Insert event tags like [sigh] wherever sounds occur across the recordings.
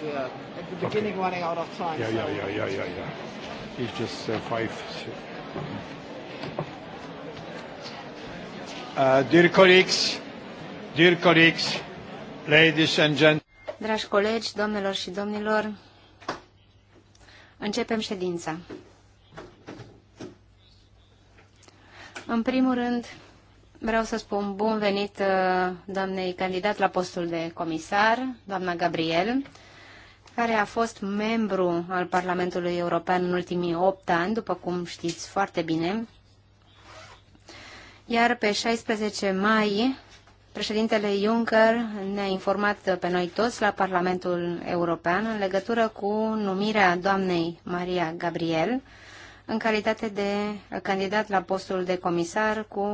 because at the beginning okay. running out of time. Yeah, so. yeah, yeah, yeah, yeah, yeah. He's just uh, five. Uh, dear colleagues, dear colleagues, ladies and gentlemen. Dragi colegi, domnilor și domnilor, începem ședința. În primul rând, vreau să spun bun venit uh, doamnei candidat la postul de comisar, doamna Gabriel care a fost membru al Parlamentului European în ultimii 8 ani, după cum știți foarte bine. Iar pe 16 mai, președintele Juncker ne-a informat pe noi toți la Parlamentul European în legătură cu numirea doamnei Maria Gabriel în calitate de candidat la postul de comisar cu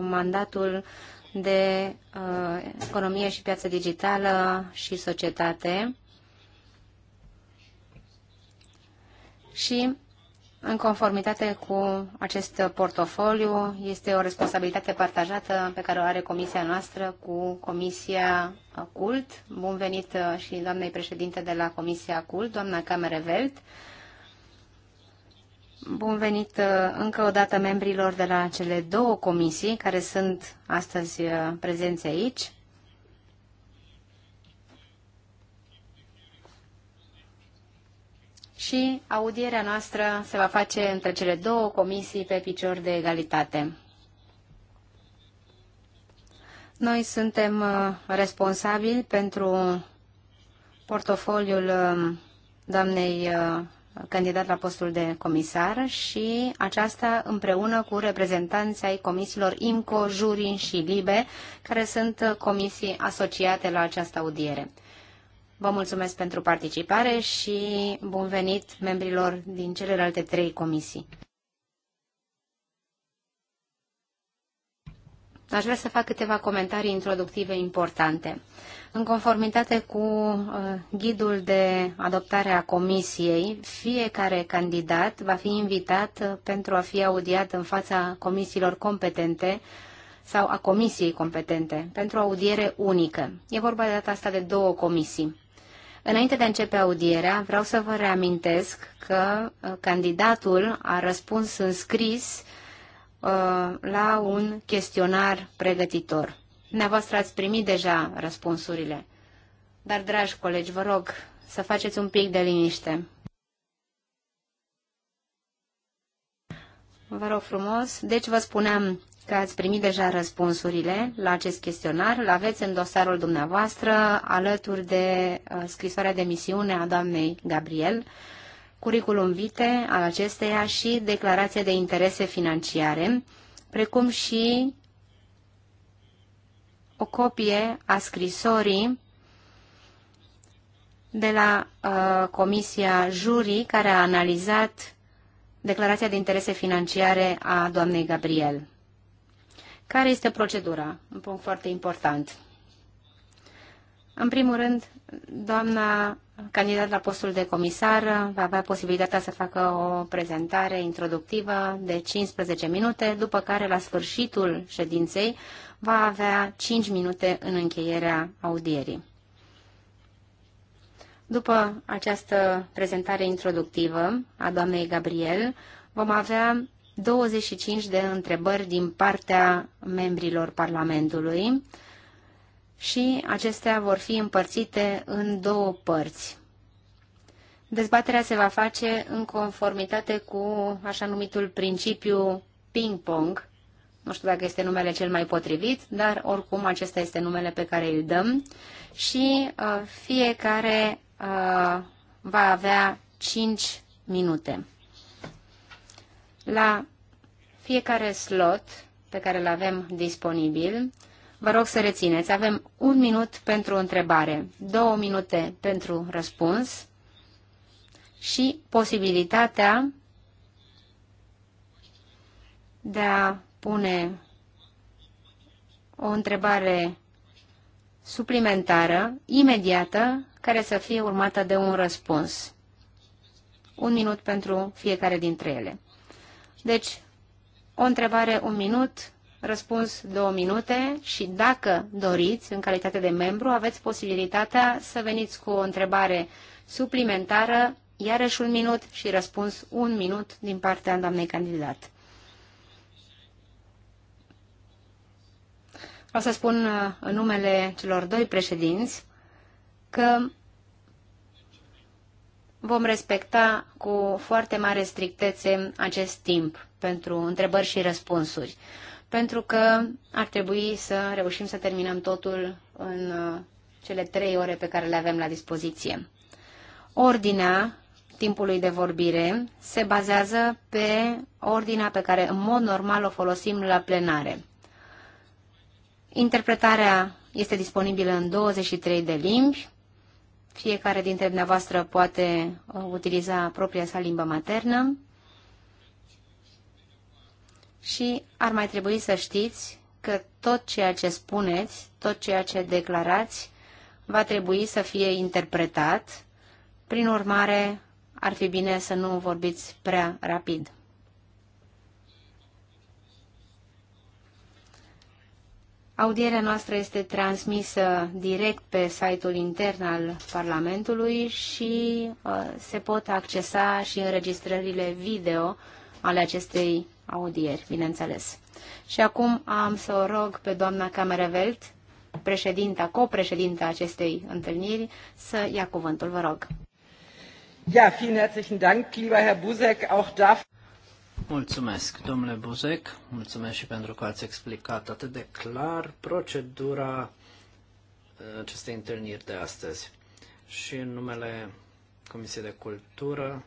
mandatul de uh, economie și piață digitală și societate și în conformitate cu acest portofoliu, este o responsabilitate partajată pe care o are comisia noastră cu Comisia CULT. Bun venit uh, și doamnei președinte de la Comisia CULT, doamna Camerevelt. Bun venit uh, încă o dată membrilor de la cele două comisii care sunt astăzi uh, prezenți aici. și audierea noastră se va face între cele două comisii pe picior de egalitate. Noi suntem uh, responsabili pentru portofoliul um, doamnei uh, candidat la postul de comisar și aceasta împreună cu reprezentanții ai comisiilor IMCO, Jurin și LIBE, care sunt uh, comisii asociate la această audiere. Vă mulțumesc pentru participare și bun venit membrilor din celelalte trei comisii. Aș vrea să fac câteva comentarii introductive importante. În conformitate cu uh, ghidul de adoptare a comisiei, fiecare candidat va fi invitat uh, pentru a fi audiat în fața comisiilor competente sau a comisiei competente pentru audiere unică. E vorba de data asta de două comisii. Înainte de a începe audierea, vreau să vă reamintesc că uh, candidatul a răspuns în scris uh, la un chestionar pregătitor. Dumneavoastră ați primit deja răspunsurile. Dar, dragi colegi, vă rog să faceți un pic de liniște. Vă rog frumos. Deci vă spuneam că ați primit deja răspunsurile la acest chestionar. Îl aveți în dosarul dumneavoastră, alături de uh, scrisoarea de misiune a doamnei Gabriel, curriculum vitae al acesteia și declarația de interese financiare, precum și o copie a scrisorii de la uh, Comisia Jurii, care a analizat declarația de interese financiare a doamnei Gabriel. Care este procedura? Un punct foarte important. În primul rând, doamna candidat la postul de comisar va avea posibilitatea să facă o prezentare introductivă de 15 minute, după care, la sfârșitul ședinței, va avea 5 minute în încheierea audierii. După această prezentare introductivă a doamnei Gabriel, vom avea 25 de întrebări din partea membrilor Parlamentului și acestea vor fi împărțite în două părți. Dezbaterea se va face în conformitate cu așa numitul principiu ping-pong. Nu știu dacă este numele cel mai potrivit, dar oricum acesta este numele pe care îl dăm. Și uh, fiecare uh, va avea 5 minute. La fiecare slot pe care îl avem disponibil, vă rog să rețineți, avem un minut pentru întrebare, două minute pentru răspuns și posibilitatea de a pune o întrebare suplimentară, imediată, care să fie urmată de un răspuns. Un minut pentru fiecare dintre ele. Deci, o întrebare un minut, răspuns două minute și dacă doriți, în calitate de membru, aveți posibilitatea să veniți cu o întrebare suplimentară, iarăși un minut și răspuns un minut din partea doamnei candidat. O să spun uh, în numele celor doi președinți că vom respecta cu foarte mare strictețe acest timp pentru întrebări și răspunsuri, pentru că ar trebui să reușim să terminăm totul în uh, cele trei ore pe care le avem la dispoziție. Ordinea timpului de vorbire se bazează pe ordinea pe care în mod normal o folosim la plenare. Interpretarea este disponibilă în 23 de limbi, fiecare dintre dumneavoastră poate uh, utiliza propria sa limbă maternă și ar mai trebui să știți că tot ceea ce spuneți, tot ceea ce declarați, va trebui să fie interpretat. Prin urmare, ar fi bine să nu vorbiți prea rapid. Audierea noastră este transmisă direct pe site-ul intern al Parlamentului și uh, se pot accesa și înregistrările video ale acestei audieri, bineînțeles. Și acum am să o rog pe doamna Camerevelt, președinta, copreședinta acestei întâlniri, să ia cuvântul, vă rog. Ja, vielen herzlichen Dank, lieber Herr Buzek, auch dafür. Mulțumesc, domnule Buzec, mulțumesc și pentru că ați explicat atât de clar procedura uh, acestei întâlniri de astăzi. Și în numele Comisiei de Cultură,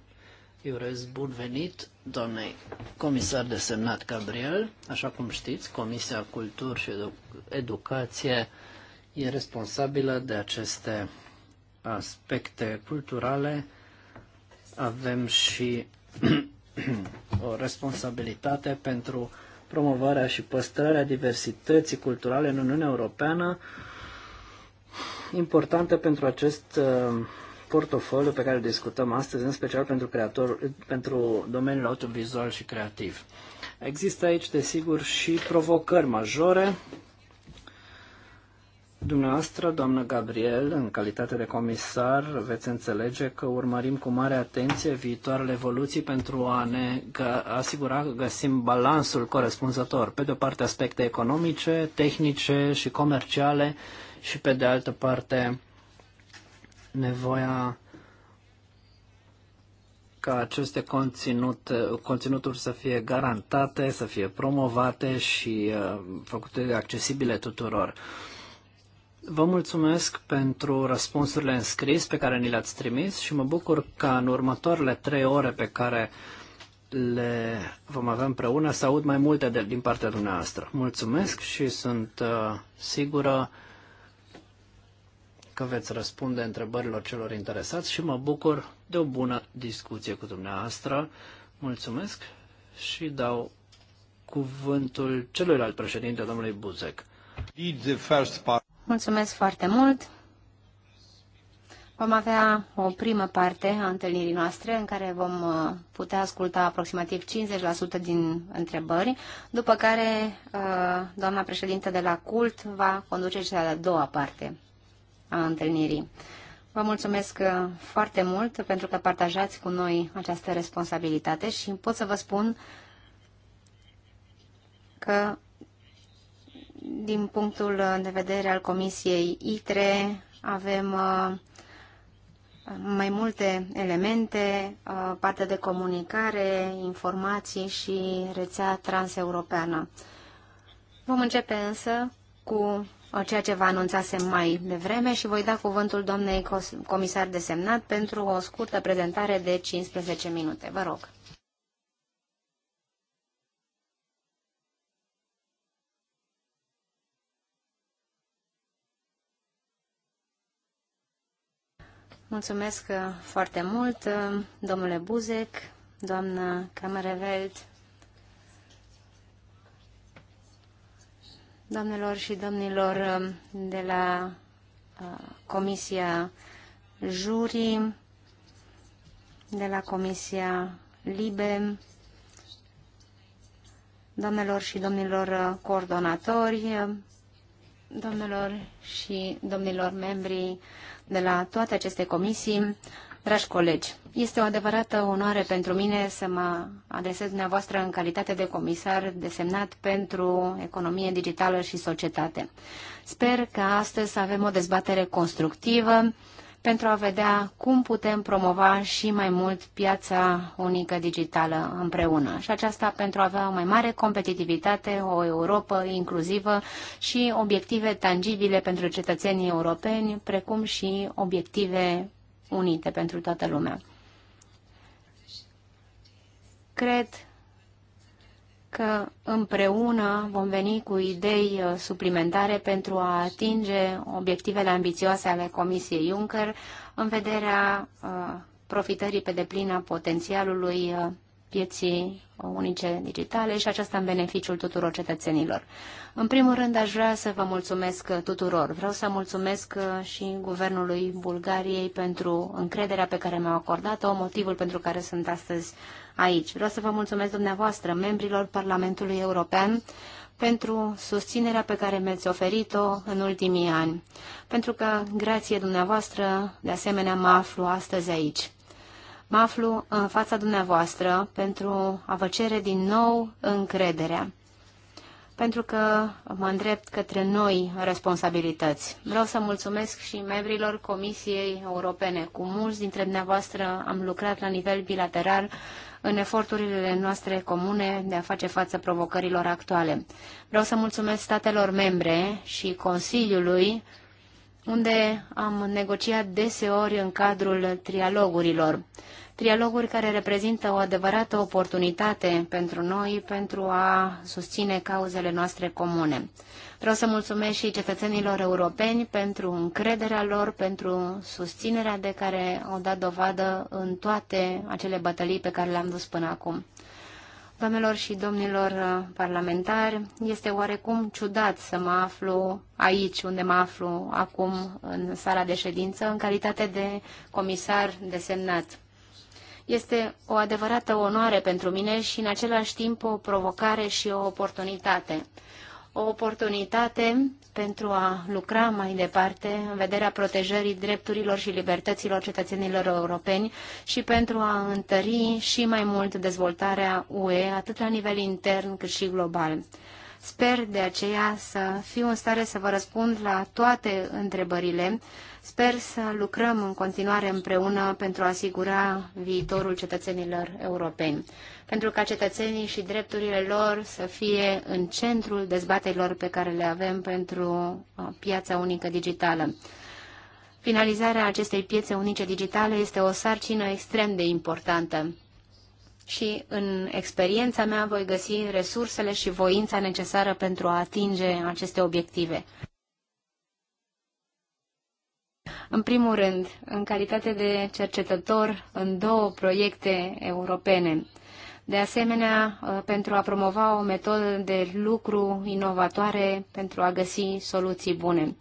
eu urez bun venit doamnei comisar semnat Gabriel. Așa cum știți, Comisia Cultur și Educație e responsabilă de aceste aspecte culturale. Avem și [clears throat] [clears throat] o responsabilitate pentru promovarea și păstrarea diversității culturale în Uniunea Europeană, importantă pentru acest uh, portofoliu pe care îl discutăm astăzi, în special pentru, creator, pentru domeniul autovizual și creativ. Există aici, desigur, și provocări majore Dumneavoastră, doamnă Gabriel, în calitate de comisar, veți înțelege că urmărim cu mare atenție viitoarele evoluții pentru a ne asigura că găsim balansul corespunzător. Pe de o parte aspecte economice, tehnice și comerciale și pe de altă parte nevoia ca aceste conținut, conținuturi să fie garantate, să fie promovate și uh, făcute accesibile tuturor. Vă mulțumesc pentru răspunsurile în scris pe care ni le-ați trimis și mă bucur ca în următoarele trei ore pe care le vom avea împreună să aud mai multe de, din partea dumneavoastră. Mulțumesc și sunt uh, sigură că veți răspunde întrebărilor celor interesați și mă bucur de o bună discuție cu dumneavoastră. Mulțumesc și dau cuvântul celuilalt președinte, domnului Buzek. Mulțumesc foarte mult! Vom avea o primă parte a întâlnirii noastre în care vom uh, putea asculta aproximativ 50% din întrebări, după care uh, doamna președintă de la CULT va conduce cea de-a doua parte a întâlnirii. Vă mulțumesc uh, foarte mult pentru că partajați cu noi această responsabilitate și pot să vă spun că din punctul de vedere al Comisiei ITRE avem uh, mai multe elemente, uh, partea de comunicare, informații și rețea transeuropeană. Vom începe însă cu uh, ceea ce vă anunțasem mai devreme și voi da cuvântul doamnei comisar desemnat pentru o scurtă prezentare de 15 minute. Vă rog. Mulțumesc uh, foarte mult, uh, domnule Buzek, doamnă Camerevelt, doamnelor și domnilor uh, de la Comisia Juri, de la Comisia Libe, doamnelor și domnilor coordonatori, domnilor și domnilor membri de la toate aceste comisii, dragi colegi. Este o adevărată onoare pentru mine să mă adresez dumneavoastră în calitate de comisar desemnat pentru economie digitală și societate. Sper că astăzi să avem o dezbatere constructivă pentru a vedea cum putem promova și mai mult piața unică digitală împreună. Și aceasta pentru a avea o mai mare competitivitate, o Europa inclusivă și obiective tangibile pentru cetățenii europeni, precum și obiective unite pentru toată lumea. Cred că împreună vom veni cu idei uh, suplimentare pentru a atinge obiectivele ambițioase ale Comisiei Juncker în vederea uh, profitării pe deplin a potențialului uh, pieții unice digitale și aceasta în beneficiul tuturor cetățenilor. În primul rând aș vrea să vă mulțumesc tuturor. Vreau să mulțumesc și Guvernului Bulgariei pentru încrederea pe care mi-au acordat-o, motivul pentru care sunt astăzi aici. Vreau să vă mulțumesc dumneavoastră, membrilor Parlamentului European, pentru susținerea pe care mi-ați oferit-o în ultimii ani, pentru că, grație dumneavoastră, de asemenea mă aflu astăzi aici. Mă aflu în fața dumneavoastră pentru a vă cere din nou încrederea, pentru că mă îndrept către noi responsabilități. Vreau să mulțumesc și membrilor Comisiei Europene. Cu mulți dintre dumneavoastră am lucrat la nivel bilateral în eforturile noastre comune de a face față provocărilor actuale. Vreau să mulțumesc statelor membre și Consiliului, unde am negociat deseori în cadrul trialogurilor. Trialoguri care reprezintă o adevărată oportunitate pentru noi pentru a susține cauzele noastre comune. Vreau să mulțumesc și cetățenilor europeni pentru încrederea lor, pentru susținerea de care au dat dovadă în toate acele bătălii pe care le-am dus până acum. Doamnelor și domnilor parlamentari, este oarecum ciudat să mă aflu aici, unde mă aflu acum, în sala de ședință, în calitate de comisar desemnat. Este o adevărată onoare pentru mine și, în același timp, o provocare și o oportunitate o oportunitate pentru a lucra mai departe în vederea protejării drepturilor și libertăților cetățenilor europeni și pentru a întări și mai mult dezvoltarea UE, atât la nivel intern cât și global. Sper de aceea să fiu în stare să vă răspund la toate întrebările. Sper să lucrăm în continuare împreună pentru a asigura viitorul cetățenilor europeni pentru ca cetățenii și drepturile lor să fie în centrul dezbaterilor pe care le avem pentru uh, piața unică digitală. Finalizarea acestei piețe unice digitale este o sarcină extrem de importantă și în experiența mea voi găsi resursele și voința necesară pentru a atinge aceste obiective. În primul rând, în calitate de cercetător în două proiecte europene, de asemenea, uh, pentru a promova o metodă de lucru inovatoare pentru a găsi soluții bune.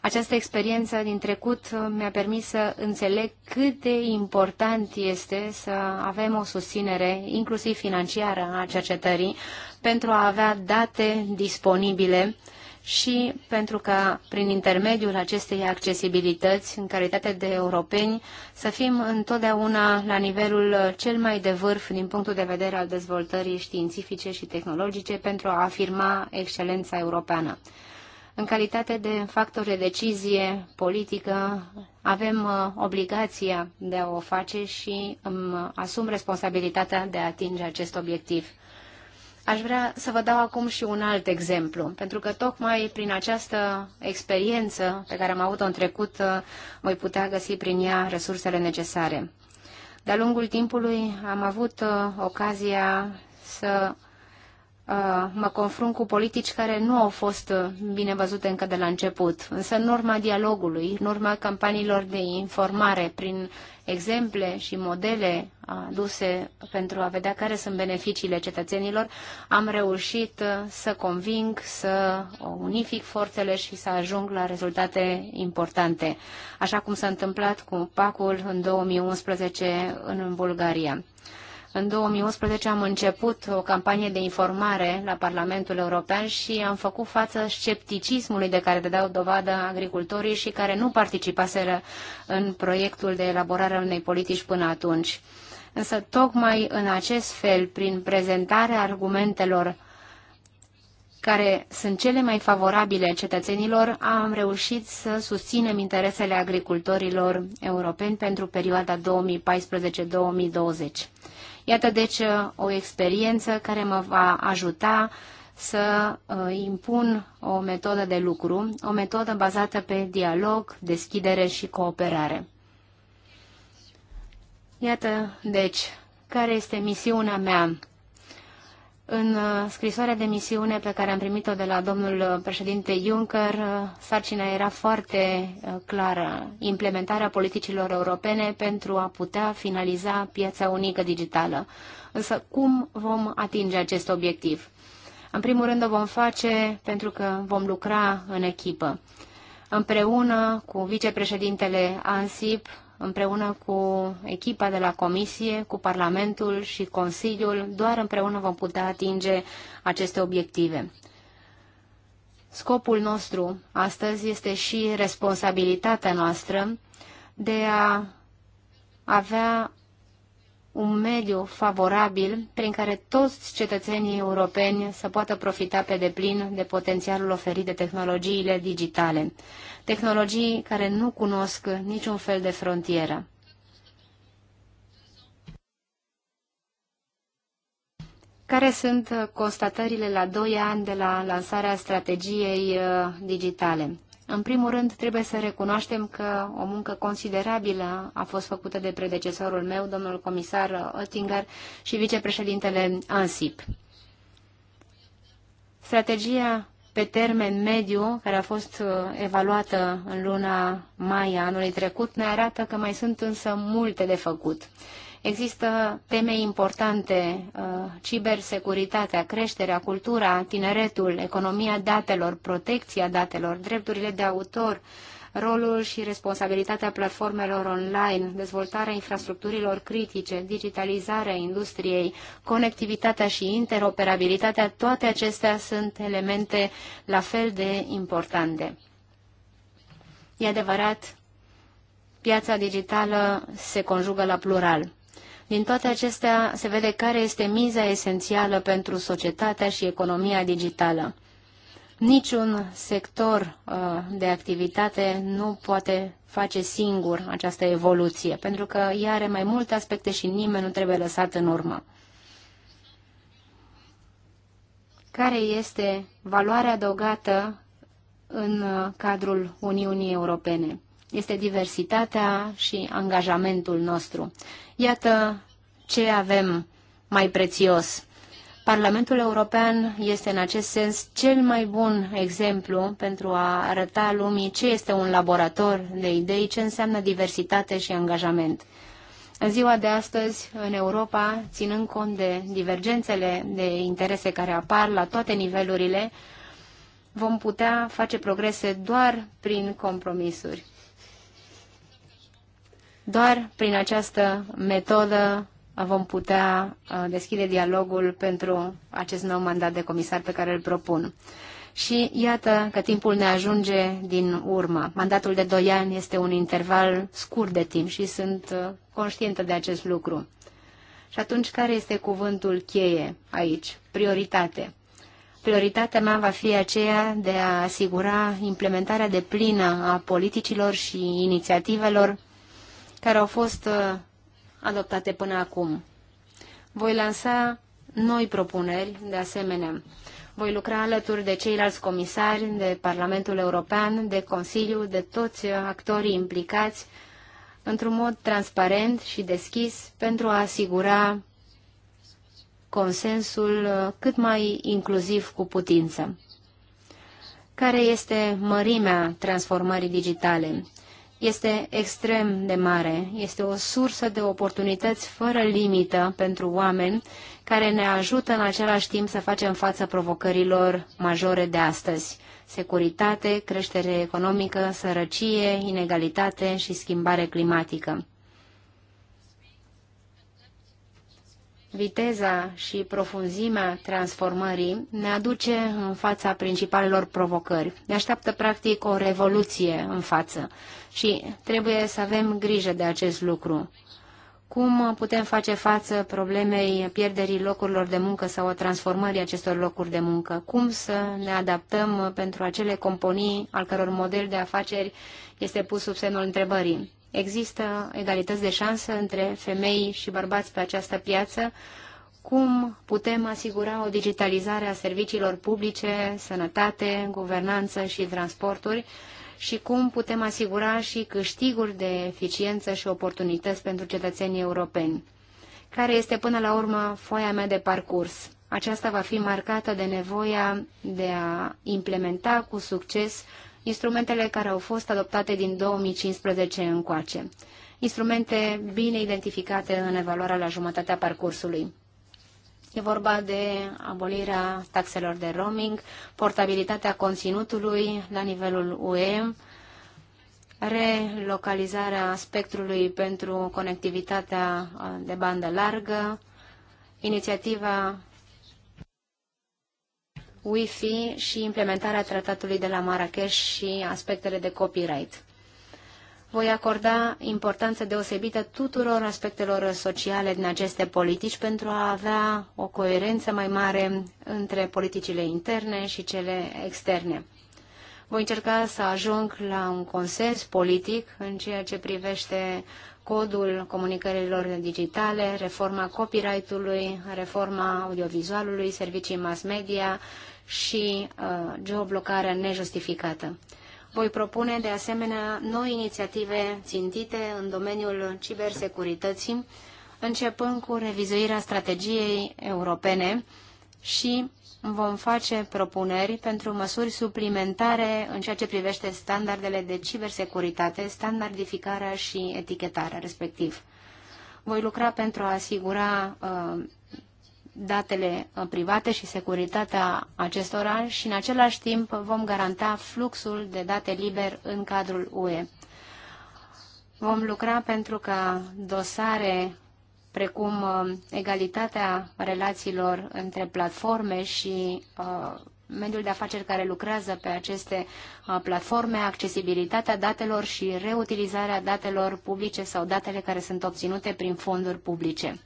Această experiență din trecut uh, mi-a permis să înțeleg cât de important este să avem o susținere, inclusiv financiară, a cercetării, pentru a avea date disponibile uh, și pentru ca prin intermediul acestei accesibilități, în calitate de europeni, să fim întotdeauna la nivelul cel mai de vârf din punctul de vedere al dezvoltării științifice și tehnologice pentru a afirma excelența europeană. În calitate de factor de decizie politică, avem uh, obligația de a o face și îmi asum responsabilitatea de a atinge acest obiectiv. Aș vrea să vă dau acum și un alt exemplu, pentru că tocmai prin această experiență pe care am avut-o în trecut, uh, voi putea găsi prin ea resursele necesare. De-a lungul timpului am avut uh, ocazia să Uh, mă confrunt cu politici care nu au fost uh, bine văzute încă de la început. Însă în urma dialogului, în urma campaniilor de informare, prin exemple și modele aduse pentru a vedea care sunt beneficiile cetățenilor, am reușit uh, să conving, să unific forțele și să ajung la rezultate importante, așa cum s-a întâmplat cu PAC-ul în 2011 în Bulgaria. În 2011 am început o campanie de informare la Parlamentul European și am făcut față scepticismului de care dădeau dovadă agricultorii și care nu participaseră în proiectul de elaborare a unei politici până atunci. Însă tocmai în acest fel, prin prezentarea argumentelor care sunt cele mai favorabile cetățenilor, am reușit să susținem interesele agricultorilor europeni pentru perioada 2014-2020. Iată deci uh, o experiență care mă va ajuta să uh, impun o metodă de lucru, o metodă bazată pe dialog, deschidere și cooperare. Iată, deci, care este misiunea mea în uh, scrisoarea de misiune pe care am primit-o de la domnul uh, președinte Juncker, uh, sarcina era foarte clară, implementarea politicilor europene pentru a putea finaliza piața unică digitală. Însă cum vom atinge acest obiectiv? În primul rând o vom face pentru că vom lucra în echipă. Împreună cu vicepreședintele ANSIP împreună cu echipa de la Comisie, cu Parlamentul și Consiliul, doar împreună vom putea atinge aceste obiective. Scopul nostru astăzi este și responsabilitatea noastră de a avea un mediu favorabil prin care toți cetățenii europeni să poată profita pe deplin de potențialul oferit de tehnologiile digitale, tehnologii care nu cunosc niciun fel de frontieră. Care sunt constatările la 2 ani de la lansarea strategiei uh, digitale? În primul rând, trebuie să recunoaștem că o muncă considerabilă a fost făcută de predecesorul meu, domnul comisar Oettinger și vicepreședintele ANSIP. Strategia pe termen mediu, care a fost uh, evaluată în luna mai anului trecut, ne arată că mai sunt însă multe de făcut. Există teme importante, uh, cibersecuritatea, creșterea, cultura, tineretul, economia datelor, protecția datelor, drepturile de autor, rolul și responsabilitatea platformelor online, dezvoltarea infrastructurilor critice, digitalizarea industriei, conectivitatea și interoperabilitatea, toate acestea sunt elemente la fel de importante. E adevărat, piața digitală se conjugă la plural. Din toate acestea se vede care este miza esențială pentru societatea și economia digitală. Niciun sector uh, de activitate nu poate face singur această evoluție, pentru că ea are mai multe aspecte și nimeni nu trebuie lăsat în urmă. Care este valoarea adăugată în uh, cadrul Uniunii Europene? este diversitatea și angajamentul nostru. Iată ce avem mai prețios. Parlamentul European este în acest sens cel mai bun exemplu pentru a arăta lumii ce este un laborator de idei, ce înseamnă diversitate și angajament. În ziua de astăzi, în Europa, ținând cont de divergențele de interese care apar la toate nivelurile, vom putea face progrese doar prin compromisuri. Doar prin această metodă vom putea uh, deschide dialogul pentru acest nou mandat de comisar pe care îl propun. Și iată că timpul ne ajunge din urmă. Mandatul de 2 ani este un interval scurt de timp și sunt uh, conștientă de acest lucru. Și atunci, care este cuvântul cheie aici? Prioritate. Prioritatea mea va fi aceea de a asigura implementarea de plină a politicilor și inițiativelor care au fost uh, adoptate până acum. Voi lansa noi propuneri, de asemenea. Voi lucra alături de ceilalți comisari, de Parlamentul European, de Consiliu, de toți actorii implicați, într-un mod transparent și deschis, pentru a asigura consensul uh, cât mai inclusiv cu putință. Care este mărimea transformării digitale? este extrem de mare. Este o sursă de oportunități fără limită pentru oameni care ne ajută în același timp să facem față provocărilor majore de astăzi. Securitate, creștere economică, sărăcie, inegalitate și schimbare climatică. viteza și profunzimea transformării ne aduce în fața principalelor provocări. Ne așteaptă practic o revoluție în față și trebuie să avem grijă de acest lucru. Cum putem face față problemei pierderii locurilor de muncă sau a transformării acestor locuri de muncă? Cum să ne adaptăm pentru acele companii al căror model de afaceri este pus sub semnul întrebării? există egalități de șansă între femei și bărbați pe această piață, cum putem asigura o digitalizare a serviciilor publice, sănătate, guvernanță și transporturi și cum putem asigura și câștiguri de eficiență și oportunități pentru cetățenii europeni, care este până la urmă foaia mea de parcurs. Aceasta va fi marcată de nevoia de a implementa cu succes instrumentele care au fost adoptate din 2015 încoace. Instrumente bine identificate în evaluarea la jumătatea parcursului. E vorba de abolirea taxelor de roaming, portabilitatea conținutului la nivelul UE, relocalizarea spectrului pentru conectivitatea de bandă largă, inițiativa Wi-Fi și implementarea tratatului de la Marrakesh și aspectele de copyright. Voi acorda importanță deosebită tuturor aspectelor sociale din aceste politici pentru a avea o coerență mai mare între politicile interne și cele externe. Voi încerca să ajung la un consens politic în ceea ce privește codul comunicărilor digitale, reforma copyright-ului, reforma audiovizualului, servicii mass media, și uh, geoblocarea nejustificată. Voi propune de asemenea noi inițiative țintite în domeniul cibersecurității, începând cu revizuirea strategiei europene și vom face propuneri pentru măsuri suplimentare în ceea ce privește standardele de cibersecuritate, standardificarea și etichetarea respectiv. Voi lucra pentru a asigura uh, datele uh, private și securitatea acestora și în același timp vom garanta fluxul de date liber în cadrul UE. Vom lucra pentru ca dosare precum uh, egalitatea relațiilor între platforme și uh, mediul de afaceri care lucrează pe aceste platforme, accesibilitatea datelor și reutilizarea datelor publice sau datele care sunt obținute prin fonduri publice.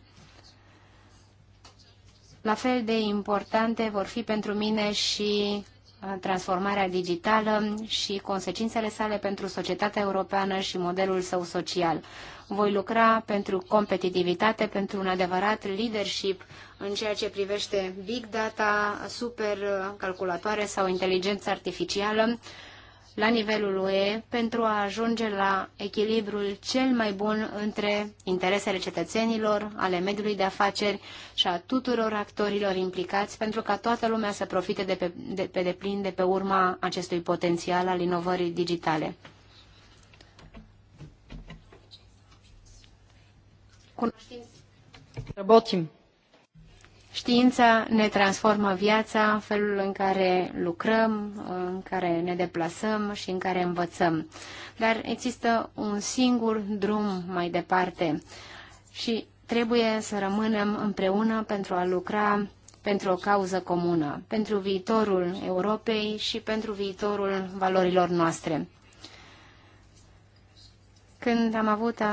La fel de importante vor fi pentru mine și uh, transformarea digitală și consecințele sale pentru societatea europeană și modelul său social. Voi lucra pentru competitivitate, pentru un adevărat leadership în ceea ce privește big data, supercalculatoare uh, sau inteligența artificială, la nivelul UE pentru a ajunge la echilibrul cel mai bun între interesele cetățenilor, ale mediului de afaceri și a tuturor actorilor implicați pentru ca toată lumea să profite de pe, de, pe deplin de pe urma acestui potențial al inovării digitale. Cunoștință. Robotim. Știința ne transformă viața, felul în care lucrăm, în care ne deplasăm și în care învățăm. Dar există un singur drum mai departe și trebuie să rămânem împreună pentru a lucra pentru o cauză comună, pentru viitorul Europei și pentru viitorul valorilor noastre. Când am avut uh,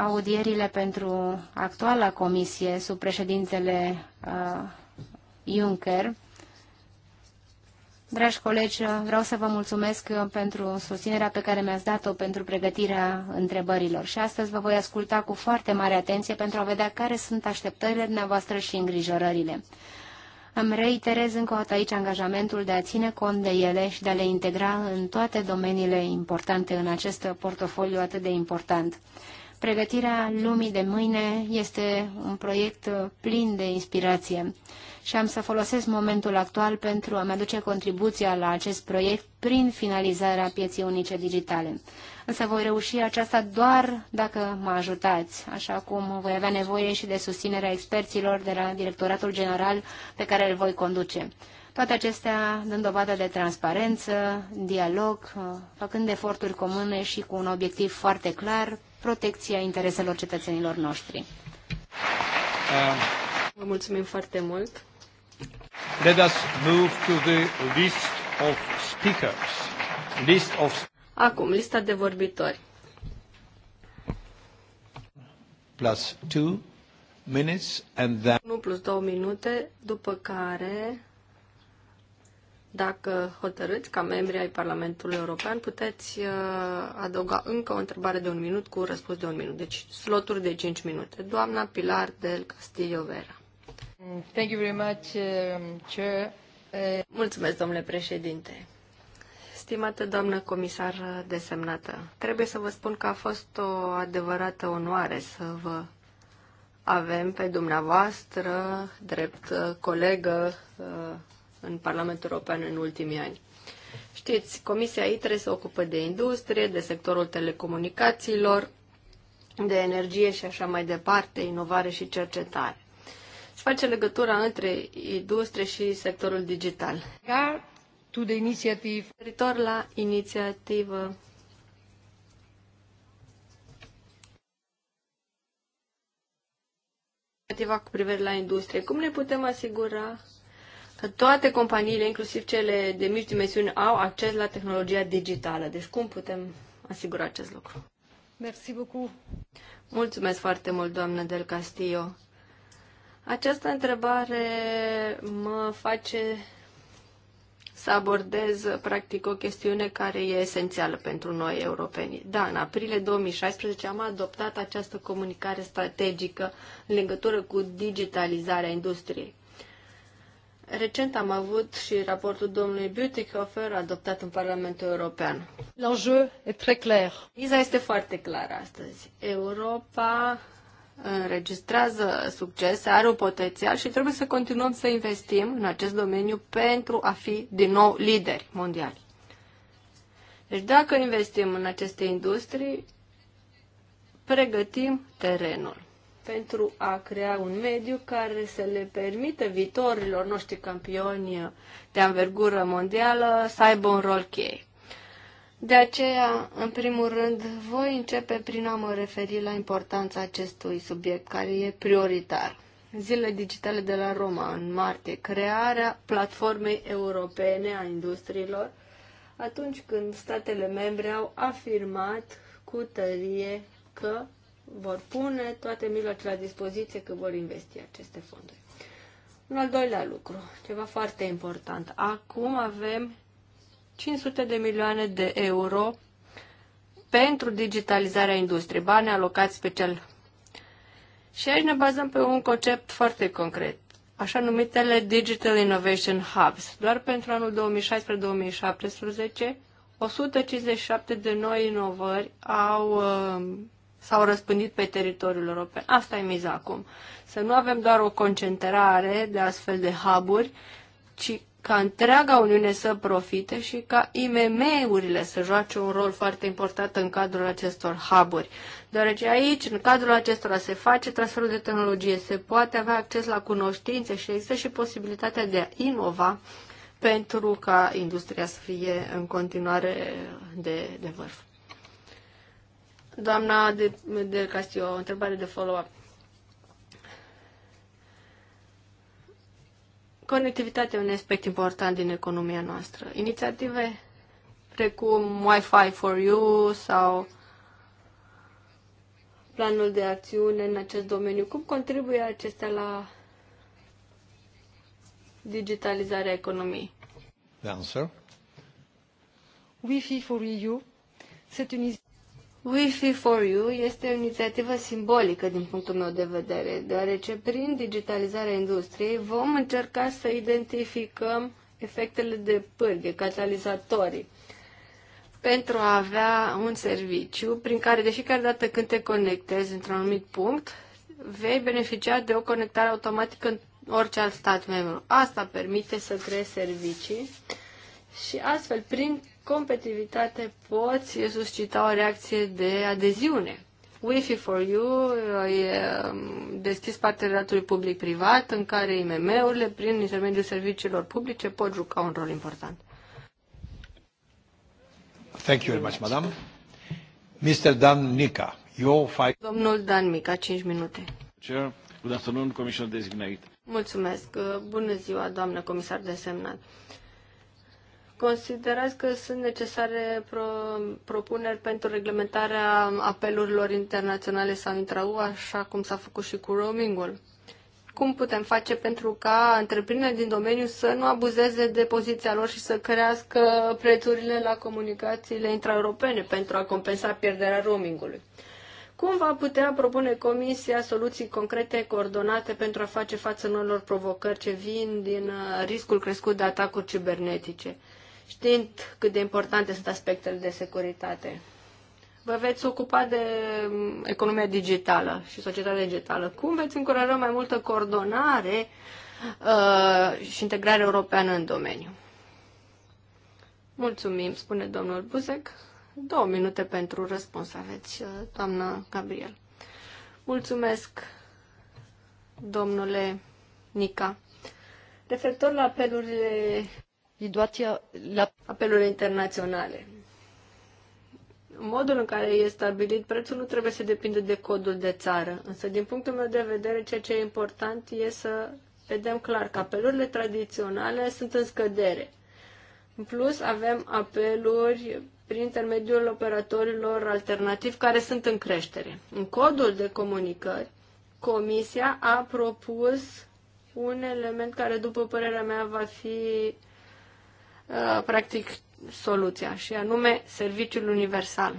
audierile pentru actuala comisie sub președintele uh, Juncker, Dragi colegi, uh, vreau să vă mulțumesc uh, pentru susținerea pe care mi-ați dat-o pentru pregătirea întrebărilor și astăzi vă voi asculta cu foarte mare atenție pentru a vedea care sunt așteptările dumneavoastră și îngrijorările. Îmi reiterez încă o dată aici angajamentul de a ține cont de ele și de a le integra în toate domeniile importante în acest portofoliu atât de important. Pregătirea lumii de mâine este un proiect plin de inspirație și am să folosesc momentul actual pentru a-mi aduce contribuția la acest proiect prin finalizarea pieții unice digitale. Însă voi reuși aceasta doar dacă mă ajutați, așa cum voi avea nevoie și de susținerea experților de la Directoratul General pe care îl voi conduce. Toate acestea dând dovadă de transparență, dialog, făcând eforturi comune și cu un obiectiv foarte clar, protecția intereselor cetățenilor noștri. Vă mulțumim foarte mult. Let us move to the list of speakers. List of... Acum, lista de vorbitori. Plus two minutes and then... Nu plus două minute, după care dacă hotărâți, ca membri ai Parlamentului European, puteți uh, adăuga încă o întrebare de un minut cu un răspuns de un minut. Deci sloturi de cinci minute. Doamna Pilar del Castillo Vera. Um, uh, Mulțumesc, domnule președinte. Stimată doamnă comisar desemnată, trebuie să vă spun că a fost o adevărată onoare să vă avem pe dumneavoastră drept colegă uh, în Parlamentul European în ultimii ani. Știți, Comisia ITRE se ocupă de industrie, de sectorul telecomunicațiilor, de energie și așa mai departe, inovare și cercetare și face legătura între industrie și sectorul digital. Ca tu de initiative. Referitor la inițiativă inițiativa cu privire la industrie. Cum ne putem asigura că toate companiile, inclusiv cele de mici dimensiuni, au acces la tehnologia digitală? Deci cum putem asigura acest lucru? Mersi beaucoup. Mulțumesc foarte mult, doamnă Del Castillo. Această întrebare mă face să abordez practic o chestiune care e esențială pentru noi europeni. Da, în aprilie 2016 am adoptat această comunicare strategică în legătură cu digitalizarea industriei. Recent am avut și raportul domnului Butikofer adoptat în Parlamentul European. L'enjeu e très clair. Iza este foarte clară astăzi. Europa înregistrează succese, are un potențial și trebuie să continuăm să investim în acest domeniu pentru a fi din nou lideri mondiali. Deci dacă investim în aceste industrii, pregătim terenul pentru a crea un mediu care să le permită viitorilor noștri campioni de anvergură mondială să aibă un rol cheie. De aceea, în primul rând, voi începe prin a mă referi la importanța acestui subiect, care e prioritar. Zilele digitale de la Roma, în martie, crearea platformei europene a industriilor, atunci când statele membre au afirmat cu tărie că vor pune toate mijloacele la dispoziție, că vor investi aceste fonduri. Un al doilea lucru, ceva foarte important. Acum avem 500 de milioane de euro pentru digitalizarea industriei, bani alocați special. Și aici ne bazăm pe un concept foarte concret, așa numitele Digital Innovation Hubs. Doar pentru anul 2016-2017, 157 de noi inovări au, uh, s-au răspândit pe teritoriul european. Asta e miza acum. Să nu avem doar o concentrare de astfel de hub-uri, ci ca întreaga Uniune să profite și ca IMM-urile să joace un rol foarte important în cadrul acestor hub-uri. Deoarece aici, în cadrul acestora, se face transferul de tehnologie, se poate avea acces la cunoștințe și există și posibilitatea de a inova pentru ca industria să fie în continuare de, de vârf. Doamna de, de Castillo, o întrebare de follow-up. Conectivitatea e un aspect important din economia noastră. Inițiative precum Wi-Fi for You sau planul de acțiune în acest domeniu, cum contribuie acestea la digitalizarea economiei? The answer. Wi-Fi for EU. C'est une Wi-Fi for You este o inițiativă simbolică din punctul meu de vedere, deoarece prin digitalizarea industriei vom încerca să identificăm efectele de pârghe, catalizatorii, pentru a avea un serviciu prin care de fiecare dată când te conectezi într-un anumit punct, vei beneficia de o conectare automatică în orice alt stat membru. Asta permite să creezi servicii și astfel, prin competitivitate poți suscita o reacție de adeziune. Wi-Fi for You uh, e um, deschis parteneriatului public-privat în care IMM-urile, prin intermediul serviciilor publice, pot juca un rol important. Thank you very much, madam. Mr. Dan Mica, you five... Domnul Dan Mica, 5 minute. Chair, good afternoon, Commissioner Designate. Mulțumesc. Bună ziua, doamnă comisar desemnat. semnat. Considerați că sunt necesare pro, propuneri pentru reglementarea apelurilor internaționale sau intra așa cum s-a făcut și cu roamingul? Cum putem face pentru ca întreprinderile din domeniu să nu abuzeze de poziția lor și să crească prețurile la comunicațiile intraeuropene pentru a compensa pierderea roamingului? Cum va putea propune Comisia soluții concrete coordonate pentru a face față noilor provocări ce vin din riscul crescut de atacuri cibernetice? știind cât de importante sunt aspectele de securitate. Vă veți ocupa de mm, economia digitală și societatea digitală. Cum veți încuraja mai multă coordonare uh, și integrare europeană în domeniu? Mulțumim, spune domnul Buzek. Două minute pentru răspuns aveți, uh, doamnă Gabriel. Mulțumesc, domnule Nica. Referitor la apelurile la apelurile internaționale. Modul în care e stabilit prețul nu trebuie să depindă de codul de țară, însă din punctul meu de vedere ceea ce e important e să vedem clar că apelurile tradiționale sunt în scădere. În plus avem apeluri prin intermediul operatorilor alternativi care sunt în creștere. În codul de comunicări, Comisia a propus un element care, după părerea mea, va fi Uh, practic soluția și anume serviciul universal.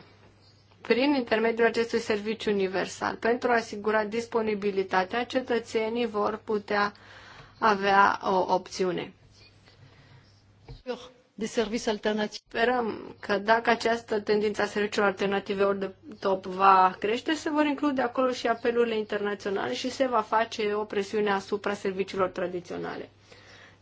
Prin intermediul acestui serviciu universal, pentru a asigura disponibilitatea, cetățenii vor putea avea o opțiune. De servicii alternative. Sperăm că dacă această tendință a serviciilor alternative ori de top va crește, se vor include acolo și apelurile internaționale și se va face o presiune asupra serviciilor tradiționale.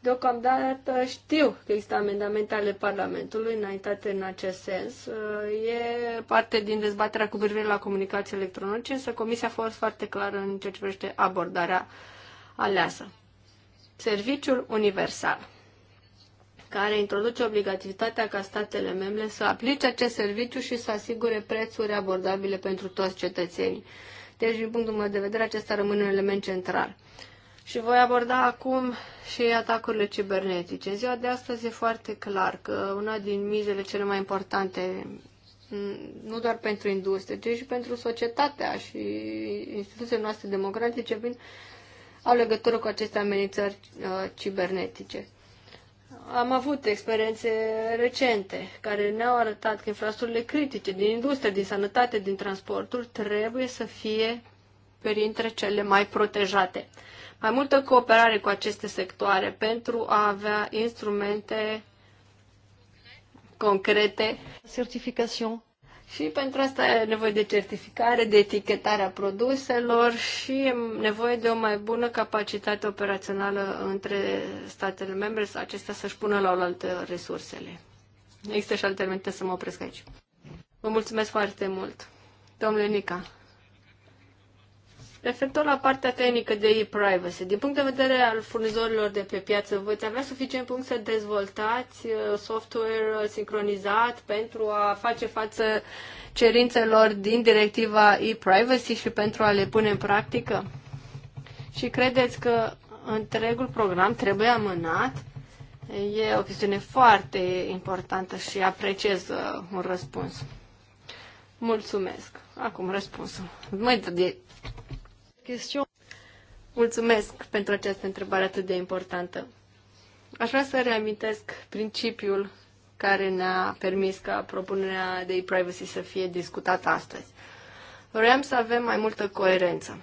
Deocamdată știu că există amendamente ale Parlamentului înaintate în acest sens. Uh, e parte din dezbaterea cu privire la comunicații electronice, însă Comisia a fost foarte clară în ceea ce privește abordarea aleasă. Serviciul universal, care introduce obligativitatea ca statele membre să aplice acest serviciu și să asigure prețuri abordabile pentru toți cetățenii. Deci, din punctul meu de vedere, acesta rămâne un element central. Și voi aborda acum și atacurile cibernetice. În ziua de astăzi e foarte clar că una din mizele cele mai importante, nu doar pentru industrie, ci și pentru societatea și instituțiile noastre democratice, vin, au legătură cu aceste amenințări uh, cibernetice. Am avut experiențe recente care ne-au arătat că infrastructurile critice din industrie, din sănătate, din transportul trebuie să fie printre cele mai protejate mai multă cooperare cu aceste sectoare pentru a avea instrumente concrete. Certificațion. Și pentru asta e nevoie de certificare, de etichetarea produselor și e nevoie de o mai bună capacitate operațională între statele membre, să acestea să-și pună la oaltă resursele. Există și alte elemente să mă opresc aici. Vă mulțumesc foarte mult. Domnule Nica. Referitor la partea tehnică de e-privacy, din punct de vedere al furnizorilor de pe piață, voi avea suficient punct să dezvoltați uh, software uh, sincronizat pentru a face față cerințelor din directiva e-privacy și pentru a le pune în practică? Și credeți că întregul program trebuie amânat? E o chestiune foarte importantă și apreciez uh, un răspuns. Mulțumesc. Acum răspunsul. Mai de Mulțumesc pentru această întrebare atât de importantă. Aș vrea să reamintesc principiul care ne-a permis ca propunerea de e-privacy să fie discutată astăzi. Vrem să avem mai multă coerență.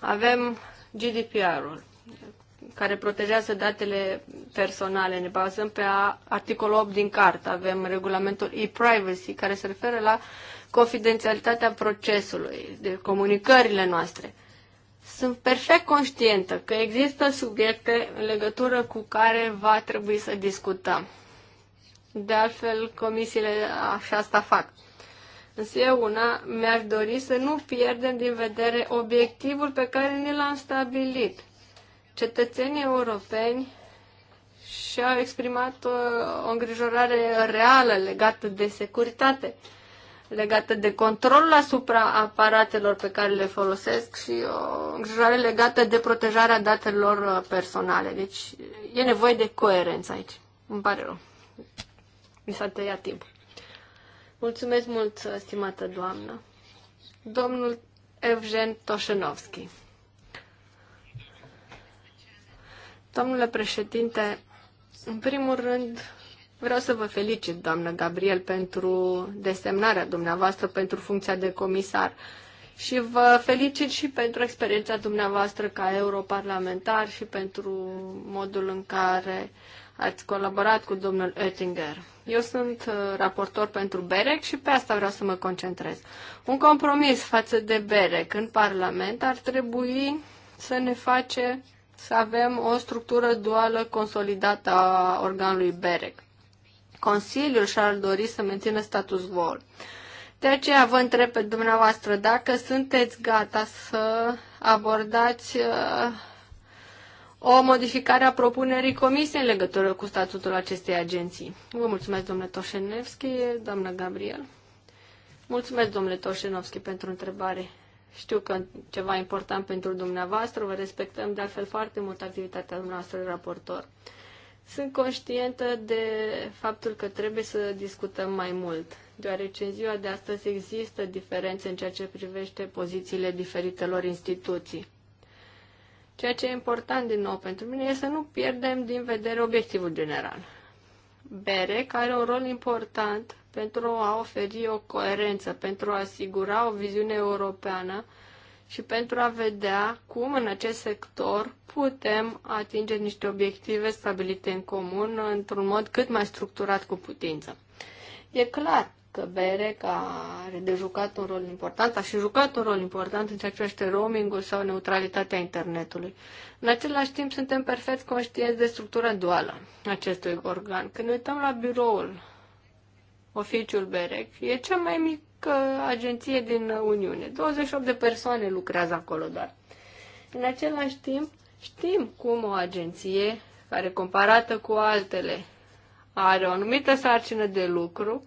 Avem GDPR-ul, care protejează datele personale. Ne bazăm pe articolul 8 din cartă. Avem regulamentul e-privacy, care se referă la uh, confidențialitatea procesului, de comunicările noastre. Sunt perfect conștientă că există subiecte în legătură cu care va trebui să discutăm. De altfel, comisiile așa asta fac. Însă eu una mi-aș dori să nu pierdem din vedere obiectivul pe care ne l-am stabilit. Cetățenii europeni și-au exprimat o, uh, o îngrijorare reală legată de securitate legată de controlul asupra aparatelor pe care le folosesc și o îngrijorare legată de protejarea datelor uh, personale. Deci e nevoie de coerență aici. Îmi pare rău. Mi s-a tăiat timp. Mulțumesc mult, uh, stimată doamnă. Domnul Evgen Toșenovski. Domnule președinte, în primul rând Vreau să vă felicit, doamnă Gabriel, pentru desemnarea dumneavoastră pentru funcția de comisar și vă felicit și pentru experiența dumneavoastră ca europarlamentar și pentru modul în care ați colaborat cu domnul Oettinger. Eu sunt uh, raportor pentru BEREC și pe asta vreau să mă concentrez. Un compromis față de BEREC în Parlament ar trebui să ne face să avem o structură duală consolidată a organului BEREC. Consiliul și-ar dori să mențină status quo. De aceea vă întreb pe dumneavoastră dacă sunteți gata să abordați uh, o modificare a propunerii comisiei în legătură cu statutul acestei agenții. Vă mulțumesc, domnule Toșenevski, doamna Gabriel. Mulțumesc, domnule Toșenovski, pentru întrebare. Știu că ceva important pentru dumneavoastră, vă respectăm de altfel foarte mult activitatea dumneavoastră de raportor. Sunt conștientă de faptul că trebuie să discutăm mai mult, deoarece în ziua de astăzi există diferențe în ceea ce privește pozițiile diferitelor instituții. Ceea ce e important din nou pentru mine este să nu pierdem din vedere obiectivul general. BEREC are un rol important pentru a oferi o coerență, pentru a asigura o viziune europeană și pentru a vedea cum în acest sector putem atinge niște obiective stabilite în comun într-un mod cât mai structurat cu putință. E clar că BEREC are de jucat un rol important, a și jucat un rol important în ceea ce privește roamingul sau neutralitatea internetului. În același timp, suntem perfect conștienți de structura duală acestui organ. Când ne uităm la biroul, oficiul BEREC, e cea mai mică mică agenție din Uniune. 28 de persoane lucrează acolo doar. În același timp, știm cum o agenție care comparată cu altele are o anumită sarcină de lucru,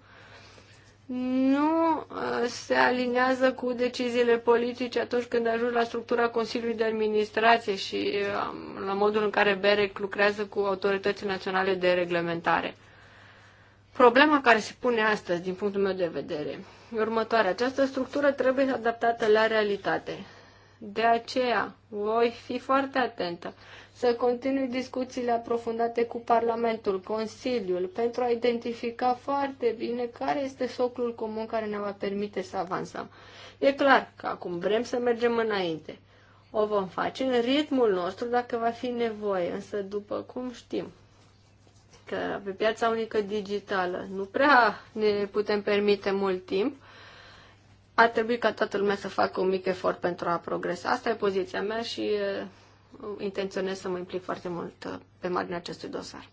nu ă, se aliniază cu deciziile politice atunci când ajungi la structura Consiliului de Administrație și la modul în care BEREC lucrează cu autoritățile naționale de reglementare. Problema care se pune astăzi, din punctul meu de vedere, următoare. Această structură trebuie adaptată la realitate. De aceea voi fi foarte atentă să continui discuțiile aprofundate cu Parlamentul, Consiliul, pentru a identifica foarte bine care este socul comun care ne va permite să avansăm. E clar că acum vrem să mergem înainte. O vom face în ritmul nostru dacă va fi nevoie, însă după cum știm, că pe piața unică digitală nu prea ne putem permite mult timp, ar trebui ca toată lumea să facă un mic efort pentru a progresa. Asta e poziția mea și intenționez să mă implic foarte mult pe marginea acestui dosar.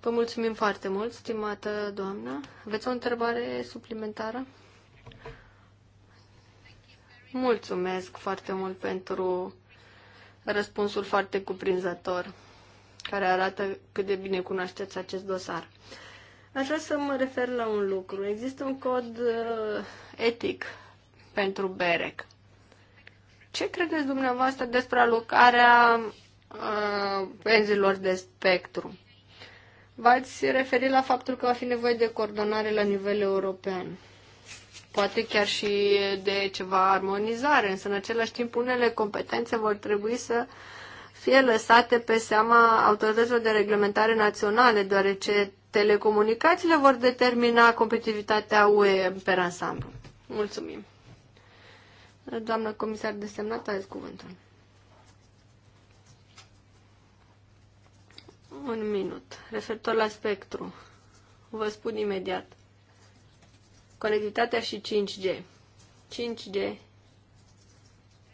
Vă mulțumim foarte mult, stimată doamnă. Aveți o întrebare suplimentară? Mulțumesc foarte mult pentru răspunsul foarte cuprinzător care arată cât de bine cunoașteți acest dosar. Aș vrea să mă refer la un lucru. Există un cod uh, etic pentru BEREC. Ce credeți dumneavoastră despre alocarea uh, benzilor de spectru? V-ați referit la faptul că va fi nevoie de coordonare la nivel european. Poate chiar și de ceva armonizare, însă în același timp unele competențe vor trebui să uh, fie lăsate pe seama autorităților de reglementare naționale, deoarece telecomunicațiile vor determina competitivitatea UE pe ansamblu. Mulțumim. Doamna comisar desemnat, aveți cuvântul. Un minut. Referitor la spectru, vă spun imediat. Conectivitatea și 5G. 5G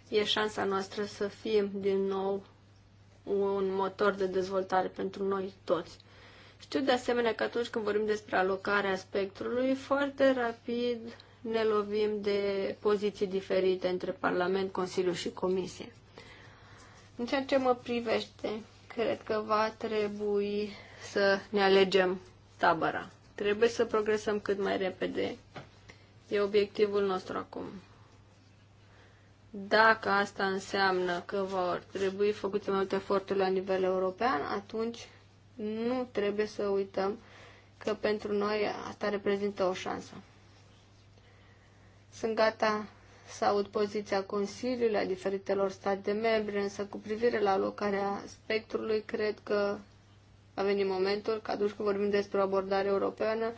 e șansa noastră să fim din nou un motor de dezvoltare pentru noi toți. Știu de asemenea că atunci când vorbim despre alocarea spectrului, foarte rapid ne lovim de poziții diferite între Parlament, Consiliu și Comisie. În ceea ce mă privește, cred că va trebui să ne alegem tabăra. Trebuie să progresăm cât mai repede. E obiectivul nostru acum. Dacă asta înseamnă că vor trebui făcute mai multe eforturi la nivel european, atunci nu trebuie să uităm că pentru noi asta reprezintă o șansă. Sunt gata să aud poziția Consiliului a diferitelor state membre, însă cu privire la alocarea spectrului, cred că a venit momentul că atunci când vorbim despre o abordare europeană,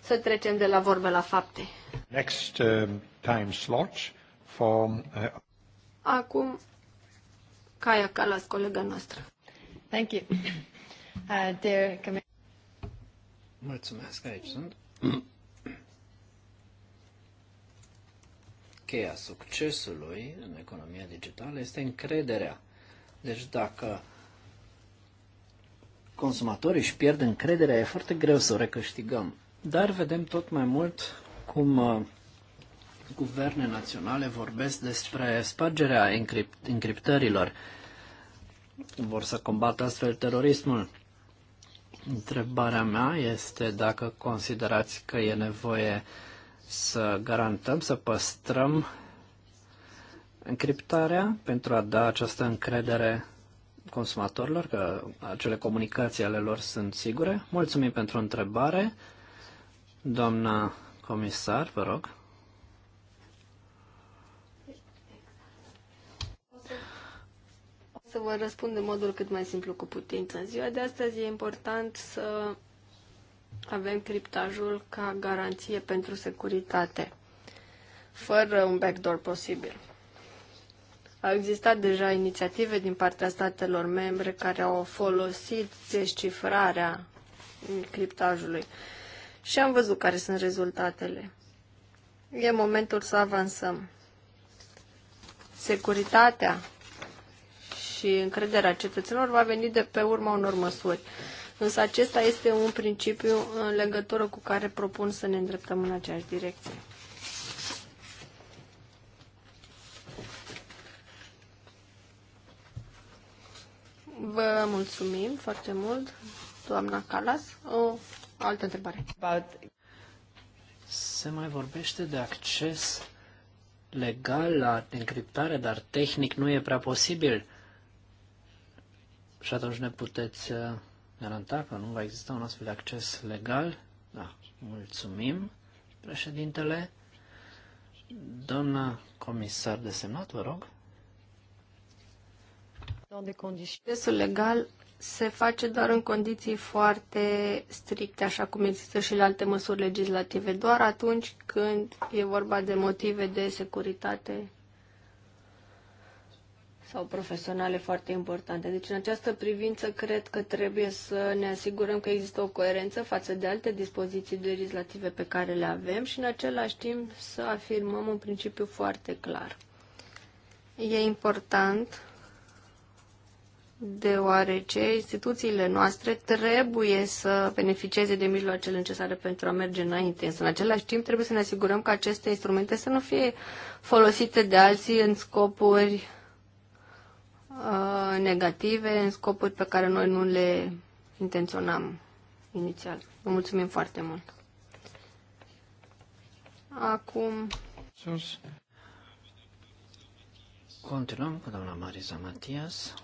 să trecem de la vorbe la fapte. Next uh, time slot for... Eh, Acum, Caia Calas, colega noastră. Thank you. Uh, dear... Mulțumesc, aici sunt. Cheia succesului în economia digitală este încrederea. Deci dacă consumatorii își pierd încrederea, e foarte greu să o recâștigăm. Dar vedem tot mai mult cum uh, guverne naționale vorbesc despre spargerea încript- încriptărilor. Vor să combată astfel terorismul. Întrebarea mea este dacă considerați că e nevoie să garantăm, să păstrăm încriptarea pentru a da această încredere consumatorilor, că acele comunicații ale lor sunt sigure. Mulțumim pentru întrebare. Doamna comisar, vă rog. să vă răspund în modul cât mai simplu cu putință. În ziua de astăzi e important să avem criptajul ca garanție pentru securitate, fără un backdoor posibil. Au existat deja inițiative din partea statelor membre care au folosit descifrarea criptajului și am văzut care sunt rezultatele. E momentul să avansăm. Securitatea și încrederea cetățenilor va veni de pe urma unor măsuri. Însă acesta este un principiu în legătură cu care propun să ne îndreptăm în aceeași direcție. Vă mulțumim foarte mult, doamna Calas. O altă întrebare. Se mai vorbește de acces legal la încriptare, dar tehnic nu e prea posibil. Și atunci ne puteți uh, garanta că nu va exista un astfel de acces legal? Da, mulțumim, președintele. Doamna comisar semnat, vă rog. De condiții. Accesul legal se face doar în condiții foarte stricte, așa cum există și la alte măsuri legislative, doar atunci când e vorba de motive de securitate sau profesionale foarte importante. Deci, în această privință, cred că trebuie să ne asigurăm că există o coerență față de alte dispoziții legislative pe care le avem și, în același timp, să afirmăm un principiu foarte clar. E important deoarece instituțiile noastre trebuie să beneficieze de mijloacele necesare pentru a merge înainte. Însă, în același timp, trebuie să ne asigurăm că aceste instrumente să nu fie folosite de alții în scopuri Uh, negative în scopuri pe care noi nu le intenționam inițial. Vă mulțumim foarte mult. Acum... Sus. Continuăm cu doamna Marisa Matias.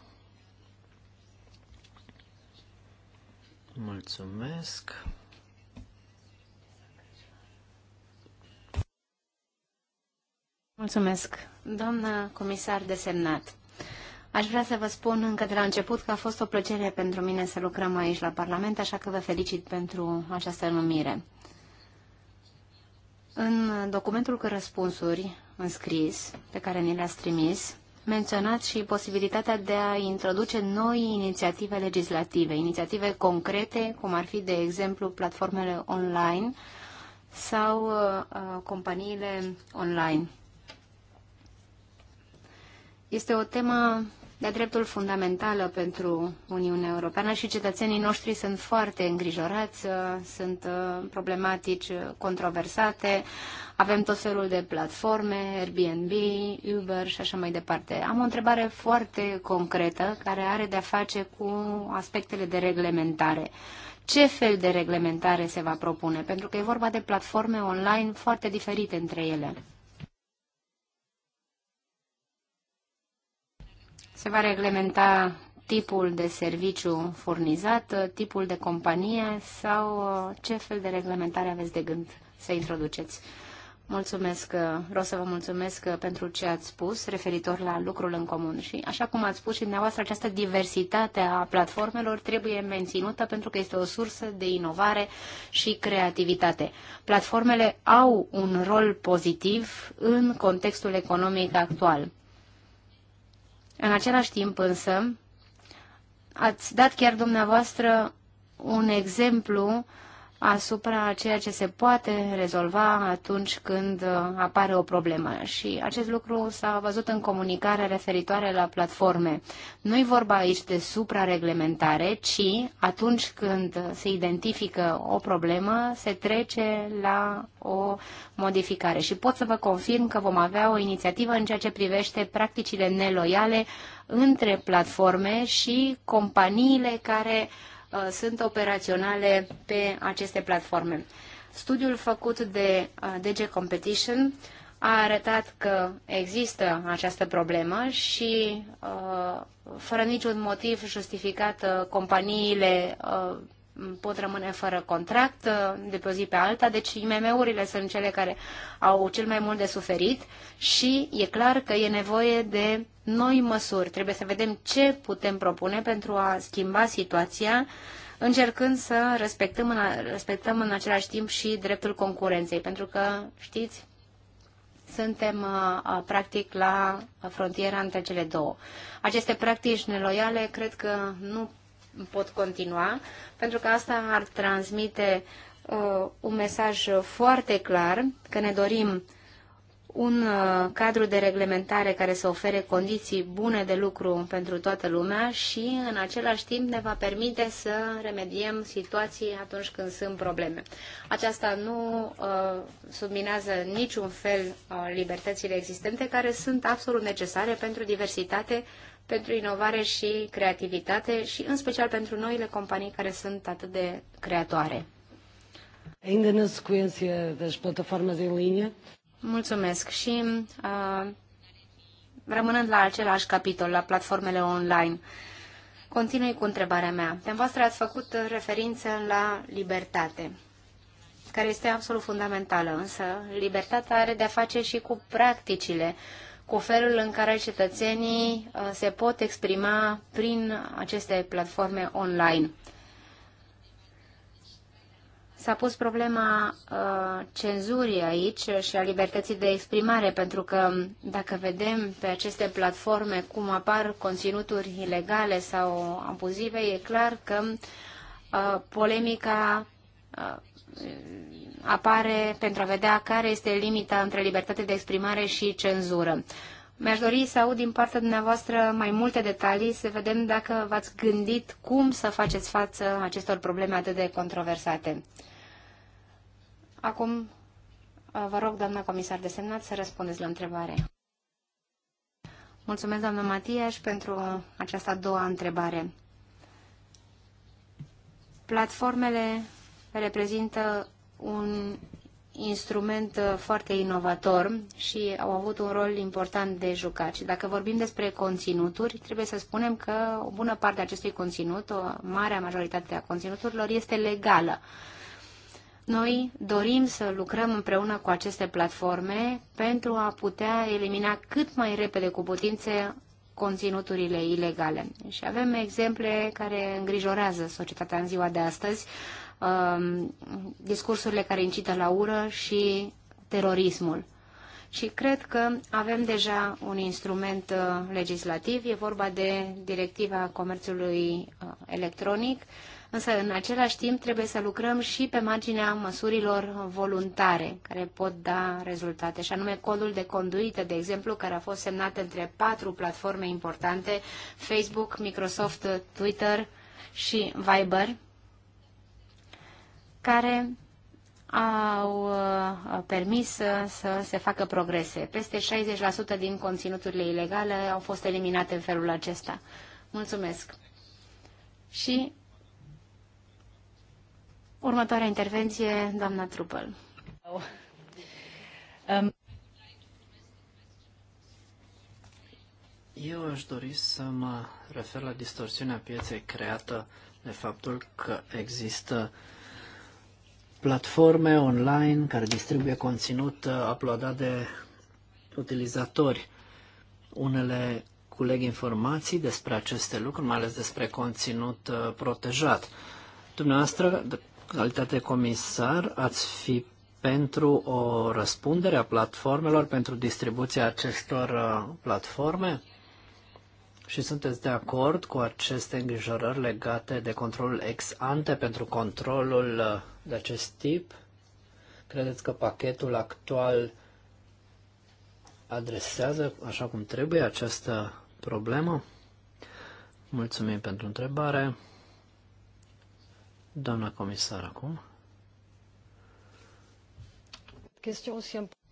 Mulțumesc. Mulțumesc. Doamna comisar desemnat, Aș vrea să vă spun încă de la început că a fost o plăcere pentru mine să lucrăm aici la Parlament, așa că vă felicit pentru această numire. În documentul cu răspunsuri înscris, pe care ni le-ați trimis, menționați și posibilitatea de a introduce noi inițiative legislative, inițiative concrete, cum ar fi, de exemplu, platformele online sau uh, uh companiile online. Este o temă de dreptul fundamentală pentru Uniunea Europeană și cetățenii noștri sunt foarte îngrijorați, uh, sunt uh, problematici controversate, avem tot felul de platforme, Airbnb, Uber și așa mai departe. Am o întrebare foarte concretă care are de-a face cu aspectele de reglementare ce fel de reglementare se va propune, pentru că e vorba de platforme online foarte diferite între ele. Se va reglementa tipul de serviciu furnizat, tipul de companie sau uh, ce fel de reglementare aveți de gând să introduceți. Mulțumesc, uh, vreau să vă mulțumesc uh, pentru ce ați spus referitor la lucrul în comun și așa cum ați spus și dumneavoastră, această diversitate a platformelor trebuie menținută pentru că este o sursă de inovare și creativitate. Platformele au un rol pozitiv în contextul economic actual în același timp însă, ați dat chiar dumneavoastră un exemplu uh, asupra ceea ce se poate rezolva atunci când uh, apare o problemă. Și acest lucru s-a văzut în comunicarea referitoare la platforme. nu e vorba aici de suprareglementare, ci atunci când se identifică o problemă, se trece la o modificare. Și pot să vă confirm că vom avea o inițiativă în ceea ce privește practicile neloiale între platforme și companiile care uh, Uh, sunt operaționale pe aceste platforme. Studiul făcut de uh, DG Competition a arătat că există această problemă și, uh, fără niciun motiv justificat, companiile pot rămâne fără contract uh, de pe o zi pe alta, deci IMM-urile sunt cele care au cel mai mult de suferit și e clar că e nevoie de noi măsuri. Trebuie să vedem ce putem propune pentru a schimba situația, încercând să respectăm în, respectăm în același timp și dreptul concurenței, pentru că, știți, suntem uh, practic la frontiera între cele două. Aceste practici neloiale cred că nu pot continua, pentru că asta ar transmite uh, un mesaj foarte clar că ne dorim un uh, cadru de reglementare care să ofere condiții bune de lucru pentru toată lumea și în același timp ne va permite să remediem situații atunci când sunt probleme. Aceasta nu uh, subminează niciun fel uh, libertățile existente care sunt absolut necesare pentru diversitate pentru inovare și creativitate și în special pentru noile companii care sunt atât de creatoare. Ainda na sequência das plataformas em linha. Mulțumesc și uh, rămânând la același capitol, la platformele online, continui cu întrebarea mea. voastră ați făcut referință la libertate, care este absolut fundamentală, însă libertatea are de-a face și cu practicile uh, cu felul în care cetățenii uh, se pot exprima prin aceste platforme online. S-a pus problema uh, cenzurii aici și a libertății de exprimare, pentru că dacă vedem pe aceste platforme cum apar conținuturi ilegale sau abuzive, e clar că uh, polemica apare pentru a vedea care este limita între libertate de exprimare și cenzură. Mi-aș dori să aud din partea dumneavoastră mai multe detalii, să vedem dacă v-ați gândit cum să faceți față acestor probleme atât de controversate. Acum, vă rog, doamna comisar de semnat, să răspundeți la întrebare. Mulțumesc, doamna Matiaș, pentru această a doua întrebare. Platformele reprezintă un instrument uh, foarte inovator și au avut un rol important de jucat. Și dacă vorbim despre conținuturi, trebuie să spunem că o bună parte a acestui conținut, o mare majoritate a conținuturilor, este legală. Noi dorim să lucrăm împreună cu aceste platforme pentru a putea elimina cât mai repede cu putințe conținuturile ilegale. Și avem exemple care îngrijorează societatea în ziua de astăzi, Um, discursurile care incită la ură și terorismul. Și cred că avem deja un instrument uh, legislativ, e vorba de directiva comerțului uh, electronic, însă în același timp trebuie să lucrăm și pe marginea măsurilor voluntare care pot da rezultate, și anume codul de conduită, de exemplu, care a fost semnat între patru platforme importante, Facebook, Microsoft, Twitter și Viber, care au uh, permis uh, să se facă progrese. Peste 60% din conținuturile ilegale au fost eliminate în felul acesta. Mulțumesc. Și următoarea intervenție, doamna Trupel. Um, Eu aș dori să mă refer la distorsiunea pieței creată de faptul că există uh, platforme online care distribuie conținut uh, uploadat de utilizatori. Unele culeg informații despre aceste lucruri, mai ales despre conținut uh, protejat. Dumneavoastră, de calitate de comisar, ați fi pentru o răspundere a platformelor, pentru distribuția acestor uh, platforme? Și sunteți de acord cu aceste îngrijorări legate de controlul ex ante pentru controlul de acest tip? Credeți că pachetul actual adresează așa cum trebuie această problemă? Mulțumim pentru întrebare. Doamna comisar, acum.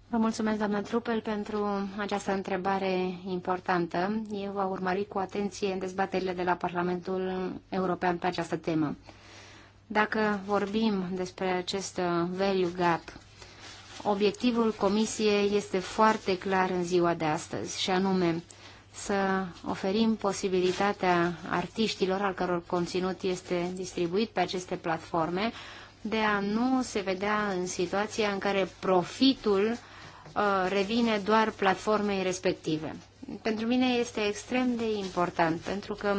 Vă mulțumesc, doamnă Trupel, pentru această întrebare importantă. Eu va urmări cu atenție dezbaterile de la Parlamentul European pe această temă. Dacă vorbim despre acest uh, value gap, obiectivul Comisiei este foarte clar în ziua de astăzi, și anume să oferim posibilitatea artiștilor, al căror conținut este distribuit pe aceste platforme, de a nu se vedea în situația în care profitul uh, revine doar platformei respective. Pentru mine este extrem de important, pentru că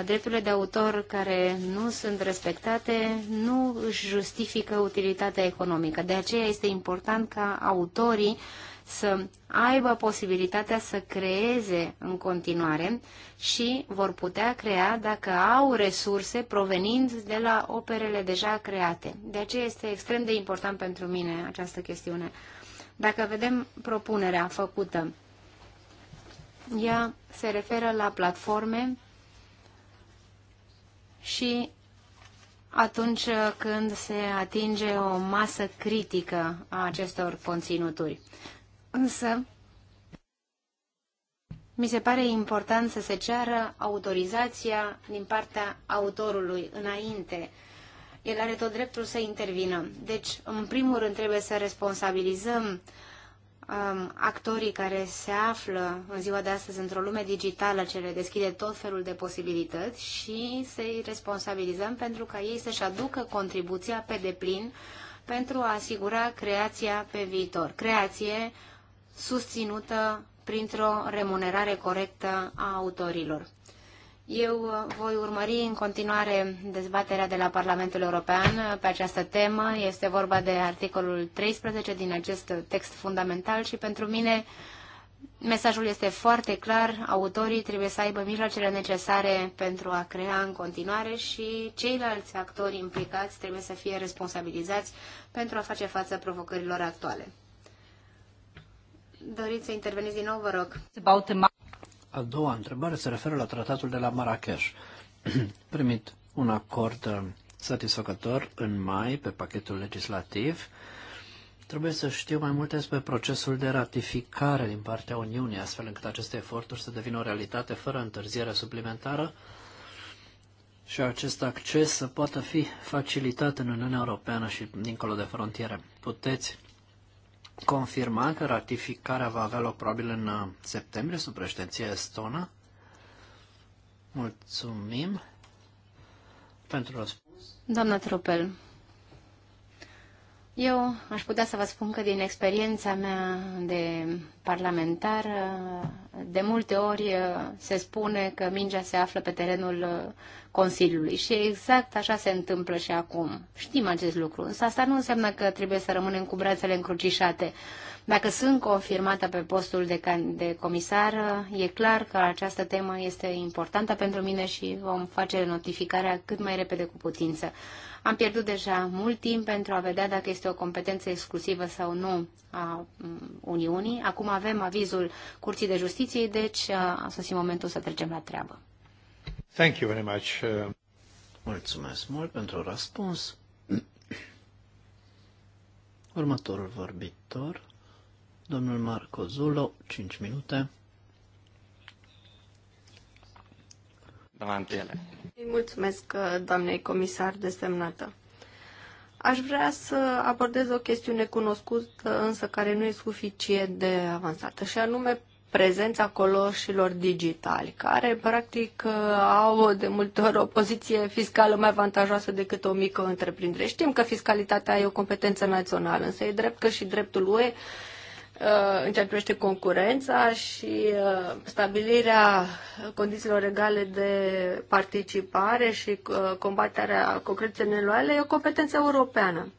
drepturile de autor care nu sunt respectate nu își justifică utilitatea economică. De aceea este important ca autorii să aibă posibilitatea să creeze în continuare și vor putea crea dacă au resurse provenind de la operele deja create. De aceea este extrem de important pentru mine această chestiune. Dacă vedem propunerea făcută, ea se referă la platforme și atunci când se atinge o masă critică a acestor conținuturi. Însă, mi se pare important să se ceară autorizația din partea autorului înainte. El are tot dreptul să intervină. Deci, în primul rând, trebuie să responsabilizăm uh, um, actorii care se află în ziua de astăzi într-o lume digitală ce le deschide tot felul de posibilități și să-i responsabilizăm pentru ca ei să-și aducă contribuția pe deplin pentru a asigura creația pe viitor. Creație susținută printr-o remunerare corectă a autorilor. Eu uh, voi urmări în continuare dezbaterea de la Parlamentul European uh, pe această temă. Este vorba de articolul 13 din acest text fundamental și pentru mine mesajul este foarte clar. Autorii trebuie să aibă mijloacele necesare pentru a crea în continuare și ceilalți actori implicați trebuie să fie responsabilizați pentru a face față provocărilor actuale. Doriți să interveniți din nou, vă rog. A doua întrebare se referă la tratatul de la Marrakesh. [clears throat] Primit un acord uh, satisfăcător în mai pe pachetul legislativ. Trebuie să știu mai multe despre procesul de ratificare din partea Uniunii, astfel încât aceste eforturi să devină o realitate fără întârziere suplimentară și acest acces să poată fi facilitat în Uniunea Europeană și dincolo de frontiere. Puteți confirma că ratificarea va avea loc probabil în uh, septembrie sub președinția estonă. Mulțumim pentru răspuns. Doamna Tropel, eu aș putea să vă spun că din experiența mea de parlamentar, de multe ori uh, se spune că mingea se află pe terenul uh, Consiliului și exact așa se întâmplă și acum. Știm acest lucru, însă asta nu înseamnă că trebuie să rămânem cu brațele încrucișate. Dacă sunt confirmată pe postul de, de comisar, e clar că această temă este importantă pentru mine și vom face notificarea cât mai repede cu putință. Am pierdut deja mult timp pentru a vedea dacă este o competență exclusivă sau nu a mm, Uniunii. Acum avem avizul Curții de Justiție, deci a sosit momentul să trecem la treabă. Thank you very much. Uh, Mulțumesc mult pentru răspuns. Următorul vorbitor, domnul Marco Zulo, 5 minute. Rantele. Îi mulțumesc, uh, doamnei comisar desemnată. Aș vrea să abordez o chestiune cunoscută, însă care nu e suficient de avansată, și anume prezența coloșilor digitali, care practic uh, au de multe ori o poziție fiscală mai avantajoasă decât o mică întreprindere. Știm că fiscalitatea e o competență națională, însă e drept că și dreptul UE Uh, în ceea ce privește concurența și uh, stabilirea condițiilor egale de participare și uh, combaterea concurenței neloiale e o competență europeană.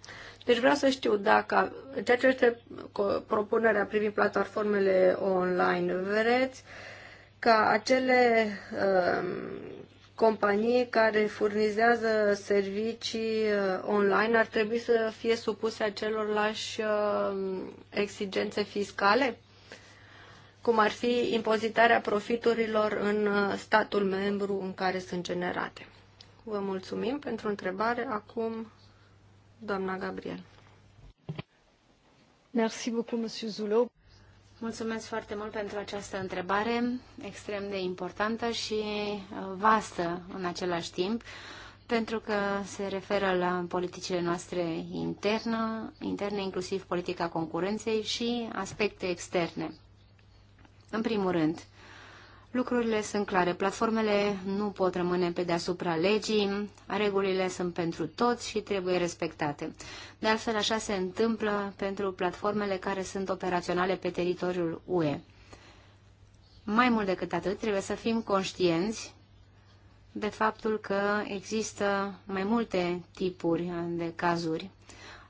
Deci vreau să știu dacă, în ceea ce privește propunerea privind platformele online, vreți ca acele uh, companii care furnizează servicii uh, online ar trebui să fie supuse acelorlași uh, exigențe fiscale, cum ar fi impozitarea profiturilor în uh, statul membru în care sunt generate. Vă mulțumim pentru întrebare. Acum, doamna Gabriel. Merci beaucoup, monsieur Zulot. Mulțumesc foarte mult pentru această întrebare, extrem de importantă și uh, vastă în același timp, pentru că se referă la politicile noastre interne, interne inclusiv politica concurenței și aspecte externe. În primul rând, Lucrurile sunt clare, platformele nu pot rămâne pe deasupra legii, regulile sunt pentru toți și trebuie respectate. De altfel, așa se întâmplă pentru platformele care sunt operaționale pe teritoriul UE. Mai mult decât atât, trebuie să fim conștienți de faptul că există mai multe tipuri de cazuri.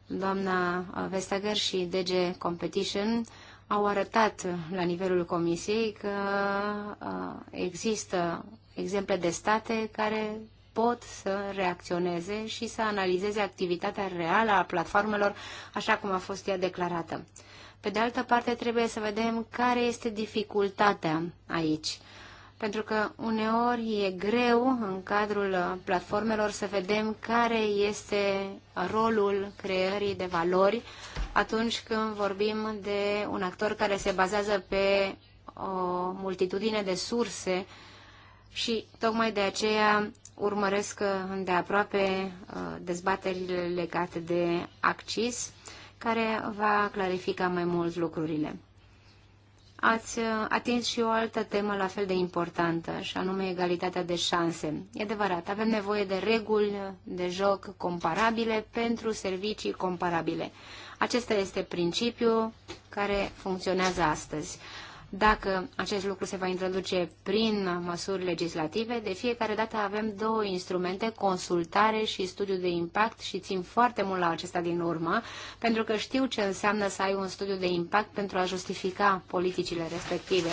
Doamna Vestager și DG Competition au arătat la nivelul Comisiei că uh, există exemple de state care pot să reacționeze și să analizeze activitatea reală a platformelor așa cum a fost ea declarată. Pe de altă parte, trebuie să vedem care este dificultatea aici pentru că uneori e greu în cadrul platformelor să vedem care este rolul creării de valori atunci când vorbim de un actor care se bazează pe o multitudine de surse și tocmai de aceea urmăresc îndeaproape uh, dezbaterile legate de accis, care va clarifica mai mult lucrurile ați uh, atins și o altă temă la fel de importantă, și anume egalitatea de șanse. E adevărat, avem nevoie de reguli de joc comparabile pentru servicii comparabile. Acesta este principiul care funcționează astăzi. Dacă acest lucru se va introduce prin măsuri legislative, de fiecare dată avem două instrumente, consultare și studiu de impact și țin foarte mult la acesta din urmă, pentru că știu ce înseamnă să ai un studiu de impact pentru a justifica politicile respective.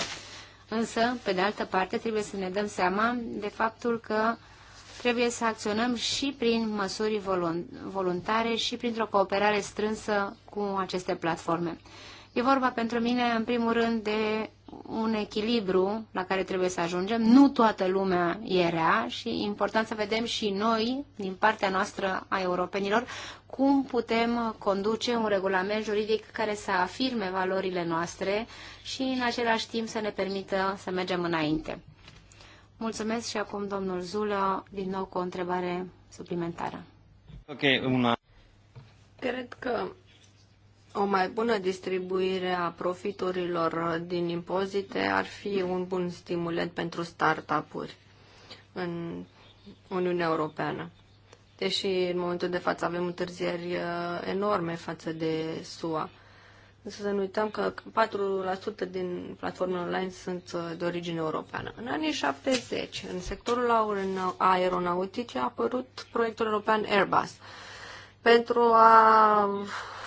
Însă, pe de altă parte, trebuie să ne dăm seama de faptul că trebuie să acționăm și prin măsuri voluntare și printr-o cooperare strânsă cu aceste platforme. E vorba pentru mine, în primul rând, de un echilibru la care trebuie să ajungem. Nu toată lumea e rea și e important să vedem și noi, din partea noastră a europenilor, cum putem conduce un regulament juridic care să afirme valorile noastre și în același timp să ne permită să mergem înainte. Mulțumesc și acum domnul Zulă, din nou cu o întrebare suplimentară. Ok, una. Cred că o mai bună distribuire a profiturilor din impozite ar fi un bun stimulent pentru startup-uri în Uniunea Europeană. Deși în momentul de față avem întârzieri uh, enorme față de SUA. Însă să nu uităm că 4% din platformele online sunt uh, de origine europeană. În anii 70, în sectorul aeronautic, a apărut proiectul european Airbus pentru a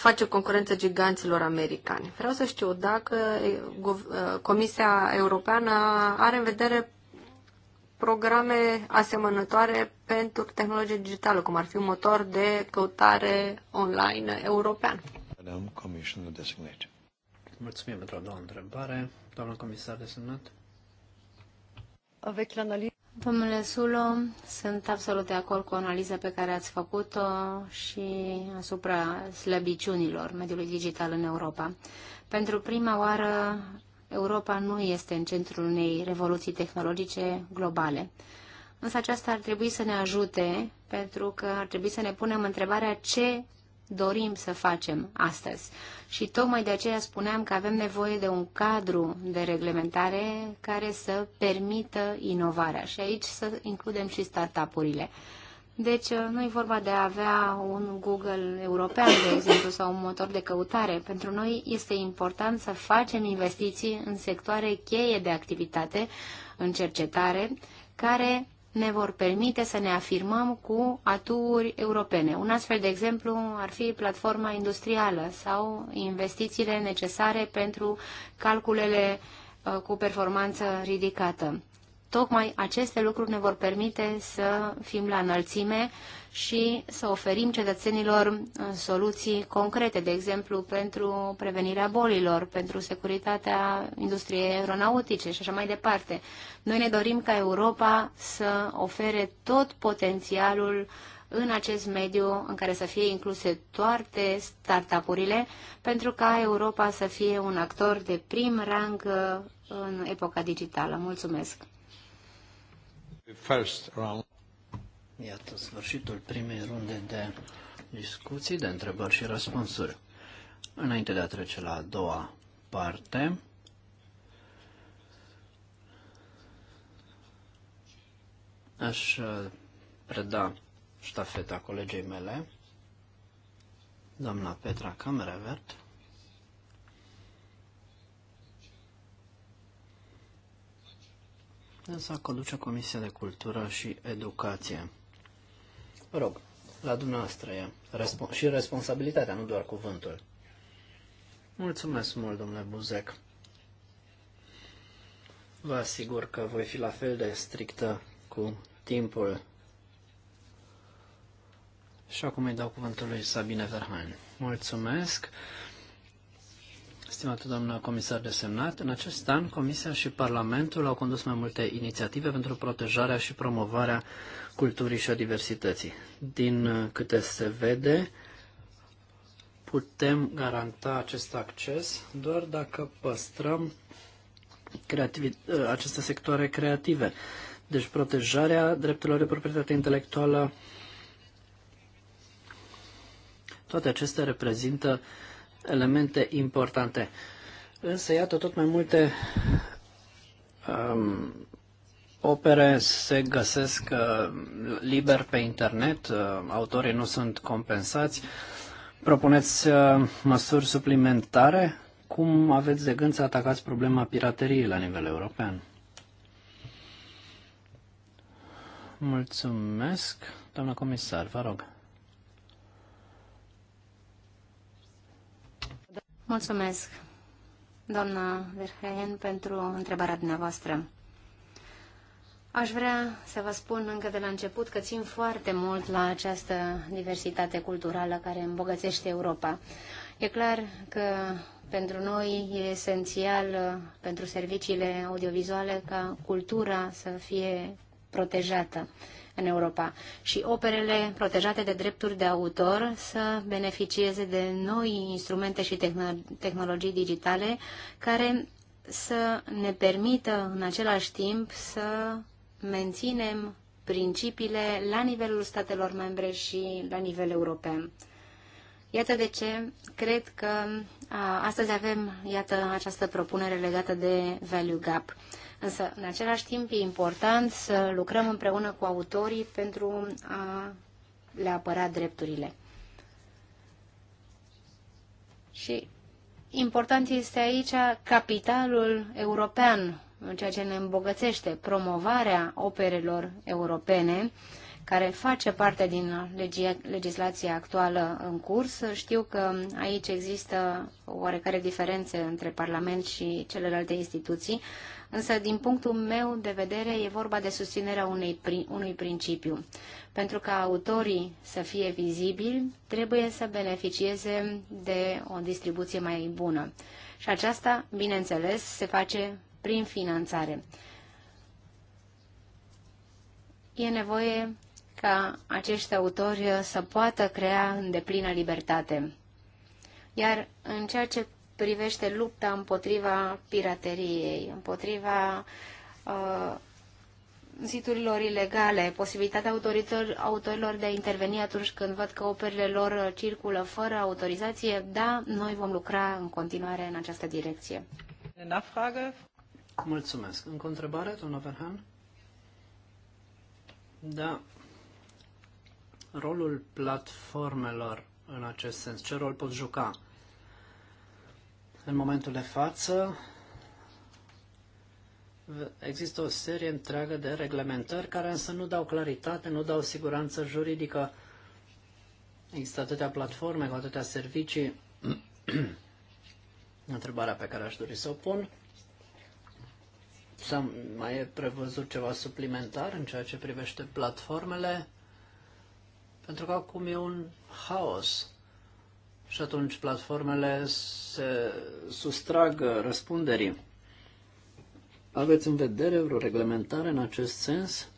face concurență giganților americani. Vreau să știu dacă Comisia Europeană are în vedere programe asemănătoare pentru tehnologie digitală, cum ar fi un motor de căutare online european. Mulțumim pentru a doua întrebare. Doamna comisar desemnat. Avec l'analyse Domnule Sulo, sunt absolut de acord cu analiza pe care ați făcut-o și asupra slăbiciunilor mediului digital în Europa. Pentru prima oară, Europa nu este în centrul unei revoluții tehnologice globale. Însă aceasta ar trebui să ne ajute, pentru că ar trebui să ne punem întrebarea ce dorim să facem astăzi. Și tocmai de aceea spuneam că avem nevoie de un cadru de reglementare care să permită inovarea și aici să includem și startup-urile. Deci uh, nu e vorba de a avea un Google european, de exemplu, sau un motor de căutare. Pentru noi este important să facem investiții în sectoare cheie de activitate, în cercetare, care ne vor permite să ne afirmăm cu aturi europene. Un astfel de exemplu ar fi platforma industrială sau investițiile necesare pentru calculele uh, cu performanță ridicată. Tocmai aceste lucruri ne vor permite să fim la înălțime și să oferim cetățenilor uh, soluții concrete, de exemplu, pentru prevenirea bolilor, pentru securitatea industriei aeronautice și așa mai departe. Noi ne dorim ca Europa să ofere tot potențialul în acest mediu în care să fie incluse toate startup-urile, pentru ca Europa să fie un actor de prim rang uh, în epoca digitală. Mulțumesc! Iată sfârșitul primei runde de discuții, de întrebări și răspunsuri. Înainte de a trece la a doua parte, aș uh, preda ștafeta colegei mele, doamna Petra Camerevert, însă conduce Comisia de Cultură și Educație. Vă rog, la dumneavoastră e Respo- și responsabilitatea, nu doar cuvântul. Mulțumesc mult, domnule Buzec. Vă asigur că voi fi la fel de strictă cu timpul. Și acum îi dau cuvântul lui Sabine Verhain. Mulțumesc. Stimată doamnă comisar desemnat, în acest an Comisia și Parlamentul au condus mai multe inițiative pentru protejarea și promovarea culturii și a diversității. Din câte se vede, putem garanta acest acces doar dacă păstrăm aceste sectoare creative. Deci protejarea drepturilor de proprietate intelectuală, toate acestea reprezintă uh, elemente importante. Însă, iată, tot mai multe um, opere se găsesc uh, liber pe internet, uh, autorii nu sunt compensați. Propuneți uh, măsuri suplimentare? Cum aveți de gând să atacați problema pirateriei la nivel european? Mulțumesc. Doamna comisar, vă rog. Mulțumesc, doamna Verheyen, pentru întrebarea dumneavoastră. Aș vrea să vă spun încă de la început că țin foarte mult la această diversitate culturală care îmbogățește Europa. E clar că pentru noi e esențial, pentru serviciile audiovizuale, ca cultura să fie protejată în Europa și operele protejate de drepturi de autor să beneficieze de noi instrumente și tehnologii digitale care să ne permită în același timp să menținem principiile la nivelul statelor membre și la nivel european. Iată de ce cred că a, astăzi avem, iată, această propunere legată de value gap. Însă, în același timp, e important să lucrăm împreună cu autorii pentru a le apăra drepturile. Și important este aici capitalul european, ceea ce ne îmbogățește, promovarea operelor europene, care face parte din legislația actuală în curs. Știu că aici există oarecare diferențe între Parlament și celelalte instituții, Însă, din punctul meu de vedere, e vorba de susținerea unei, unui principiu. Pentru ca autorii să fie vizibili, trebuie să beneficieze de o distribuție mai bună. Și aceasta, bineînțeles, se face prin finanțare. E nevoie ca acești autori să poată crea în deplină libertate. Iar în ceea ce privește lupta împotriva pirateriei, împotriva uh, siturilor ilegale, posibilitatea autorilor, autorilor de a interveni atunci când văd că operele lor circulă fără autorizație, da, noi vom lucra în continuare în această direcție. Mulțumesc. Încă o întrebare, domnul Verhan? Da. Rolul platformelor în acest sens, ce rol pot juca? În momentul de față există o serie întreagă de reglementări care însă nu dau claritate, nu dau siguranță juridică. Există atâtea platforme cu atâtea servicii. [clears throat] Întrebarea pe care aș dori să o pun să mai e prevăzut ceva suplimentar în ceea ce privește platformele, pentru că acum e un haos și atunci platformele se sustrag răspunderii. Aveți în vedere vreo reglementare în acest sens?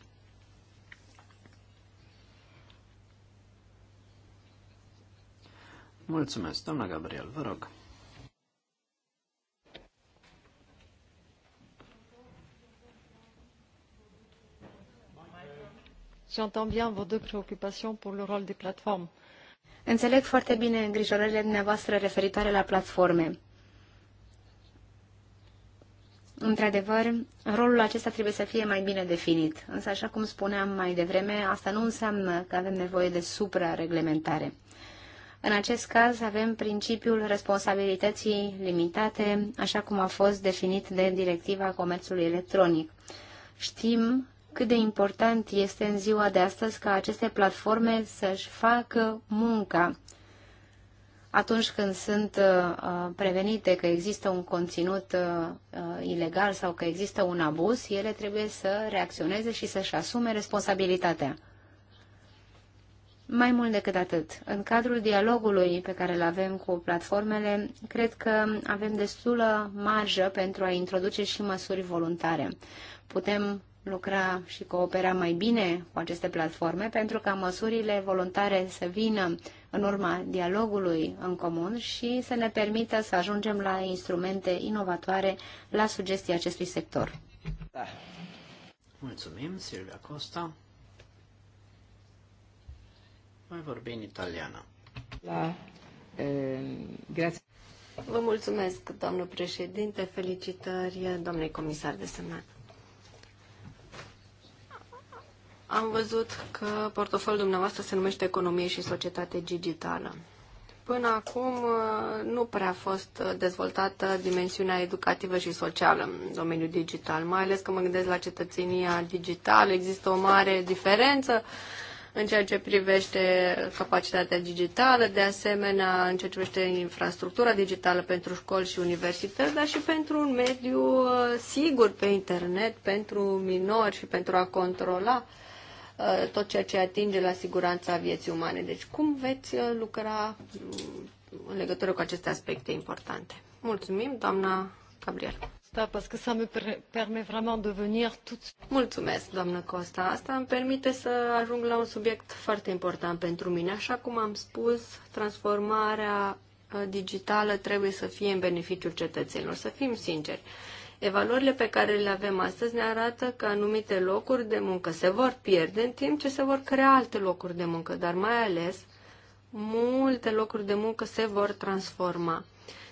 Mulțumesc, doamna Gabriel, vă rog. J'entends bien vos deux préoccupations pour le rôle des plateformes. Înțeleg foarte bine îngrijorările dumneavoastră referitoare la platforme. Într-adevăr, rolul acesta trebuie să fie mai bine definit, însă, așa cum spuneam mai devreme, asta nu înseamnă că avem nevoie de suprareglementare. În acest caz avem principiul responsabilității limitate, așa cum a fost definit de Directiva Comerțului Electronic. Știm cât de important este în ziua de astăzi ca aceste platforme să-și facă munca atunci când sunt uh, uh prevenite că există un conținut uh, uh, ilegal sau că există un abuz, ele trebuie să reacționeze și să-și asume responsabilitatea. Mai mult decât atât, în cadrul dialogului pe care îl avem cu platformele, cred că avem destulă marjă pentru a introduce și măsuri voluntare. Putem lucra și coopera mai bine cu aceste platforme pentru ca măsurile voluntare să vină în urma dialogului în comun și să ne permită să ajungem la instrumente inovatoare la sugestii acestui sector. Da. Mulțumim, Silvia Costa. Mai vorbim în italiană. La, eh, e, Vă mulțumesc, doamnă președinte, felicitări, domnule comisar de semnat. Am văzut că portofoliul dumneavoastră se numește Economie și Societate Digitală. Până acum uh, nu prea a fost uh, dezvoltată dimensiunea educativă și socială în domeniul digital, mai ales că mă gândesc la cetățenia digitală, există o mare diferență în ceea ce privește capacitatea digitală, de asemenea în ceea ce privește infrastructura digitală pentru școli și universități, dar și pentru un mediu uh, sigur pe internet, pentru minori și pentru a controla uh, Uh, tot ceea ce atinge la siguranța vieții umane. Deci cum veți uh, lucra uh, în legătură cu aceste aspecte importante? Mulțumim, doamna Gabriel. Da, parce que ça me permet vraiment de venir tout... Mulțumesc, doamnă Costa. Asta îmi permite să ajung la un subiect foarte important pentru mine. Așa cum am spus, transformarea digitală trebuie să fie în beneficiul cetățenilor, să fim sinceri. Evaluările pe care le avem astăzi ne arată că anumite locuri de muncă se vor pierde în timp ce se vor crea alte locuri de muncă, dar mai ales multe locuri de muncă se vor transforma.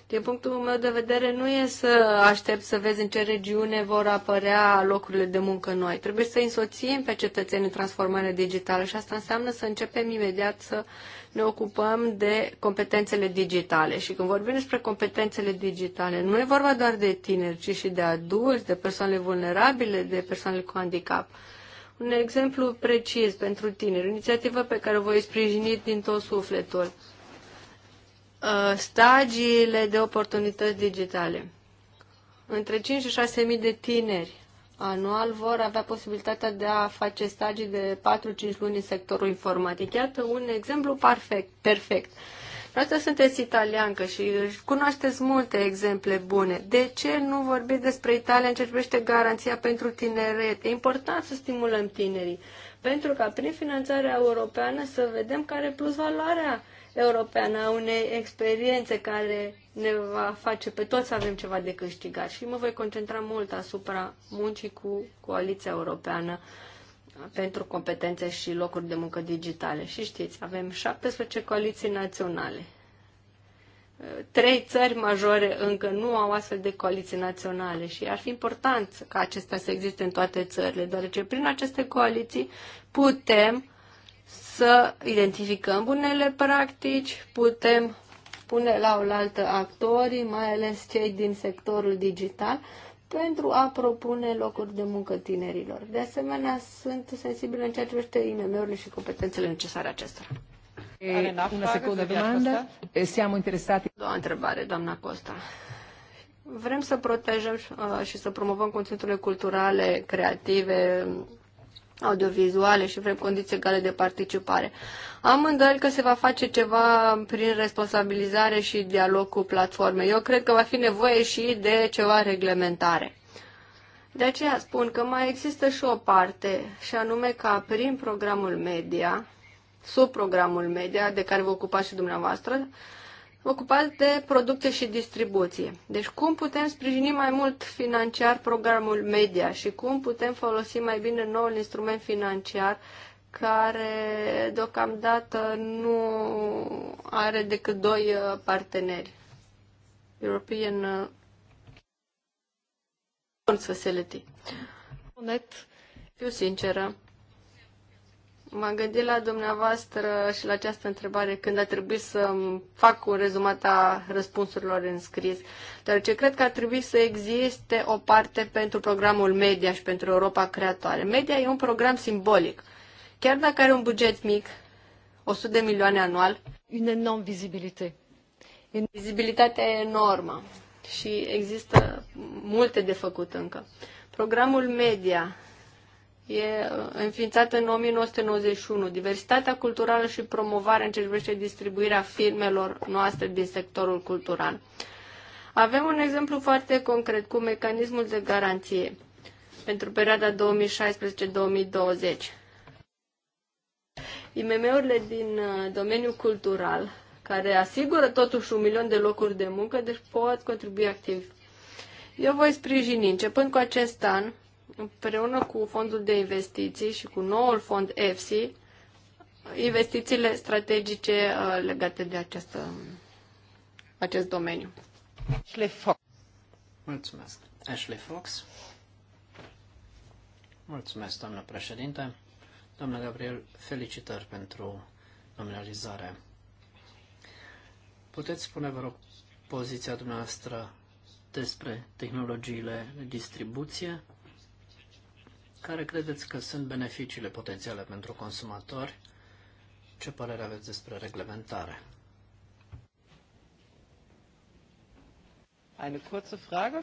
Din punctul meu de vedere, nu e să aștept să vezi în ce regiune vor apărea locurile de muncă noi. Trebuie să însoțim pe cetățenii transformarea digitală și asta înseamnă să începem imediat să ne ocupăm de competențele digitale. Și când vorbim despre competențele digitale, nu e vorba doar de tineri, ci și de adulți, de persoane vulnerabile, de persoanele cu handicap. Un exemplu precis pentru tineri, o inițiativă pe care o voi sprijini din tot sufletul. Uh, stagiile de oportunități digitale. Între 5 și 6 mii de tineri anual vor avea posibilitatea de a face stagii de 4-5 luni în sectorul informatic. Iată un exemplu perfect. perfect. Noastră sunteți italiancă și cunoașteți multe exemple bune. De ce nu vorbiți despre Italia în ce privește garanția pentru tineret? E important să stimulăm tinerii, pentru ca prin finanțarea europeană să vedem care plus valoarea europeană a unei experiențe care ne va face pe toți să avem ceva de câștigat și mă voi concentra mult asupra muncii cu Coaliția Europeană pentru competențe și locuri de muncă digitale. Și știți, avem 17 coaliții naționale. Trei țări majore încă nu au astfel de coaliții naționale și ar fi important ca acestea să existe în toate țările, deoarece prin aceste coaliții putem să identificăm bunele practici, putem pune la oaltă actorii, mai ales cei din sectorul digital, pentru a propune locuri de muncă tinerilor. De asemenea, sunt sensibil în ceea ce privește IMM-urile și competențele necesare acestora. E, una secundă domnule Siamo interesati. Doua întrebare, doamna Costa. Vrem să protejăm uh, și să promovăm conținuturile culturale, creative, audiovizuale și vrem condiții egale de participare. Am îndoiel că se va face ceva prin responsabilizare și dialog cu platforme. Eu cred că va fi nevoie și de ceva reglementare. De aceea spun că mai există și o parte, și anume ca prin programul media, sub programul media de care vă ocupați și dumneavoastră, ocupați de producție și distribuție. Deci cum putem sprijini mai mult financiar programul media și cum putem folosi mai bine noul instrument financiar care deocamdată nu are decât doi uh, parteneri. European Fund uh, Facility. Net. Fiu sinceră, M-am gândit la dumneavoastră și la această întrebare când a trebuit să fac un rezumat a răspunsurilor în scris, deoarece cred că ar trebui să existe o parte pentru programul Media și pentru Europa Creatoare. Media e un program simbolic. Chiar dacă are un buget mic, 100 de milioane anual, une enorm vizibilitate. Vizibilitatea e enormă și există multe de făcut încă. Programul Media e uh, înființată în 1991. Diversitatea culturală și promovarea în distribuirea filmelor noastre din sectorul cultural. Avem un exemplu foarte concret cu mecanismul de garanție pentru perioada 2016-2020. IMM-urile din uh, domeniul cultural, care asigură totuși un milion de locuri de muncă, deci pot contribui activ. Eu voi sprijini, începând cu acest an, împreună cu fondul de investiții și cu noul fond EFSI, investițiile strategice uh, legate de această, acest domeniu. Ashley Fox. Mulțumesc. Ashley Fox. Mulțumesc, doamnă președinte. Doamnă Gabriel, felicitări pentru nominalizare. Puteți spune, vă rog, poziția dumneavoastră despre tehnologiile de distribuție care credeți că sunt beneficiile potențiale pentru consumatori? Ce părere aveți despre reglementare? Eine kurze Frage.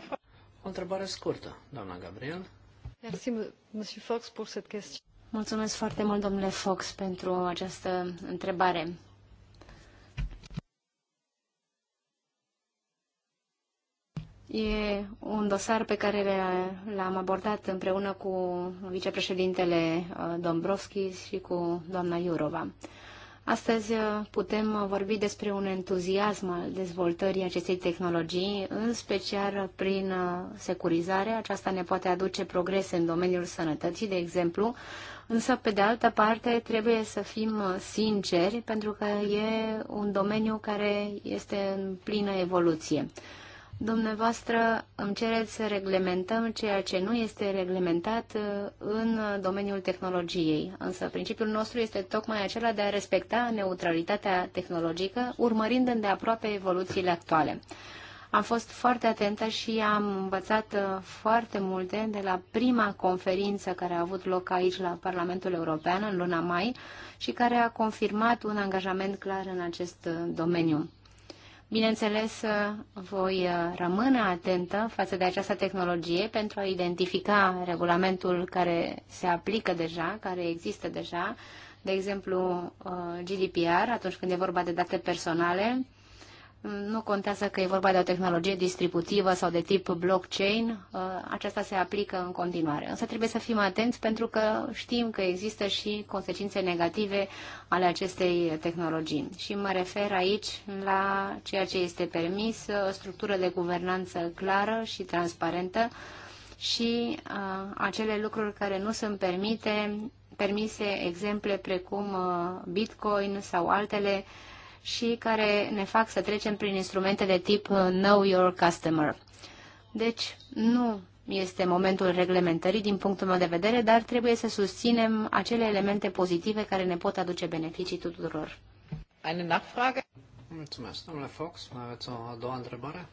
O întrebare scurtă, doamna Gabriel. Merci, Monsieur Fox, pour cette question. Mulțumesc foarte mult, domnule Fox, pentru această întrebare. E un dosar pe care l-am abordat împreună cu vicepreședintele uh, Dombrovski și cu doamna Iurova. Astăzi uh, putem vorbi despre un entuziasm al dezvoltării acestei tehnologii, în special prin uh, securizare. Aceasta ne poate aduce progrese în domeniul sănătății, de exemplu, însă, pe de altă parte, trebuie să fim sinceri, pentru că e un domeniu care este în plină evoluție. Dumneavoastră îmi cereți să reglementăm ceea ce nu este reglementat uh, în domeniul tehnologiei, însă principiul nostru este tocmai acela de a respecta neutralitatea tehnologică, urmărind îndeaproape evoluțiile actuale. Am fost foarte atentă și am învățat uh, foarte multe de la prima conferință care a avut loc aici la Parlamentul European în luna mai și care a confirmat un angajament clar în acest uh, domeniu. Bineînțeles, voi uh, rămâne atentă față de această tehnologie pentru a identifica regulamentul care se aplică deja, care există deja, de exemplu uh, GDPR, atunci când e vorba de date personale, nu contează că e vorba de o tehnologie distributivă sau de tip blockchain, uh, aceasta se aplică în continuare. Însă trebuie să fim atenți pentru că știm că există și consecințe negative ale acestei tehnologii. Și mă refer aici la ceea ce este permis, o uh, structură de guvernanță clară și transparentă și uh, acele lucruri care nu sunt permite, permise, exemple precum Bitcoin sau altele, și care ne fac să trecem prin instrumente de tip uh, Know Your Customer. Deci, nu este momentul reglementării din punctul meu de vedere, dar trebuie să susținem acele elemente pozitive care ne pot aduce beneficii tuturor. Eine Nachfrage? Mulțumesc. Domnule Fox, mai aveți o a doua întrebare?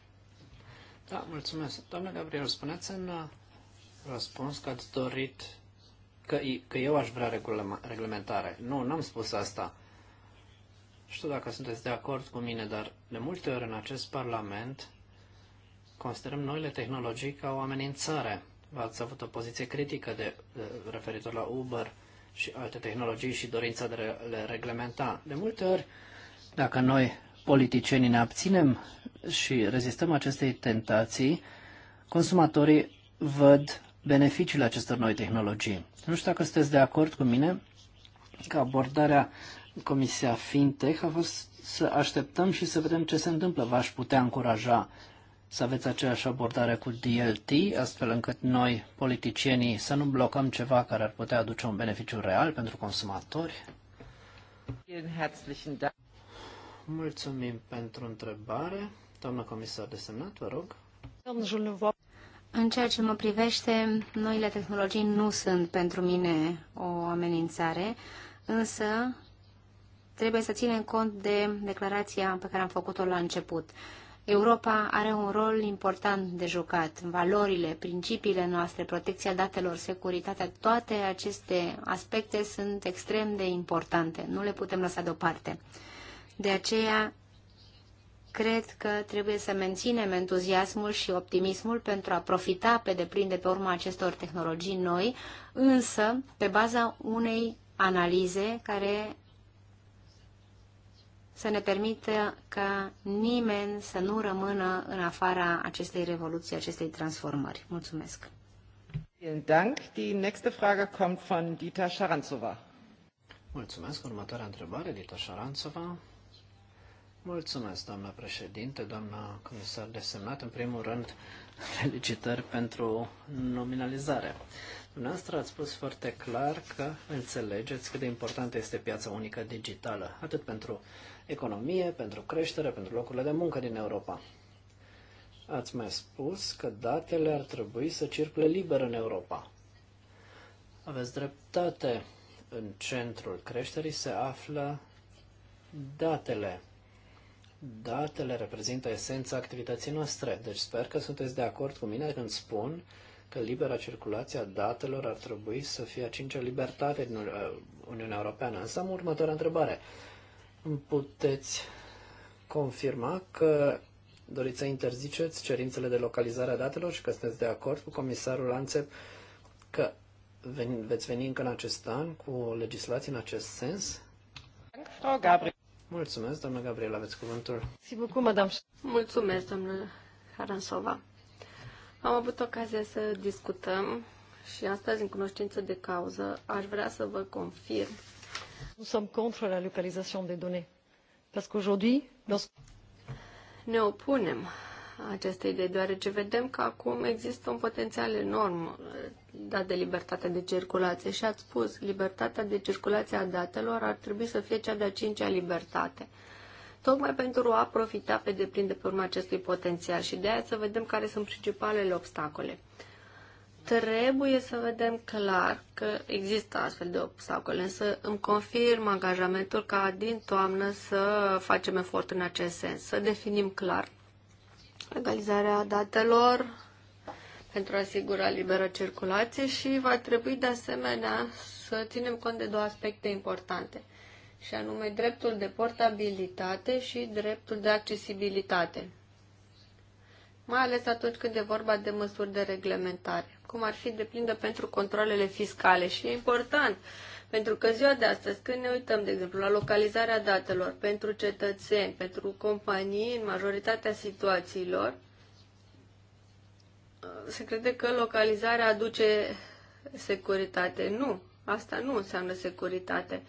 Da, mulțumesc. Domnule Gabriel, spuneți în uh, răspuns că ați dorit că, că eu aș vrea reglementare. Nu, n-am spus asta știu dacă sunteți de acord cu mine, dar de multe ori în acest Parlament considerăm noile tehnologii ca o amenințare. V-ați avut o poziție critică de, de referitor la Uber și alte tehnologii și dorința de re, le reglementa. De multe ori, dacă noi politicienii ne abținem și rezistăm acestei tentații, consumatorii văd beneficiile acestor noi tehnologii. Nu știu dacă sunteți de acord cu mine că abordarea Comisia FinTech a fost să așteptăm și să vedem ce se întâmplă. V-aș putea încuraja să aveți aceeași abordare cu DLT, astfel încât noi, politicienii, să nu blocăm ceva care ar putea aduce un beneficiu real pentru consumatori? Mulțumim pentru întrebare. Doamna comisar de semnat, vă rog. În ceea ce mă privește, noile tehnologii nu sunt pentru mine o amenințare, însă trebuie să ținem cont de declarația pe care am făcut-o la început. Europa are un rol important de jucat. Valorile, principiile noastre, protecția datelor, securitatea, toate aceste aspecte sunt extrem de importante. Nu le putem lăsa deoparte. De aceea, cred că trebuie să menținem entuziasmul și optimismul pentru a profita pe deplin de pe urma acestor tehnologii noi, însă pe baza unei analize care să ne permită ca nimeni să nu rămână în afara acestei revoluții, acestei transformări. Mulțumesc! Vielen Dank. Die nächste Frage kommt von Dita Sharantsova. Mulțumesc. Următoarea întrebare, Dita Șaranțova. Mulțumesc, doamna președinte, doamna comisar desemnat. În primul rând, [laughs] felicitări pentru nominalizare. Dumneavoastră ați spus foarte clar că înțelegeți cât de importantă este piața unică digitală, atât pentru economie, pentru creștere, pentru locurile de muncă din Europa. Ați mai spus că datele ar trebui să circule liber în Europa. Aveți dreptate. În centrul creșterii se află datele. Datele reprezintă esența activității noastre, deci sper că sunteți de acord cu mine când spun că libera circulație a datelor ar trebui să fie a cincea libertate din Uniunea Europeană. Însă am următoarea întrebare îmi puteți confirma că doriți să interziceți cerințele de localizare a datelor și că sunteți de acord cu comisarul Anțep că veni, veți veni încă în acest an cu legislații în acest sens? Oh, Mulțumesc, doamnă Gabriela, aveți cuvântul. Mulțumesc, doamnă Haransova. Am avut ocazia să discutăm și astăzi, în cunoștință de cauză, aș vrea să vă confirm nous sommes contre la localisation des données. Parce qu'aujourd'hui, ne opunem acestei idei, deoarece vedem că acum există un potențial enorm uh, dat de libertatea de circulație și ați spus, libertatea de circulație a datelor ar trebui să fie cea de-a cincea libertate. Tocmai pentru a profita pe deplin de pe urma acestui potențial și de aia să vedem care sunt principalele obstacole. Uh, trebuie să vedem clar că există astfel de obstacole, însă îmi confirm angajamentul ca din toamnă să facem efort în acest sens, să definim clar legalizarea datelor pentru a asigura liberă circulație și va trebui de asemenea să ținem cont de două aspecte importante, și anume dreptul de portabilitate și dreptul de accesibilitate mai ales atunci când e vorba de măsuri de reglementare, cum ar fi de plină pentru controlele fiscale. Și e important, pentru că ziua de astăzi, când ne uităm, de exemplu, la localizarea datelor pentru cetățeni, pentru companii, în majoritatea situațiilor, se crede că localizarea aduce securitate. Nu, asta nu înseamnă securitate.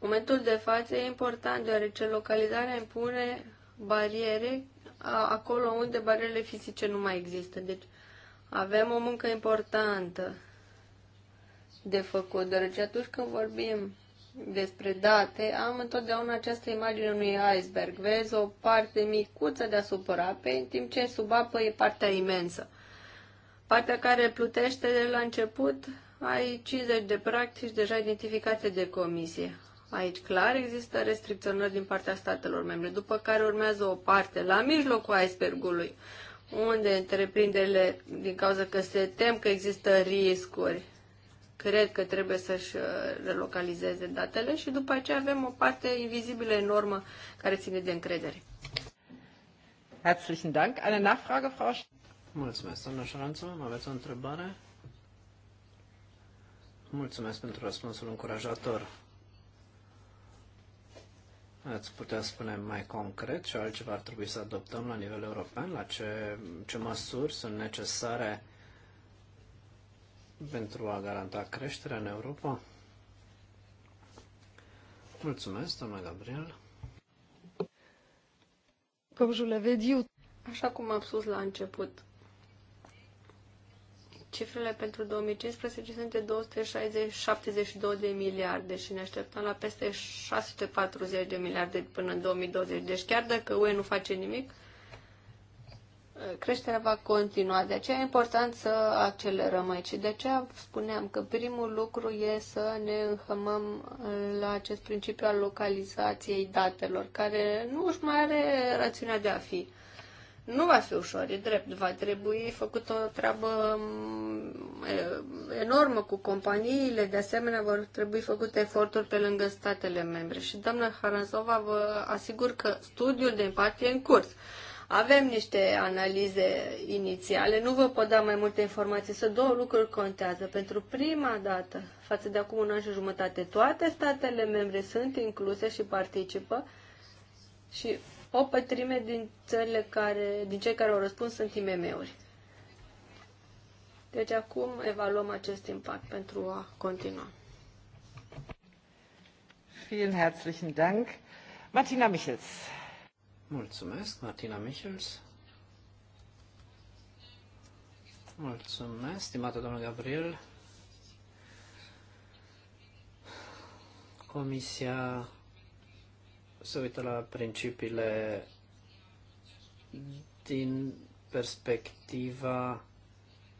Momentul de față e important, deoarece localizarea impune bariere acolo unde barierele fizice nu mai există. Deci avem o muncă importantă de făcut, deoarece atunci când vorbim despre date, am întotdeauna această imagine unui iceberg. Vezi o parte micuță deasupra apei, în timp ce sub apă e partea imensă. Partea care plutește de la început, ai 50 de practici deja identificate de comisie. Aici clar există restricționări din partea statelor membre, după care urmează o parte la mijlocul icebergului, unde întreprinderile, din cauza că se tem că există riscuri, cred că trebuie să-și uh, relocalizeze datele și după aceea avem o parte invizibilă enormă care ține de încredere. Herzlichen Dank. Eine Nachfrage, Frau Mulțumesc, doamna Șoranță. Aveți o întrebare? Mulțumesc pentru răspunsul încurajator. Ați putea spune mai concret ce altceva ar trebui să adoptăm la nivel european, la ce, ce măsuri sunt necesare pentru a garanta creșterea în Europa? Mulțumesc, domnule Gabriel. Cum vă l'avais Așa cum am spus la început, Cifrele pentru 2015 sunt de 272 de miliarde și ne așteptăm la peste 640 de miliarde până în 2020. Deci chiar dacă UE nu face nimic, creșterea va continua. De aceea e important să accelerăm aici. De aceea spuneam că primul lucru e să ne înhămăm la acest principiu al localizației datelor, care nu își mai are rațiunea de a fi. Nu va fi ușor, e drept. Va trebui făcut o treabă mm, enormă cu companiile. De asemenea, vor trebui făcute eforturi pe lângă statele membre. Și doamna Haranzova vă asigur că studiul de impact e în curs. Avem niște analize inițiale, nu vă pot da mai multe informații, să două lucruri contează. Pentru prima dată, față de acum un an și jumătate, toate statele membre sunt incluse și participă și o pătrime din țările care, din cei care au răspuns sunt IMM-uri. Deci acum evaluăm acest impact pentru a continua. Vielen herzlichen Dank. Martina Michels. Mulțumesc, Martina Michels. Mulțumesc, stimată doamnă Gabriel. Comisia se uită la principiile din perspectiva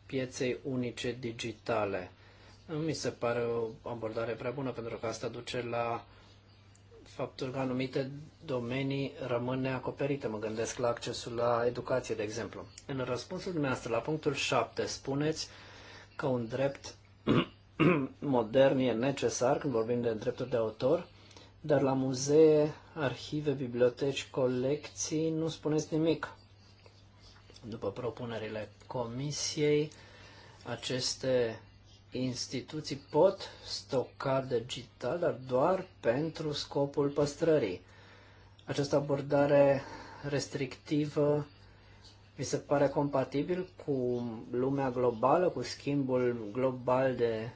pieței unice digitale. Nu mi se pare o abordare prea bună, pentru că asta duce la faptul că anumite domenii rămân neacoperite. Mă gândesc la accesul la educație, de exemplu. În răspunsul dumneavoastră, la punctul 7, spuneți că un drept [clears throat] modern e necesar când vorbim de drepturi de autor, dar la muzee, arhive, biblioteci, colecții nu spuneți nimic. După propunerile comisiei, aceste instituții pot stoca digital, dar doar pentru scopul păstrării. Această abordare restrictivă mi se pare compatibil cu lumea globală, cu schimbul global de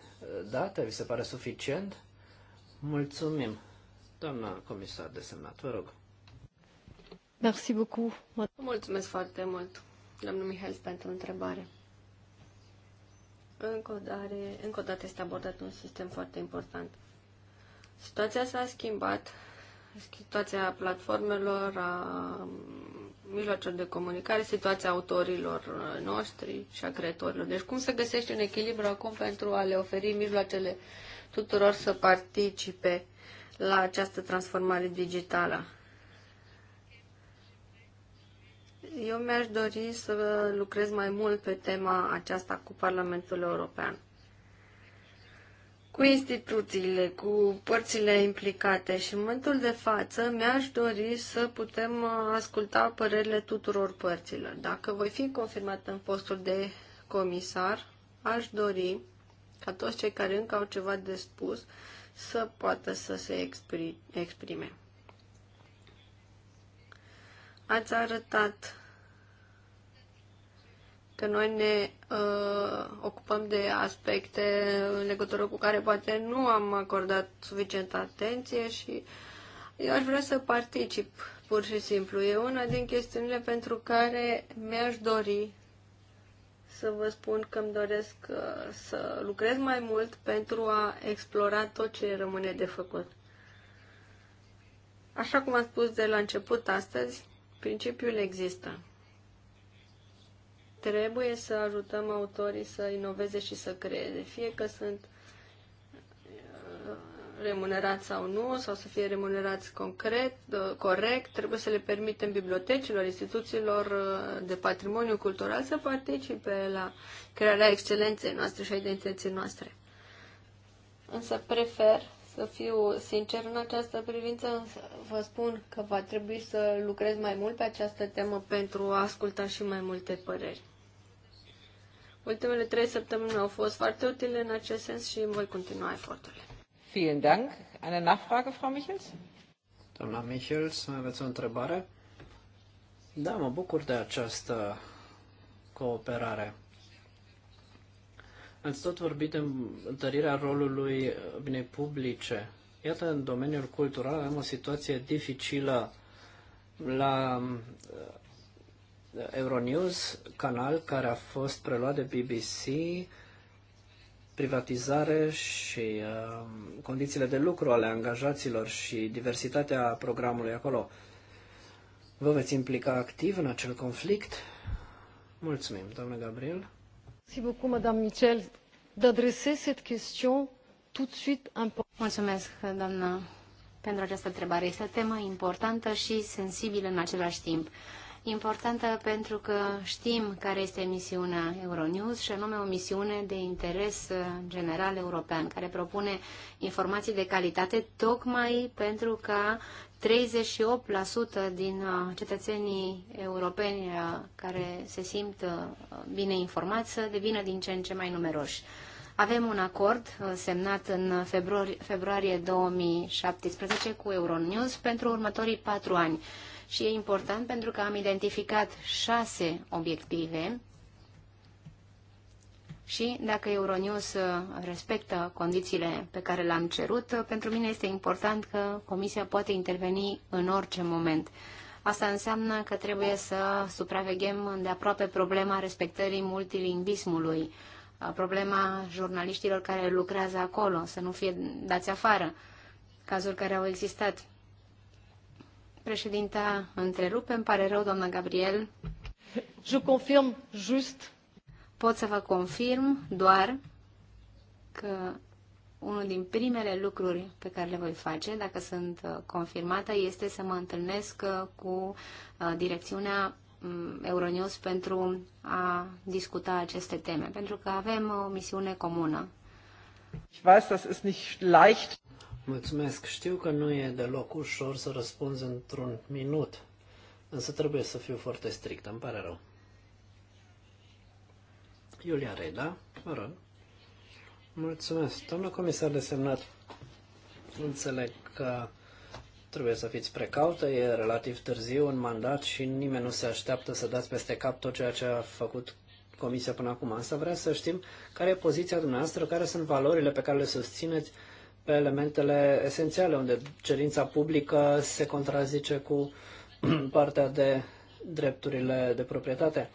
date? Vi se pare suficient? Mulțumim! Doamna comisar desemnat, vă rog. Merci beaucoup. Mulțumesc foarte mult, domnul Mihail, pentru întrebare. Încă o, dare, încă o dată este abordat un sistem foarte important. Situația s-a schimbat, situația platformelor, a mijloacelor de comunicare, situația autorilor noștri și a creatorilor. Deci cum se găsește un echilibru acum pentru a le oferi mijloacele tuturor să participe la această transformare digitală. Eu mi-aș dori să lucrez mai mult pe tema aceasta cu Parlamentul European, cu instituțiile, cu părțile implicate și în momentul de față mi-aș dori să putem asculta părerile tuturor părților. Dacă voi fi confirmat în postul de comisar, aș dori ca toți cei care încă au ceva de spus să poată să se exprime. Ați arătat că noi ne uh, ocupăm de aspecte în legătură cu care poate nu am acordat suficientă atenție și eu aș vrea să particip pur și simplu. E una din chestiunile pentru care mi-aș dori să vă spun că îmi doresc uh, să lucrez mai mult pentru a explora tot ce rămâne de făcut. Așa cum am spus de la început astăzi, principiul există. Trebuie să ajutăm autorii să inoveze și să creeze, fie că sunt uh, remunerați sau nu, sau să fie remunerați concret, uh, corect, trebuie să le permitem bibliotecilor, instituțiilor uh, de patrimoniu cultural să participe la crearea excelenței noastre și a identității noastre. Însă prefer să fiu sincer în această privință, vă spun că va trebui să lucrez mai mult pe această temă pentru a asculta și mai multe păreri. Ultimele trei săptămâni au fost foarte utile în acest sens și voi continua eforturile. Vielen Dank. Eine Nachfrage, Frau Michels? Doamna Michels, mai aveți o întrebare? Da, mă bucur de această cooperare. Ați tot vorbit de întărirea rolului binei publice. Iată, în domeniul cultural avem o situație dificilă la uh, Euronews, canal care a fost preluat de BBC, privatizare și uh, condițiile de lucru ale angajaților și diversitatea programului acolo. Vă veți implica activ în acel conflict? Mulțumim, doamne Gabriel. Si beaucoup, madame Michel, d'adresser cette question tout de suite Mulțumesc, doamna, pentru această întrebare. Este o temă importantă și sensibilă în același timp. Uh, importantă pentru că știm care este misiunea Euronews și anume o misiune de interes uh, general european care propune informații de calitate tocmai pentru ca 38% din uh, cetățenii europeni uh, care se simt bine informați să devină din ce în ce mai numeroși. Avem un acord semnat în februarie 2017 cu Euronews pentru următorii patru ani și e important pentru că am identificat șase obiective și dacă Euronews uh, respectă condițiile pe care le-am cerut, uh, pentru mine este important că Comisia poate interveni în orice moment. Asta înseamnă că trebuie să supraveghem de aproape problema respectării multilingvismului, uh, problema jurnaliștilor care lucrează acolo, să nu fie dați afară, cazuri care au existat. Președinta, întrerupe, îmi pare rău, doamna Gabriel. Je confirm just. Pot să vă confirm doar că unul din primele lucruri pe care le voi face, dacă sunt uh, confirmată, este să mă întâlnesc uh, cu uh, direcțiunea mm, Euronews pentru a discuta aceste teme, pentru că avem o misiune comună. Ich weiß, das ist nicht leicht. Mulțumesc. Știu că nu e deloc ușor să răspunzi într-un minut, însă trebuie să fiu foarte strict, îmi pare rău. Iulia Reda, mă rog. Mulțumesc. Domnul comisar de semnat înțeleg că trebuie să fiți precaută, e relativ târziu în mandat și nimeni nu se așteaptă să dați peste cap tot ceea ce a făcut Comisia până acum. Asta vrea să știm care e poziția dumneavoastră, care sunt valorile pe care le susțineți, pe elementele esențiale, unde cerința publică se contrazice cu [clears throat] partea de drepturile de proprietate.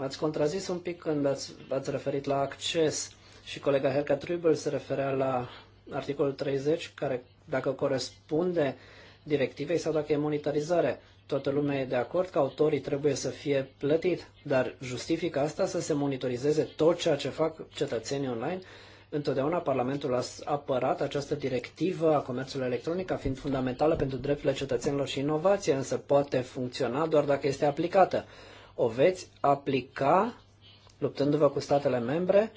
Ați contrazis un pic când ați, ați referit la acces și colega Helga Trübel se referea la articolul 30, care dacă corespunde directivei sau dacă e monetarizare. Toată lumea e de acord că autorii trebuie să fie plătit, dar justifică asta să se monitorizeze tot ceea ce fac cetățenii online Întotdeauna Parlamentul a apărat această directivă a comerțului electronic ca fiind fundamentală pentru drepturile cetățenilor și inovație, însă poate funcționa doar dacă este aplicată. O veți aplica luptându-vă cu statele membre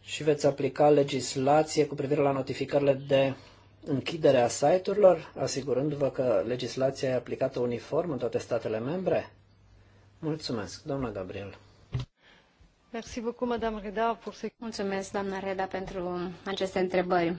și veți aplica legislație cu privire la notificările de închidere a site-urilor, asigurându-vă că legislația e aplicată uniform în toate statele membre? Mulțumesc, doamna Gabriel. Mulțumesc, doamna Reda, pentru aceste întrebări.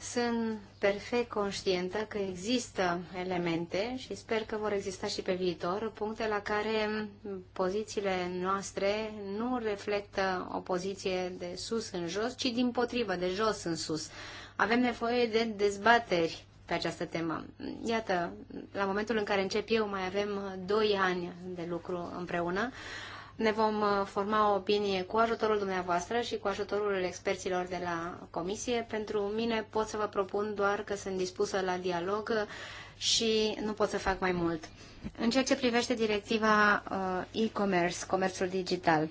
Sunt perfect conștientă că există elemente și sper că vor exista și pe viitor puncte la care pozițiile noastre nu reflectă o poziție de sus în jos, ci din potrivă, de jos în sus. Avem nevoie de dezbateri pe această temă. Iată, la momentul în care încep eu, mai avem doi ani de lucru împreună ne vom uh, forma o opinie cu ajutorul dumneavoastră și cu ajutorul experților de la comisie. Pentru mine pot să vă propun doar că sunt dispusă la dialog uh, și nu pot să fac mai mult. În ceea ce privește directiva uh, e-commerce, comerțul digital,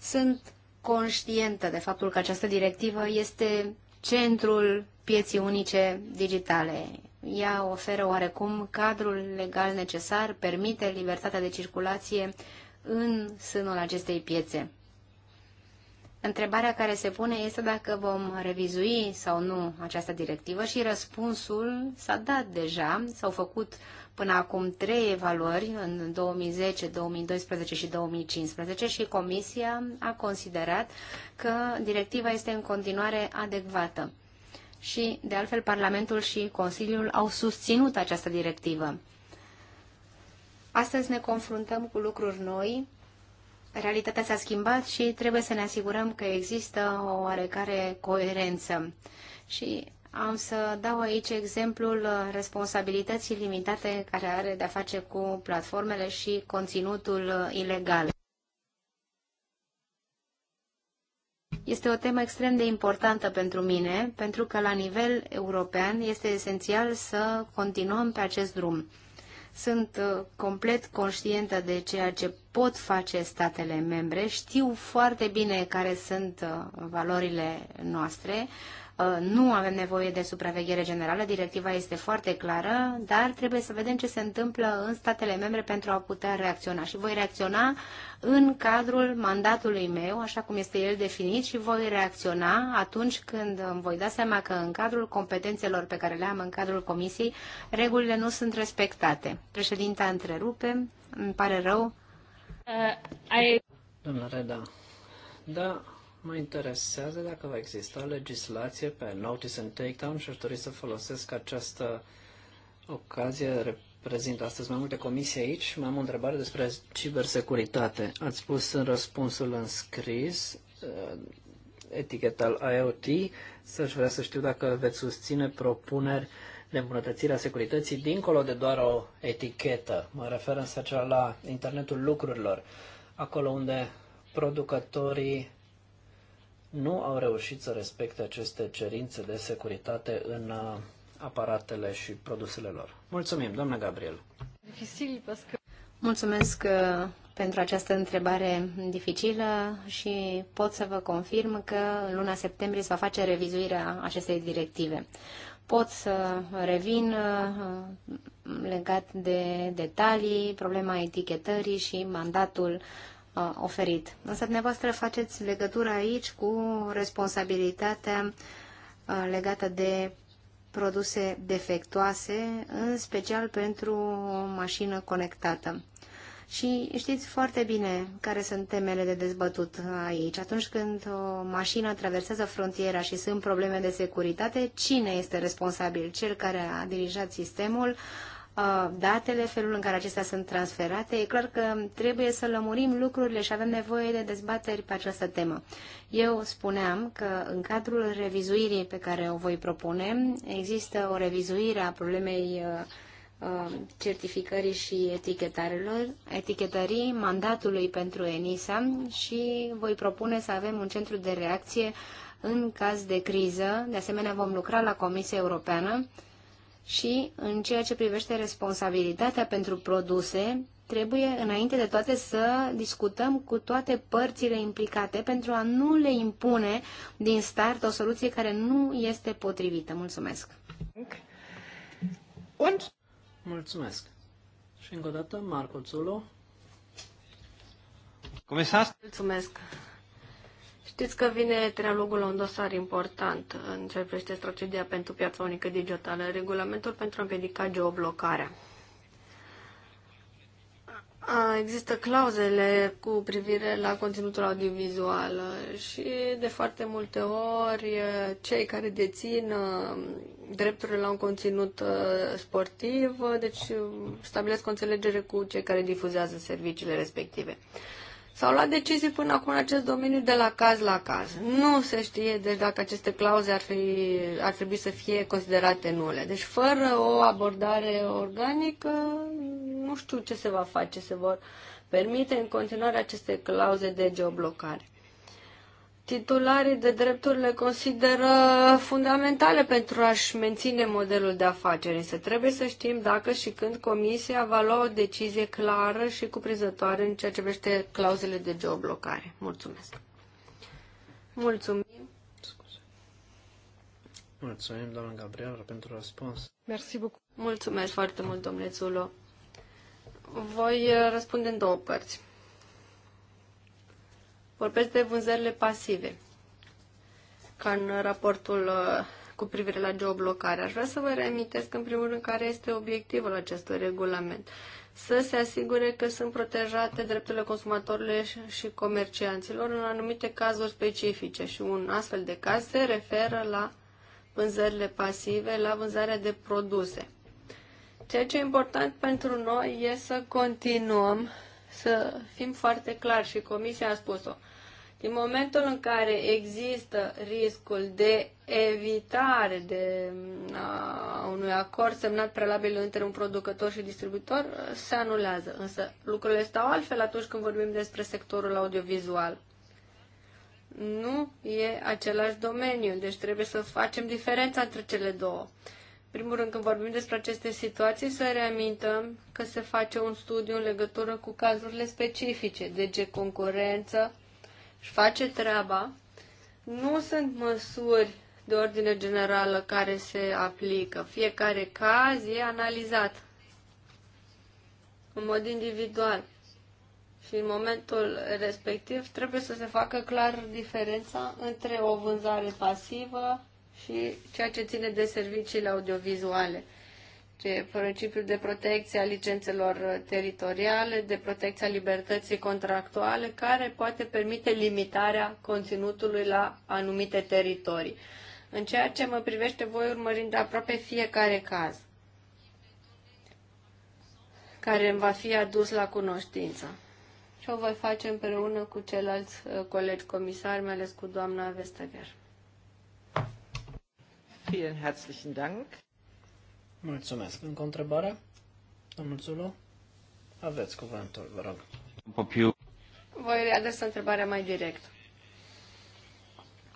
sunt conștientă de faptul că această directivă este centrul pieții unice digitale. Ea oferă oarecum cadrul legal necesar, permite libertatea de circulație uh, în sânul acestei piețe. Întrebarea care se pune este dacă vom revizui sau nu această directivă și răspunsul s-a dat deja. S-au făcut până acum trei evaluări în 2010, 2012 și 2015 și Comisia a considerat că directiva este în continuare adecvată. Și, de altfel, Parlamentul și Consiliul au susținut această directivă. Astăzi ne confruntăm cu lucruri noi, realitatea s-a schimbat și trebuie să ne asigurăm că există o oarecare coerență. Și am să dau aici exemplul responsabilității limitate care are de-a face cu platformele și conținutul ilegal. Este o temă extrem de importantă pentru mine, pentru că la nivel european este esențial să continuăm pe acest drum. Sunt uh, complet conștientă de ceea ce pot face statele membre, știu foarte bine care sunt uh, valorile noastre, Uh, nu avem nevoie de supraveghere generală, directiva este foarte clară, dar trebuie să vedem ce se întâmplă în statele membre pentru a putea reacționa. Și voi reacționa în cadrul mandatului meu, așa cum este el definit, și voi reacționa atunci când îmi voi da seama că în cadrul competențelor pe care le am în cadrul comisiei, regulile nu sunt respectate. Președinta întrerupe, îmi pare rău. Uh, I... Reda, da, Mă interesează dacă va exista legislație pe notice and takedown și aș dori să folosesc această ocazie. Reprezint astăzi mai multe comisii aici mai am o întrebare despre cibersecuritate. Ați spus în răspunsul în scris uh, eticheta al IoT, să-și vrea să știu dacă veți susține propuneri de îmbunătățire a securității dincolo de doar o etichetă. Mă refer însă cea la internetul lucrurilor, acolo unde producătorii nu au reușit să respecte aceste cerințe de securitate în uh, aparatele și produsele lor. Mulțumim, doamna Gabriel. Mulțumesc uh, pentru această întrebare dificilă și pot să vă confirm că în luna septembrie se va face revizuirea acestei directive. Pot să revin uh, legat de detalii, problema etichetării și mandatul uh, oferit. Însă dumneavoastră faceți legătura aici cu responsabilitatea uh, legată de produse defectoase, în special pentru o mașină conectată. Și știți foarte bine care sunt temele de dezbătut aici. Atunci când o mașină traversează frontiera și sunt probleme de securitate, cine este responsabil? Cel care a dirijat sistemul, datele, felul în care acestea sunt transferate. E clar că trebuie să lămurim lucrurile și avem nevoie de dezbateri pe această temă. Eu spuneam că în cadrul revizuirii pe care o voi propune, există o revizuire a problemei certificării și etichetarilor, etichetării mandatului pentru ENISA și voi propune să avem un centru de reacție în caz de criză. De asemenea, vom lucra la Comisia Europeană și în ceea ce privește responsabilitatea pentru produse, trebuie înainte de toate să discutăm cu toate părțile implicate pentru a nu le impune din start o soluție care nu este potrivită. Mulțumesc! Mulțumesc! Și încă o dată, Marco Zulo. Mulțumesc! Știți că vine trialogul la un dosar important în ce privește strategia pentru piața unică digitală, regulamentul pentru a împiedica geoblocarea. Există clauzele cu privire la conținutul audiovizual și de foarte multe ori cei care dețin uh, drepturile la un conținut uh, sportiv, deci uh, stabilesc o înțelegere cu cei care difuzează serviciile respective. S-au luat decizii până acum în acest domeniu de la caz la caz. Nu se știe deci dacă aceste clauze ar, fi, ar trebui să fie considerate nule. Deci fără o abordare organică, nu știu ce se va face. Se vor permite în continuare aceste clauze de geoblocare titularii de drepturi le consideră fundamentale pentru a-și menține modelul de afaceri, însă trebuie să știm dacă și când Comisia va lua o decizie clară și cuprinzătoare în ceea ce privește clauzele de geoblocare. Mulțumesc! Mulțumim! Mulțumim, doamna Gabriela, pentru răspuns. Merci Mulțumesc foarte mult, domnule Zulo. Voi uh, răspunde în două părți. Vorbesc de vânzările pasive, ca în raportul uh, cu privire la geoblocare. Aș vrea să vă reamintesc în primul rând care este obiectivul acestui regulament. Să se asigure că sunt protejate drepturile consumatorilor și comercianților în anumite cazuri specifice și un astfel de caz se referă la vânzările pasive, la vânzarea de produse. Ceea ce e important pentru noi e să continuăm să fim foarte clari și Comisia a spus-o. Din momentul în care există riscul de evitare de a, unui acord semnat prealabil între un producător și distribuitor, se anulează. Însă lucrurile stau altfel atunci când vorbim despre sectorul audiovizual. Nu e același domeniu, deci trebuie să facem diferența între cele două. În primul rând, când vorbim despre aceste situații, să reamintăm că se face un studiu în legătură cu cazurile specifice, deci concurență, își face treaba, nu sunt măsuri de ordine generală care se aplică. Fiecare caz e analizat în mod individual. Și în momentul respectiv trebuie să se facă clar diferența între o vânzare pasivă și ceea ce ține de serviciile audiovizuale ce principiul de protecție a licențelor teritoriale, de protecția libertății contractuale, care poate permite limitarea conținutului la anumite teritorii. În ceea ce mă privește, voi urmărind aproape fiecare caz care îmi va fi adus la cunoștință. Și o voi face împreună cu ceilalți uh, colegi comisari, mai ales cu doamna Vestager. Vielen herzlichen Dank. Mulțumesc. Încă o întrebare? Domnul Zulu? Aveți cuvântul, vă rog. Popiu. Voi readresa întrebarea mai direct.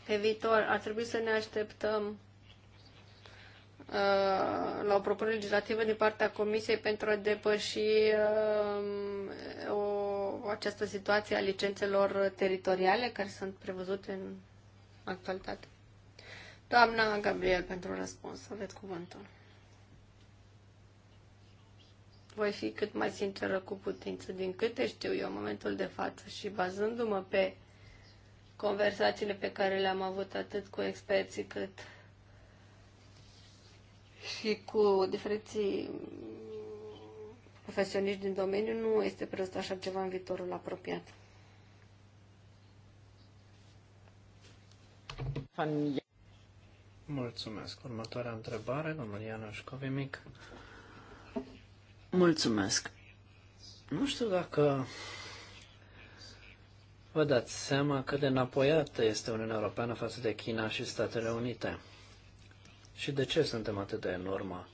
Pe viitor, ar trebui să ne așteptăm uh, la o propunere legislativă din partea Comisiei pentru a depăși uh, o, această situație a licențelor teritoriale care sunt prevăzute în actualitate. Doamna Gabriel, pentru răspuns, aveți cuvântul voi fi cât mai sinceră cu putință. Din câte știu eu în momentul de față și bazându-mă pe conversațiile pe care le-am avut atât cu experții cât și cu diferiții profesioniști din domeniu, nu este prost așa ceva în viitorul apropiat. Mulțumesc. Următoarea întrebare, domnul Ianoș Covimic. Mulțumesc. Nu știu dacă vă dați seama cât de înapoiată este Uniunea Europeană față de China și Statele Unite. Și de ce suntem atât de în urmă?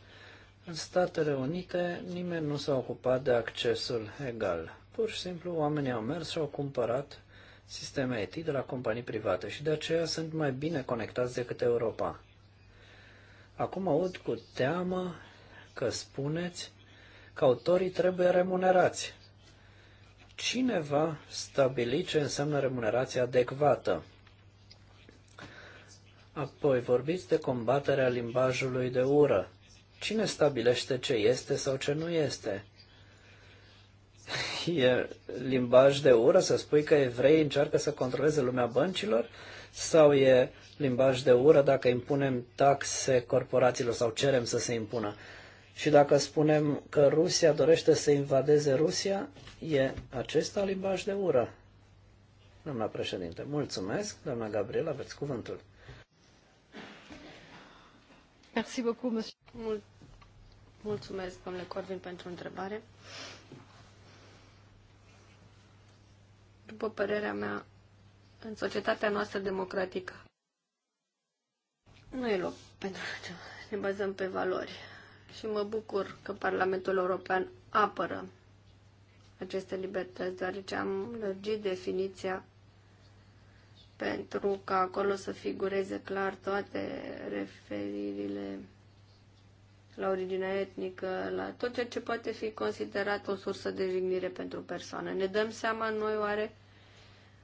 În Statele Unite nimeni nu s-a ocupat de accesul egal. Pur și simplu oamenii au mers și au cumpărat sisteme IT de la companii private și de aceea sunt mai bine conectați decât Europa. Acum aud cu teamă că spuneți că autorii trebuie remunerați. Cine va stabili ce înseamnă remunerația adecvată? Apoi vorbiți de combaterea limbajului de ură. Cine stabilește ce este sau ce nu este? [laughs] E limbaj de ură să spui că evrei încearcă să controleze lumea băncilor? Sau e limbaj de ură dacă impunem taxe corporațiilor sau cerem să se impună? Și dacă spunem că Rusia dorește să invadeze Rusia, e acesta limbaj de ură. Doamna președinte, mulțumesc. Doamna Gabriela, aveți cuvântul. Merci beaucoup, Mul- Mulțumesc, domnule Corvin, pentru întrebare. După părerea mea, în societatea noastră democratică, nu e loc pentru ce [laughs] Ne bazăm pe valori și mă bucur că Parlamentul European apără aceste libertăți, deoarece am lărgit definiția pentru ca acolo să figureze clar toate referirile la originea etnică, la tot ceea ce poate fi considerat o sursă de jignire pentru persoană. Ne dăm seama noi oare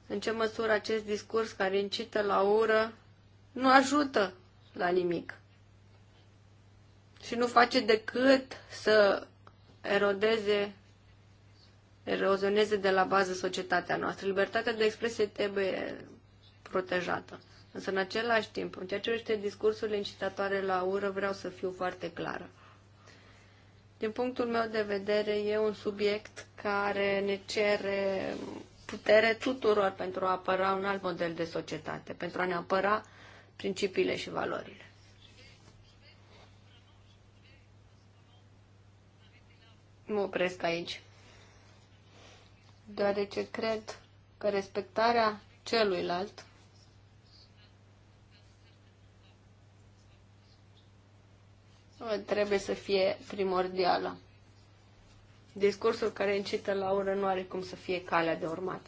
în ce măsură acest discurs care incită la ură nu ajută la nimic și nu face decât să erodeze, erozioneze de la bază societatea noastră. Libertatea de expresie trebuie protejată. Însă, în același timp, în ceea ce privește discursurile incitatoare la ură, vreau să fiu foarte clară. Din punctul meu de vedere, e un subiect care ne cere putere tuturor pentru a apăra un alt model de societate, pentru a ne apăra principiile și valorile. mă opresc aici, deoarece cred că respectarea celuilalt trebuie să fie primordială. Discursul care incită la ură nu are cum să fie calea de urmat.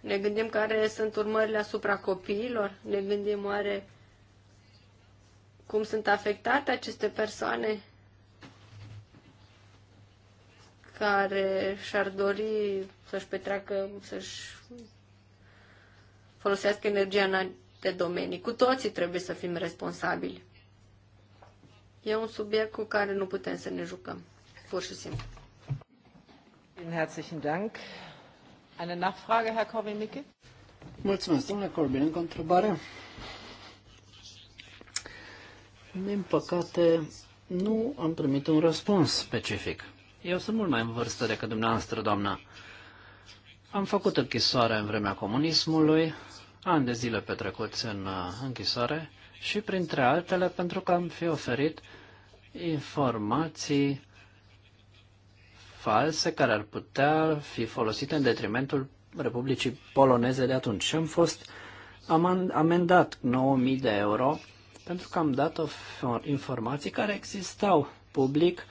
Ne gândim care sunt urmările asupra copiilor, ne gândim oare cum sunt afectate aceste persoane care și-ar dori să-și petreacă, să-și folosească energia în alte domenii. Cu toții trebuie să fim responsabili. E un subiect cu care nu putem să ne jucăm, pur și simplu. Herzlichen Dank. Eine Nachfrage, Herr Mulțumesc, domnule Corbin. Încă o întrebare? Din păcate, nu am primit un răspuns specific. Eu sunt mult mai în vârstă decât dumneavoastră, doamna. Am făcut închisoare în vremea comunismului, ani de zile petrecuți în uh, închisoare și, printre altele, pentru că am fi oferit informații false care ar putea fi folosite în detrimentul Republicii Poloneze de atunci. Și am fost amendat 9.000 de euro pentru că am dat informații care existau public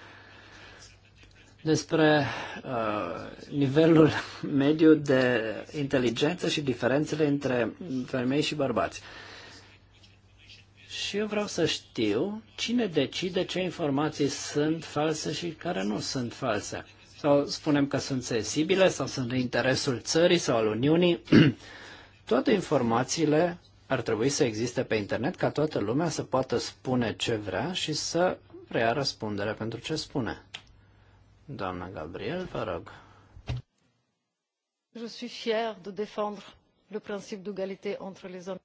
despre uh, nivelul [laughs] mediu de inteligență și diferențele între femei și bărbați. Și eu vreau să știu cine decide ce informații sunt false și care nu sunt false. Sau spunem că sunt sensibile sau sunt de interesul țării sau al Uniunii. [clears throat] Toate informațiile ar trebui să existe pe internet ca toată lumea să poată spune ce vrea și să preia răspunderea pentru ce spune. Doamna Gabriel, vă rog. Je suis fière de défendre le principe d'égalité entre les hommes.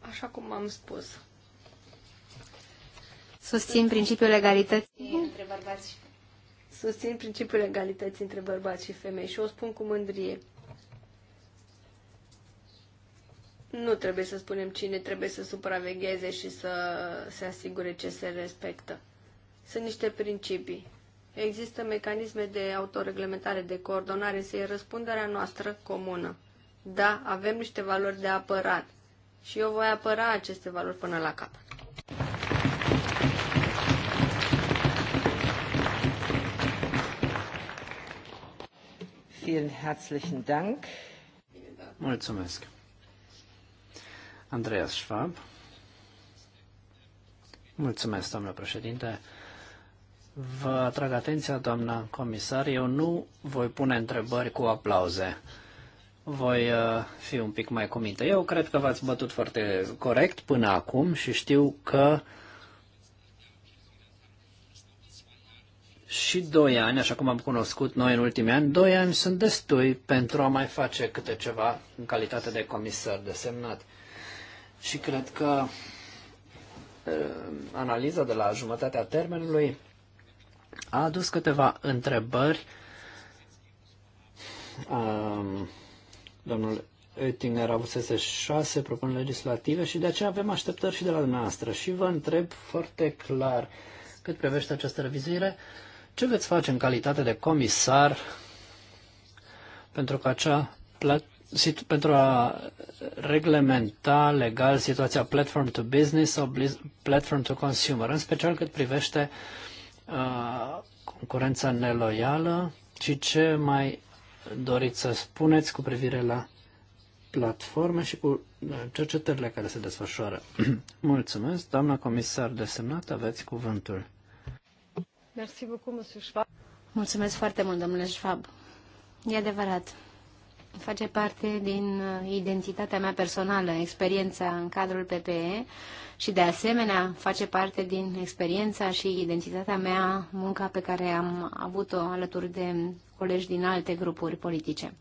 Așa cum am spus. Susțin principiul egalității între bărbați și Susțin principiul egalității între bărbați și femei și o spun cu mândrie. Nu trebuie să spunem cine trebuie să supravegheze și să se asigure ce se respectă. Sunt niște principii. Există mecanisme de autoreglementare, de coordonare, să e răspunderea noastră comună. Da, avem niște valori de apărat și eu voi apăra aceste valori până la capăt. Vielen herzlichen Dank. Mulțumesc. Andreas Schwab. Mulțumesc, domnule președinte. Vă atrag atenția, doamna comisar, eu nu voi pune întrebări cu aplauze. Voi uh, fi un pic mai cuminte. Eu cred că v-ați bătut foarte corect până acum și știu că și doi ani, așa cum am cunoscut noi în ultimii ani, doi ani sunt destui pentru a mai face câte ceva în calitate de comisar desemnat. Și cred că uh, analiza de la jumătatea termenului a adus câteva întrebări. Um, domnul Oettinger avusese șase propuneri legislative și de aceea avem așteptări și de la dumneavoastră. Și vă întreb foarte clar cât privește această revizuire, ce veți face în calitate de comisar pentru că acea plată pentru a reglementa legal situația platform to business sau platform to consumer, în special cât privește uh, concurența neloială și ce mai doriți să spuneți cu privire la platforme și cu uh, cercetările care se desfășoară. [clears throat] Mulțumesc, doamna comisar desemnat, aveți cuvântul. Mulțumesc foarte mult, domnule Schwab. E adevărat face parte din uh, identitatea mea personală, experiența în cadrul PPE și de asemenea face parte din experiența și identitatea mea, munca pe care am avut-o alături de colegi din alte grupuri politice.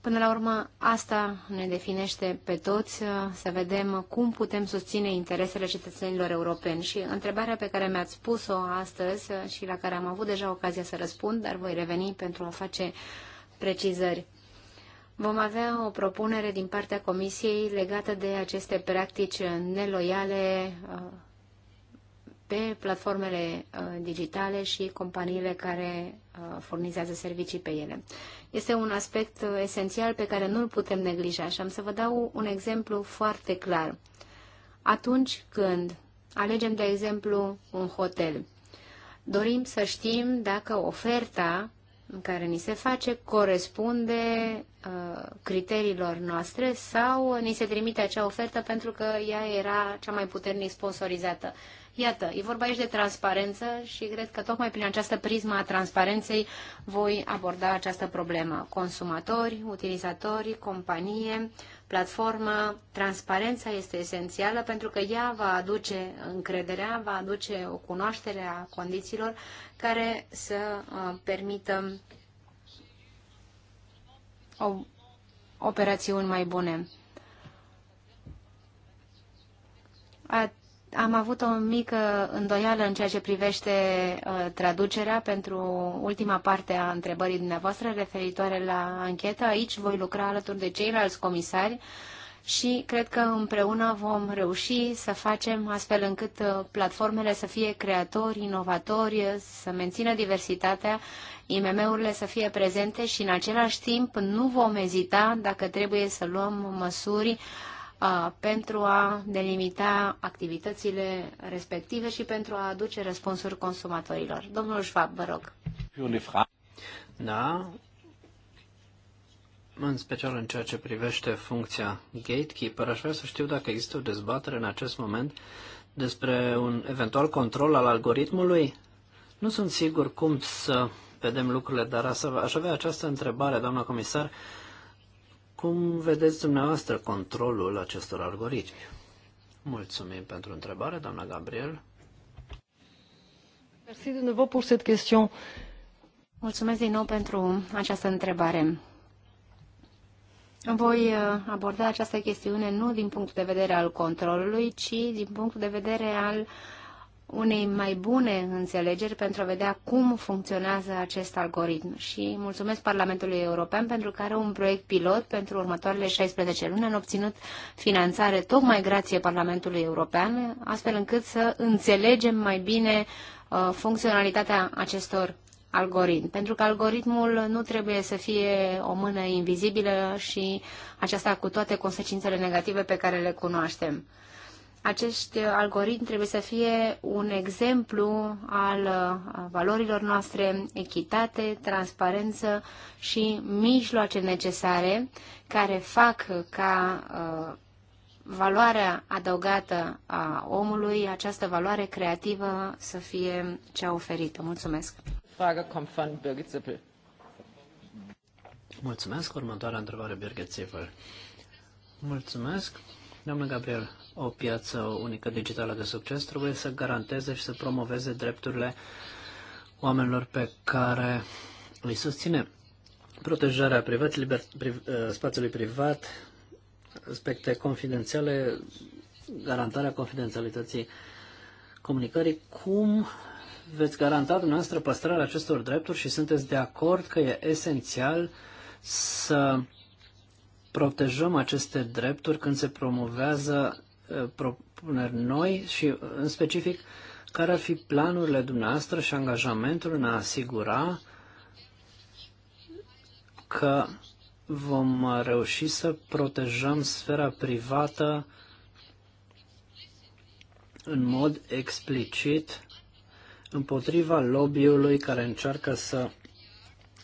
Până la urmă, asta ne definește pe toți uh, să vedem cum putem susține interesele cetățenilor europeni. Și întrebarea pe care mi-ați pus-o astăzi uh, și la care am avut deja ocazia să răspund, dar voi reveni pentru a face uh, precizări. Vom avea o propunere din partea Comisiei legată de aceste practici neloiale uh, pe platformele uh, digitale și companiile care uh, furnizează servicii pe ele. Este un aspect esențial pe care nu-l putem neglija și am să vă dau un exemplu foarte clar. Atunci când alegem, de exemplu, un hotel, dorim să știm dacă oferta care ni se face corespunde Uh, criteriilor noastre sau ni se trimite acea ofertă pentru că ea era cea mai puternic sponsorizată. Iată, e vorba aici de transparență și cred că tocmai prin această prisma a transparenței voi aborda această problemă. Consumatori, utilizatori, companie, platformă, transparența este esențială pentru că ea va aduce încrederea, va aduce o cunoaștere a condițiilor care să uh, permită operațiuni mai bune. A, am avut o mică îndoială în ceea ce privește uh, traducerea pentru ultima parte a întrebării dumneavoastră referitoare la anchetă. Aici voi lucra alături de ceilalți comisari uh, și cred că împreună vom reuși să facem astfel încât uh, platformele să fie creatori, inovatori, uh, să mențină diversitatea, IMM-urile să fie prezente și în același timp nu vom ezita dacă trebuie să luăm măsuri uh, pentru a delimita activitățile respective și pentru a aduce răspunsuri consumatorilor. Domnul Schwab, vă rog. Da, în special în ceea ce privește funcția gatekeeper, aș vrea să știu dacă există o dezbatere în acest moment despre un eventual control al algoritmului. Nu sunt sigur cum să vedem lucrurile, dar aș avea această întrebare, doamna comisar. Cum vedeți dumneavoastră controlul acestor algoritmi? Mulțumim pentru întrebare, doamna Gabriel. Mulțumesc din nou pentru această întrebare voi uh, aborda această chestiune nu din punctul de vedere al controlului, ci din punctul de vedere al unei mai bune înțelegeri pentru a vedea cum funcționează acest algoritm. Și mulțumesc Parlamentului European pentru că are un proiect pilot pentru următoarele 16 luni. Am obținut finanțare tocmai grație Parlamentului European, astfel încât să înțelegem mai bine uh, funcționalitatea acestor algoritm, pentru că algoritmul nu trebuie să fie o mână invizibilă și aceasta cu toate consecințele negative pe care le cunoaștem. Acești algoritmi trebuie să fie un exemplu al valorilor noastre, echitate, transparență și mijloace necesare care fac ca uh, valoarea adăugată a omului, această valoare creativă să fie cea oferită. Mulțumesc! Frage kommt von Birgit Zippel. Mulțumesc. Următoarea întrebare, Birgit Zippel. Mulțumesc. Doamne Gabriel, o piață unică digitală de succes trebuie să garanteze și să promoveze drepturile oamenilor pe care îi susține. Protejarea privat, liber, pri, eh, spațiului privat, aspecte confidențiale, garantarea confidențialității comunicării. Cum veți garanta dumneavoastră păstrarea acestor drepturi și sunteți de acord că e esențial să protejăm aceste drepturi când se promovează uh, propuneri noi și, uh, în specific, care ar fi planurile dumneavoastră și angajamentul în a asigura că vom uh, reuși să protejăm sfera privată în mod explicit împotriva lobby-ului care încearcă să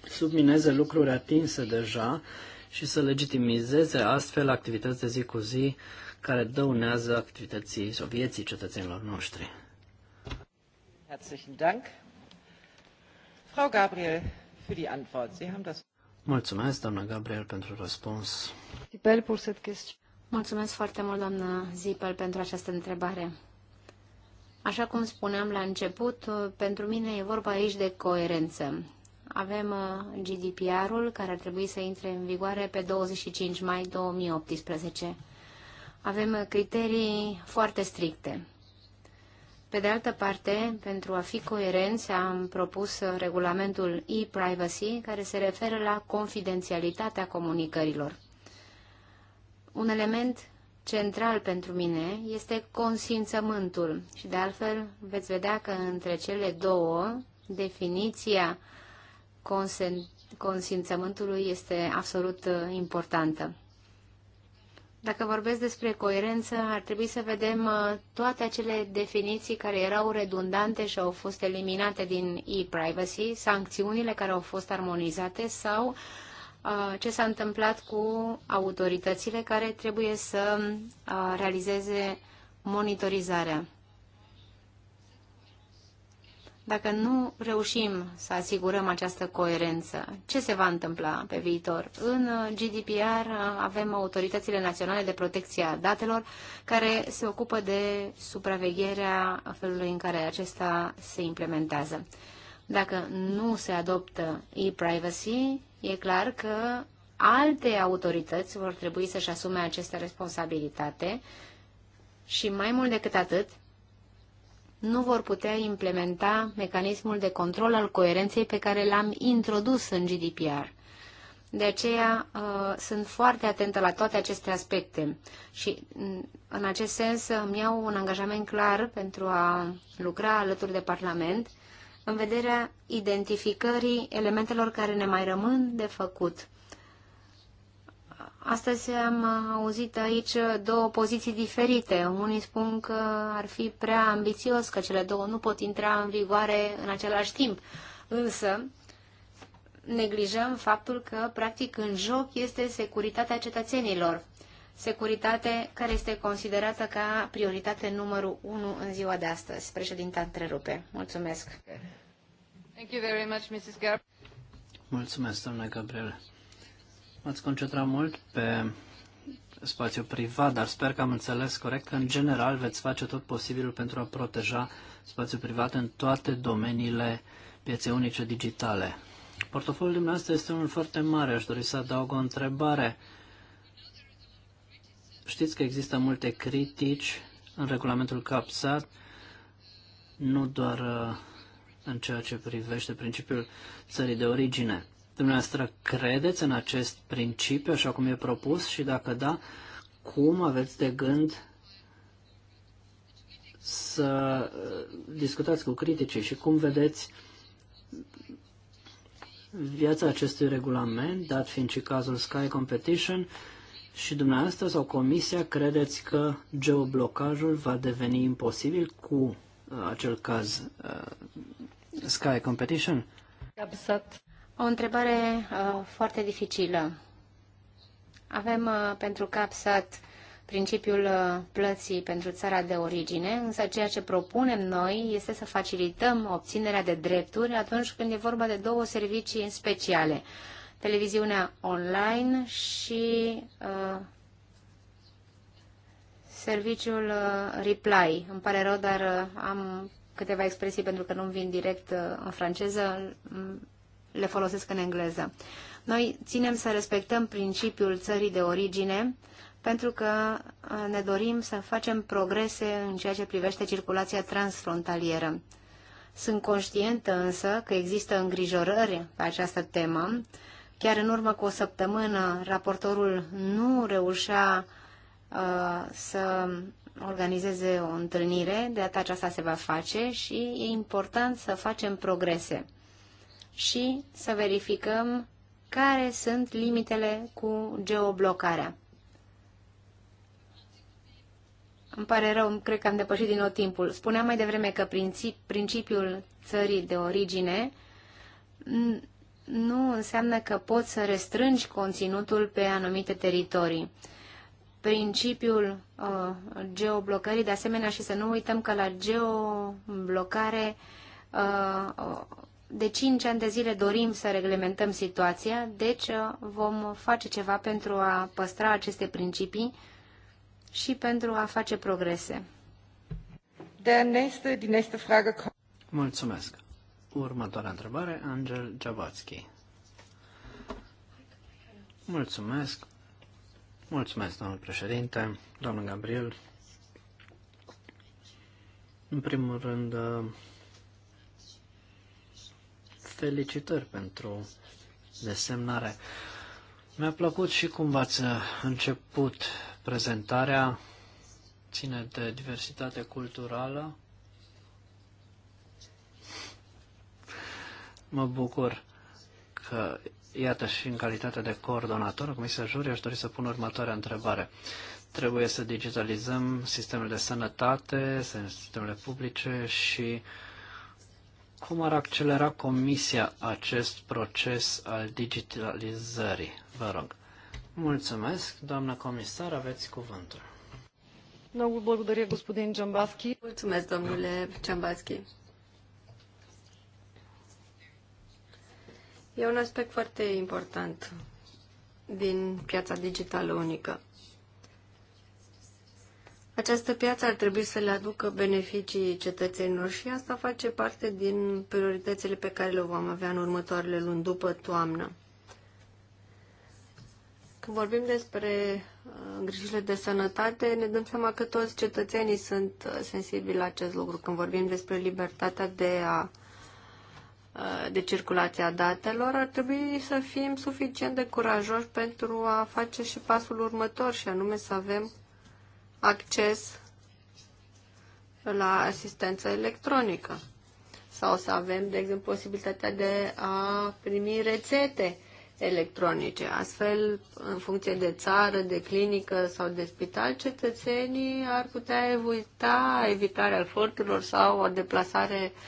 submineze lucruri atinse deja și să legitimizeze astfel activități de zi cu zi care dăunează activității sovieții cetățenilor noștri. Herzlichen Dank. Frau Gabriel, für die Antwort. Sie haben das Mulțumesc, doamna Gabriel, pentru răspuns. Mulțumesc foarte mult, doamna Zipel, pentru această întrebare. Așa cum spuneam la început, uh, pentru mine e vorba aici de coerență. Avem uh, GDPR-ul care ar trebui să intre în vigoare pe 25 mai 2018. Avem uh, criterii foarte stricte. Pe de altă parte, pentru a fi coerenți, am propus regulamentul e-privacy, care se referă la confidențialitatea comunicărilor. Un element central pentru mine este consimțământul și de altfel veți vedea că între cele două definiția consimțământului este absolut uh, importantă. Dacă vorbesc despre coerență, ar trebui să vedem uh, toate acele definiții care erau redundante și au fost eliminate din e-privacy, sancțiunile care au fost armonizate sau uh, Uh, ce s-a întâmplat cu autoritățile care trebuie să uh, realizeze monitorizarea. Dacă nu reușim să asigurăm această coerență, ce se va întâmpla pe viitor? În uh, GDPR avem autoritățile naționale de protecție a datelor care se ocupă de supravegherea felului în care acesta se implementează. Dacă nu se adoptă e-privacy, e clar că alte autorități vor trebui să-și asume aceste responsabilitate și mai mult decât atât, nu vor putea implementa mecanismul de control al coerenței pe care l-am introdus în GDPR. De aceea uh, sunt foarte atentă la toate aceste aspecte și mm, în acest sens îmi iau un angajament clar pentru a lucra alături de Parlament în vederea identificării elementelor care ne mai rămân de făcut. Astăzi am auzit aici două poziții diferite. Unii spun că ar fi prea ambițios, că cele două nu pot intra în vigoare în același timp. Însă, neglijăm faptul că, practic, în joc este securitatea cetățenilor securitate care este considerată ca prioritate numărul 1 în ziua de astăzi. Președinta întrerupe. Mulțumesc. Thank you very much, Mrs. Mulțumesc, domnule Gabriel. M-ați concentrat mult pe spațiu privat, dar sper că am înțeles corect că, în general, veți face tot posibilul pentru a proteja spațiul privat în toate domeniile pieței unice digitale. Portofoliul dumneavoastră este unul foarte mare. Aș dori să adaug o întrebare. Știți că există multe critici în regulamentul CAPSAT, nu doar uh, în ceea ce privește principiul țării de origine. Dumneavoastră credeți în acest principiu așa cum e propus și dacă da, cum aveți de gând să uh, discutați cu criticii și cum vedeți viața acestui regulament, dat fiind și cazul Sky Competition, și dumneavoastră sau comisia credeți că geoblocajul va deveni imposibil cu uh, acel caz uh, Sky Competition? Absat. O întrebare uh, foarte dificilă. Avem uh, pentru CAPSAT principiul uh, plății pentru țara de origine, însă ceea ce propunem noi este să facilităm obținerea de drepturi atunci când e vorba de două servicii speciale. Uh, televiziunea online și uh, serviciul uh, Reply. Îmi pare rău, dar uh, am câteva expresii pentru că nu vin direct uh, în franceză, mm, le folosesc în engleză. Noi ținem să respectăm principiul țării de origine pentru că uh, ne dorim să facem progrese în ceea ce privește circulația transfrontalieră. Sunt conștientă însă că există îngrijorări pe această temă Chiar în urmă cu o săptămână, raportorul nu reușea uh, să organizeze o întâlnire, de data aceasta se va face și e important să facem progrese și să verificăm care sunt limitele cu geoblocarea. Îmi pare rău, cred că am depășit din nou timpul. Spuneam mai devreme că principiul țării de origine nu înseamnă că poți să restrângi conținutul pe anumite teritorii. Principiul uh, geoblocării, de asemenea, și să nu uităm că la geoblocare uh, de 5 ani de zile dorim să reglementăm situația, deci uh, vom face ceva pentru a păstra aceste principii și pentru a face progrese. Mulțumesc cu următoarea întrebare, Angel Jabatski. Mulțumesc. Mulțumesc, domnul președinte, domnul Gabriel. În primul rând, felicitări pentru desemnare. Mi-a plăcut și cum v-ați început prezentarea, ține de diversitate culturală Mă bucur că, iată, și în calitate de coordonator, se jur, aș dori să pun următoarea întrebare. Trebuie să digitalizăm sistemele de sănătate, sistemele publice și cum ar accelera Comisia acest proces al digitalizării? Vă rog. Mulțumesc, doamnă comisar, aveți cuvântul. Mulțumesc, domnule Ciambaschi. E un aspect foarte important din piața digitală unică. Această piață ar trebui să le aducă beneficii cetățenilor și asta face parte din prioritățile pe care le vom avea în următoarele luni după toamnă. Când vorbim despre uh, grijile de sănătate, ne dăm seama că toți cetățenii sunt uh, sensibili la acest lucru. Când vorbim despre libertatea de a Uh, de circulație a datelor, ar trebui să fim suficient de curajoși pentru a face și pasul următor, și anume să avem acces la asistență electronică sau să avem, de exemplu, posibilitatea de a primi rețete electronice. Astfel, în funcție de țară, de clinică sau de spital, cetățenii ar putea evita evitarea eforturilor sau o deplasare uh,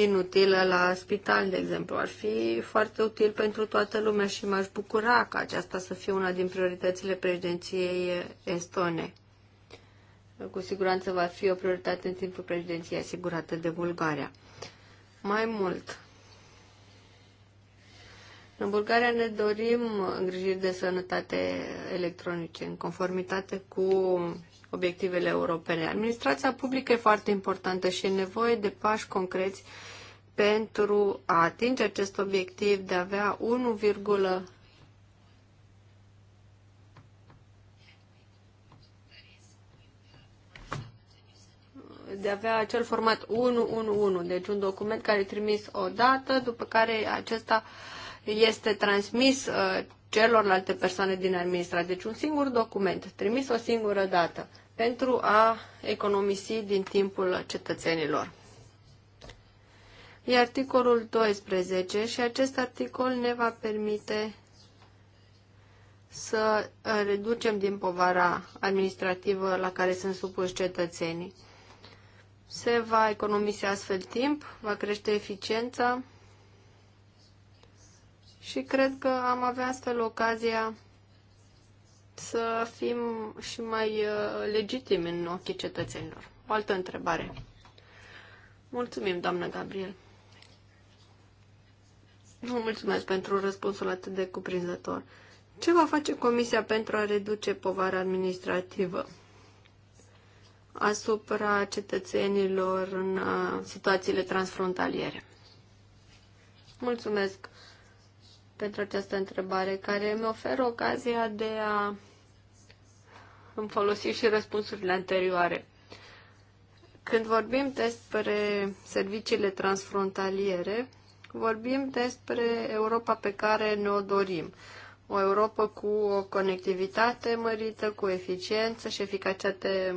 inutilă la spital, de exemplu. Ar fi foarte util pentru toată lumea și m-aș bucura ca aceasta să fie una din prioritățile președinției estone. Cu siguranță va fi o prioritate în timpul președinției asigurată de Bulgaria. Mai mult, în Bulgaria ne dorim îngrijiri de sănătate electronice în conformitate cu obiectivele europene. Administrația publică e foarte importantă și e nevoie de pași concreți pentru a atinge acest obiectiv de a avea 1, de a avea acel format 111, deci un document care e trimis o dată, după care acesta este transmis uh, celorlalte persoane din administrație. Deci un singur document, trimis o singură dată pentru a economisi din timpul cetățenilor. E articolul 12 și acest articol ne va permite să uh, reducem din povara administrativă la care sunt supuși cetățenii. Se va economisi astfel timp, va crește eficiența și cred că am avea astfel ocazia să fim și mai uh, legitimi în ochii cetățenilor. O altă întrebare. Mulțumim, doamnă Gabriel. Vă mulțumesc pentru răspunsul atât de cuprinzător. Ce va face Comisia pentru a reduce povara administrativă asupra cetățenilor în uh, situațiile transfrontaliere? Mulțumesc pentru această întrebare, care mi oferă ocazia de a îmi folosi și răspunsurile anterioare. Când vorbim despre serviciile transfrontaliere, vorbim despre Europa pe care ne-o dorim. O Europa cu o conectivitate mărită, cu eficiență și eficacitate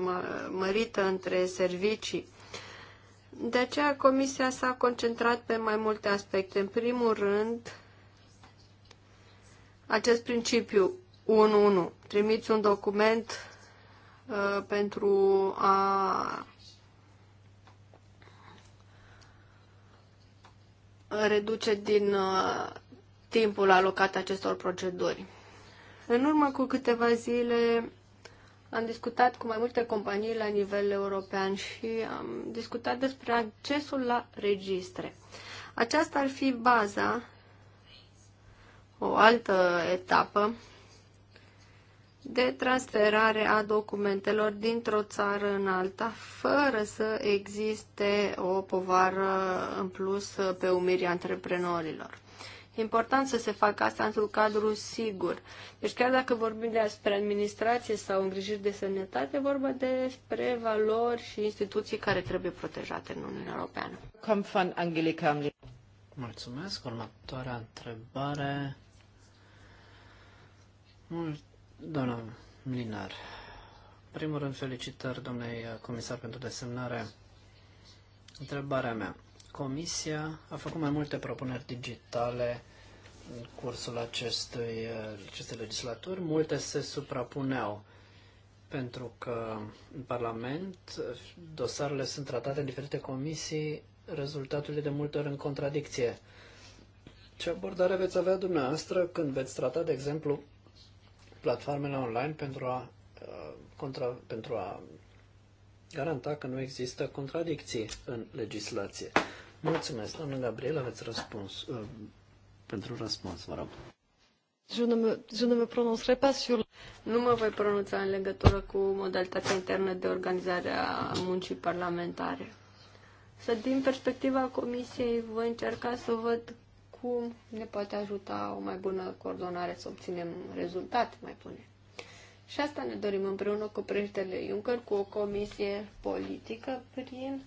mărită între servicii. De aceea Comisia s-a concentrat pe mai multe aspecte. În primul rând, acest principiu 1-1. Trimiți un document uh, pentru a reduce din uh, timpul alocat acestor proceduri. În urmă cu câteva zile am discutat cu mai multe companii la nivel european și am discutat despre accesul la registre. Aceasta ar fi baza o altă etapă de transferare a documentelor dintr-o țară în alta, fără să existe o povară în plus pe umirii antreprenorilor. E important să se facă asta într-un cadru sigur. Deci chiar dacă vorbim despre administrație sau îngrijiri de sănătate, vorba despre valori și instituții care trebuie protejate în Uniunea Europeană. Mulțumesc. Următoarea întrebare mult, doamna Mlinar. Primul rând, felicitări, domnului comisar, pentru desemnare. Întrebarea mea. Comisia a făcut mai multe propuneri digitale în cursul acestui, acestei legislaturi. Multe se suprapuneau pentru că în Parlament dosarele sunt tratate în diferite comisii, rezultatul e de multe ori în contradicție. Ce abordare veți avea dumneavoastră când veți trata, de exemplu, platformele online pentru a, uh, contra, pentru a garanta că nu există contradicții în legislație. Mulțumesc, doamnă Gabriel, aveți răspuns, uh, pentru răspuns, vă rog. Je ne, me, je ne me pas sur... Nu mă voi pronunța în legătură cu modalitatea internă de organizare a muncii parlamentare. Să din perspectiva comisiei voi încerca să văd cum ne poate ajuta o mai bună coordonare să obținem rezultate mai bune. Și asta ne dorim împreună cu președintele Juncker, cu o comisie politică prin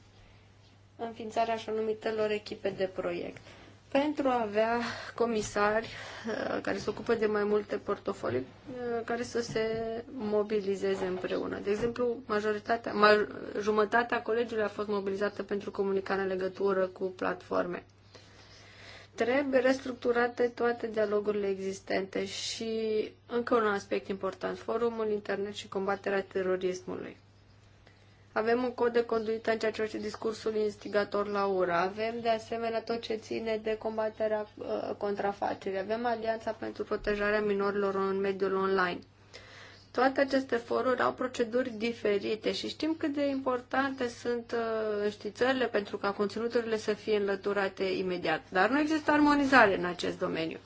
înființarea așa numitelor echipe de proiect. Pentru a avea comisari uh, care se ocupă de mai multe portofolii, uh, care să se mobilizeze împreună. De exemplu, majoritatea, jumătatea colegiului a fost mobilizată pentru comunicare în legătură cu platforme. Trebuie restructurate toate dialogurile existente și încă un aspect important, forumul internet și combaterea terorismului. Avem un cod de conduită în ceea ce privește discursul instigator la ură. Avem de asemenea tot ce ține de combaterea uh, contrafacerii. Avem Alianța pentru protejarea minorilor în mediul online. Toate aceste foruri au proceduri diferite și știm cât de importante sunt uh, știțările pentru ca conținuturile să fie înlăturate imediat. Dar nu există armonizare în acest domeniu.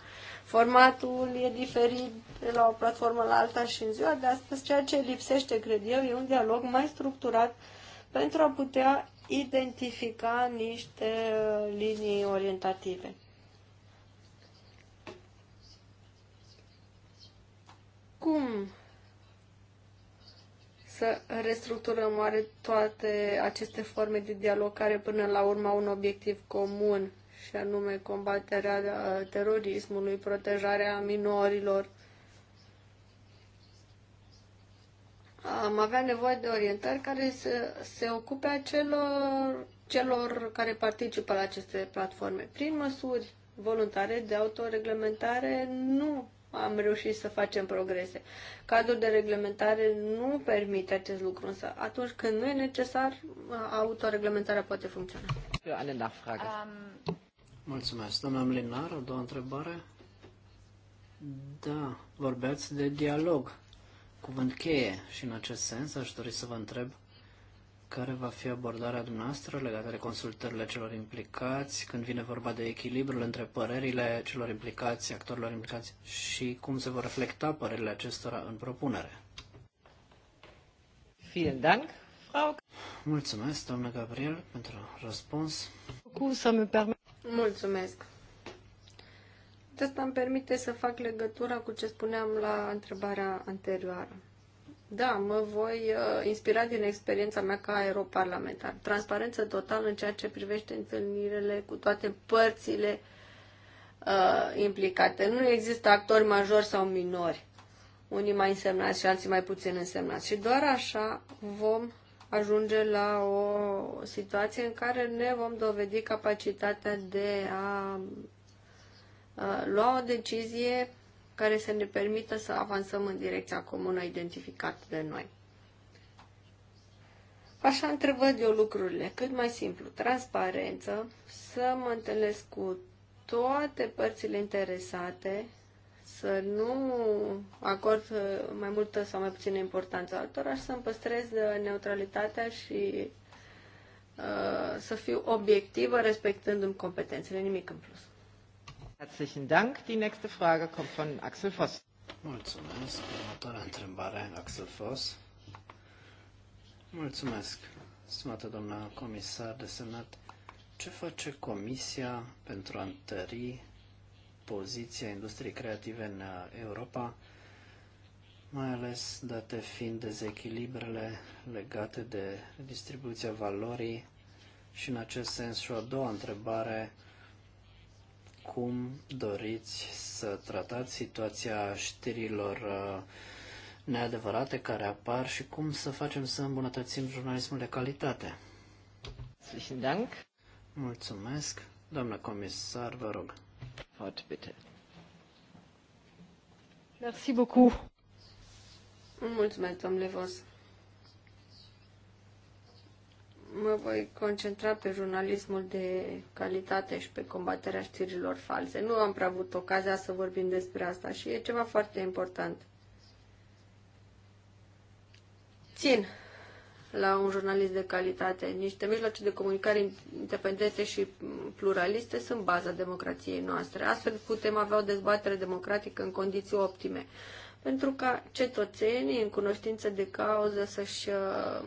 Formatul e diferit de la o platformă la alta și în ziua de astăzi, ceea ce lipsește, cred eu, e un dialog mai structurat pentru a putea identifica niște uh, linii orientative. Cum să restructurăm oare toate aceste forme de dialog care până la urmă au un obiectiv comun și anume combaterea uh, terorismului, protejarea minorilor. Am avea nevoie de orientări care să se ocupe a celor, celor care participă la aceste platforme. Prin măsuri voluntare de autoreglementare nu am reușit să facem progrese. Cadrul de reglementare nu permite acest lucru, însă atunci când nu e necesar, autoreglementarea poate funcționa. Alena, fragă. Um... Mulțumesc. Doamna Mlinar, o doua întrebare? Da, vorbeați de dialog, cuvânt cheie și în acest sens aș dori să vă întreb care va fi abordarea dumneavoastră legată de consultările celor implicați, când vine vorba de echilibrul între părerile celor implicați, actorilor implicați și cum se vor reflecta părerile acestora în propunere. Vielen Dank, Frau. Mulțumesc, doamnă Gabriel, pentru răspuns. Mulțumesc. asta îmi permite să fac legătura cu ce spuneam la întrebarea anterioară. Da, mă voi uh, inspira din experiența mea ca aeroparlamentar. Transparență totală în ceea ce privește întâlnirile cu toate părțile uh, implicate. Nu există actori majori sau minori. Unii mai însemnați și alții mai puțin însemnați. Și doar așa vom ajunge la o situație în care ne vom dovedi capacitatea de a uh, lua o decizie care să ne permită să avansăm în direcția comună identificată de noi. Așa întrebăd eu lucrurile, cât mai simplu, transparență, să mă întâlnesc cu toate părțile interesate, să nu acord uh, mai multă sau mai puțină importanță altora și să-mi păstrez uh, neutralitatea și uh, să fiu obiectivă respectându-mi competențele, nimic în plus. Herzlichen Dank. Die nächste Frage kommt von Axel Voss. Mulțumesc. Următoarea întrebare, Axel Voss. Mulțumesc, stimată doamna comisar de senat. Ce face Comisia pentru a întări poziția industriei creative în Europa, mai ales date fiind dezechilibrele legate de distribuția valorii? Și în acest sens și o a doua întrebare, cum doriți să tratați situația știrilor uh, neadevărate care apar și cum să facem să îmbunătățim jurnalismul de calitate. Dank. Mulțumesc. Doamna comisar, vă rog. Fort, bitte. Merci beaucoup. Mulțumesc, domnule Vos mă voi concentra pe jurnalismul de calitate și pe combaterea știrilor false. Nu am prea avut ocazia să vorbim despre asta și e ceva foarte important. Țin la un jurnalist de calitate. Niște mijloace de comunicare independente și pluraliste sunt baza democrației noastre. Astfel putem avea o dezbatere democratică în condiții optime. Pentru ca cetățenii, în cunoștință de cauză, să-și uh,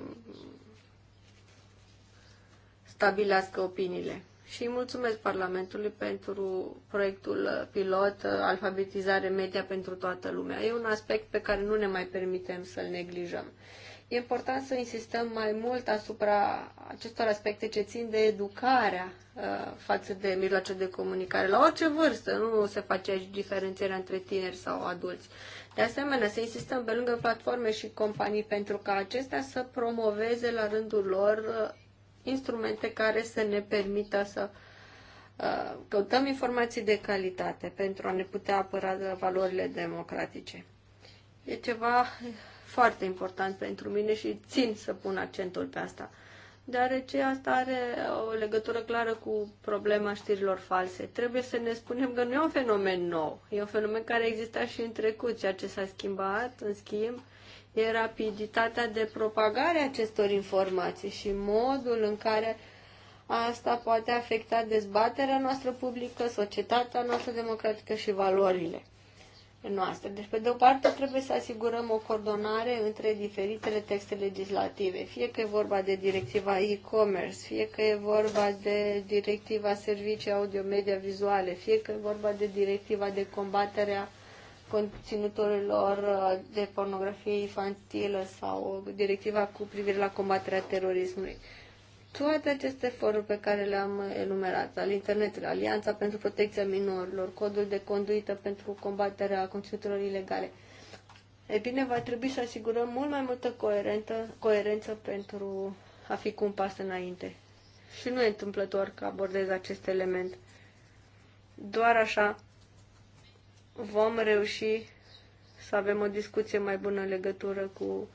stabilească opiniile. Și mulțumesc Parlamentului pentru proiectul pilot Alfabetizare Media pentru toată lumea. E un aspect pe care nu ne mai permitem să-l neglijăm. E important să insistăm mai mult asupra acestor aspecte ce țin de educarea uh, față de mijloace de comunicare. La orice vârstă nu se face aici diferențierea între tineri sau adulți. De asemenea, să insistăm pe lângă platforme și companii pentru ca acestea să promoveze la rândul lor uh, instrumente care să ne permită să uh, căutăm informații de calitate pentru a ne putea apăra de valorile democratice. E ceva foarte important pentru mine și țin să pun accentul pe asta, deoarece asta are o legătură clară cu problema știrilor false. Trebuie să ne spunem că nu e un fenomen nou, e un fenomen care exista și în trecut, ceea ce s-a schimbat, în schimb, e rapiditatea de propagare a acestor informații și modul în care asta poate afecta dezbaterea noastră publică, societatea noastră democratică și valorile noastre. Deci, pe de o parte, trebuie să asigurăm o coordonare între diferitele texte legislative, fie că e vorba de directiva e-commerce, fie că e vorba de directiva servicii audio-media vizuale, fie că e vorba de directiva de combaterea a lor uh, de pornografie infantilă sau directiva cu privire la combaterea terorismului. Toate aceste foruri pe care le-am enumerat, al internetului, Alianța pentru Protecția Minorilor, Codul de Conduită pentru Combaterea Conținuturilor Ilegale, E bine, va trebui să asigurăm mult mai multă coerentă, coerență pentru a fi cu un pas înainte. Și nu e întâmplător că abordez acest element. Doar așa vom reuși să avem o discuție mai bună în legătură cu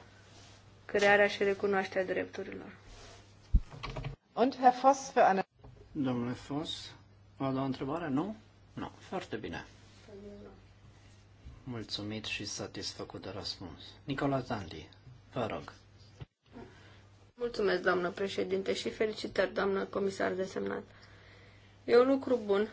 crearea și recunoașterea drepturilor. Und Herr Foss, für eine... Domnule Foss, o altă întrebare? Nu? Nu. Foarte bine. Mulțumit și satisfăcut de răspuns. Nicola Zandi, vă rog. Mulțumesc, doamnă președinte, și felicitări, doamnă comisar desemnat. E un lucru bun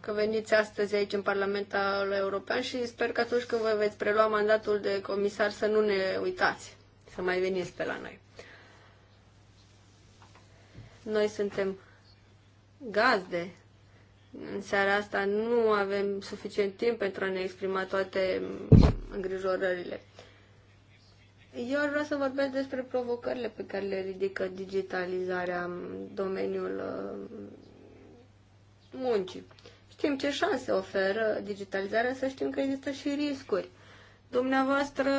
că veniți astăzi aici în Parlamentul European și sper că atunci când vă veți prelua mandatul de comisar să nu ne uitați, să mai veniți pe la noi. Noi suntem gazde. În seara asta nu avem suficient timp pentru a ne exprima toate îngrijorările. Eu vreau să vorbesc despre provocările pe care le ridică digitalizarea în domeniul uh, muncii. Știm ce șanse oferă digitalizarea, să știm că există și riscuri. Dumneavoastră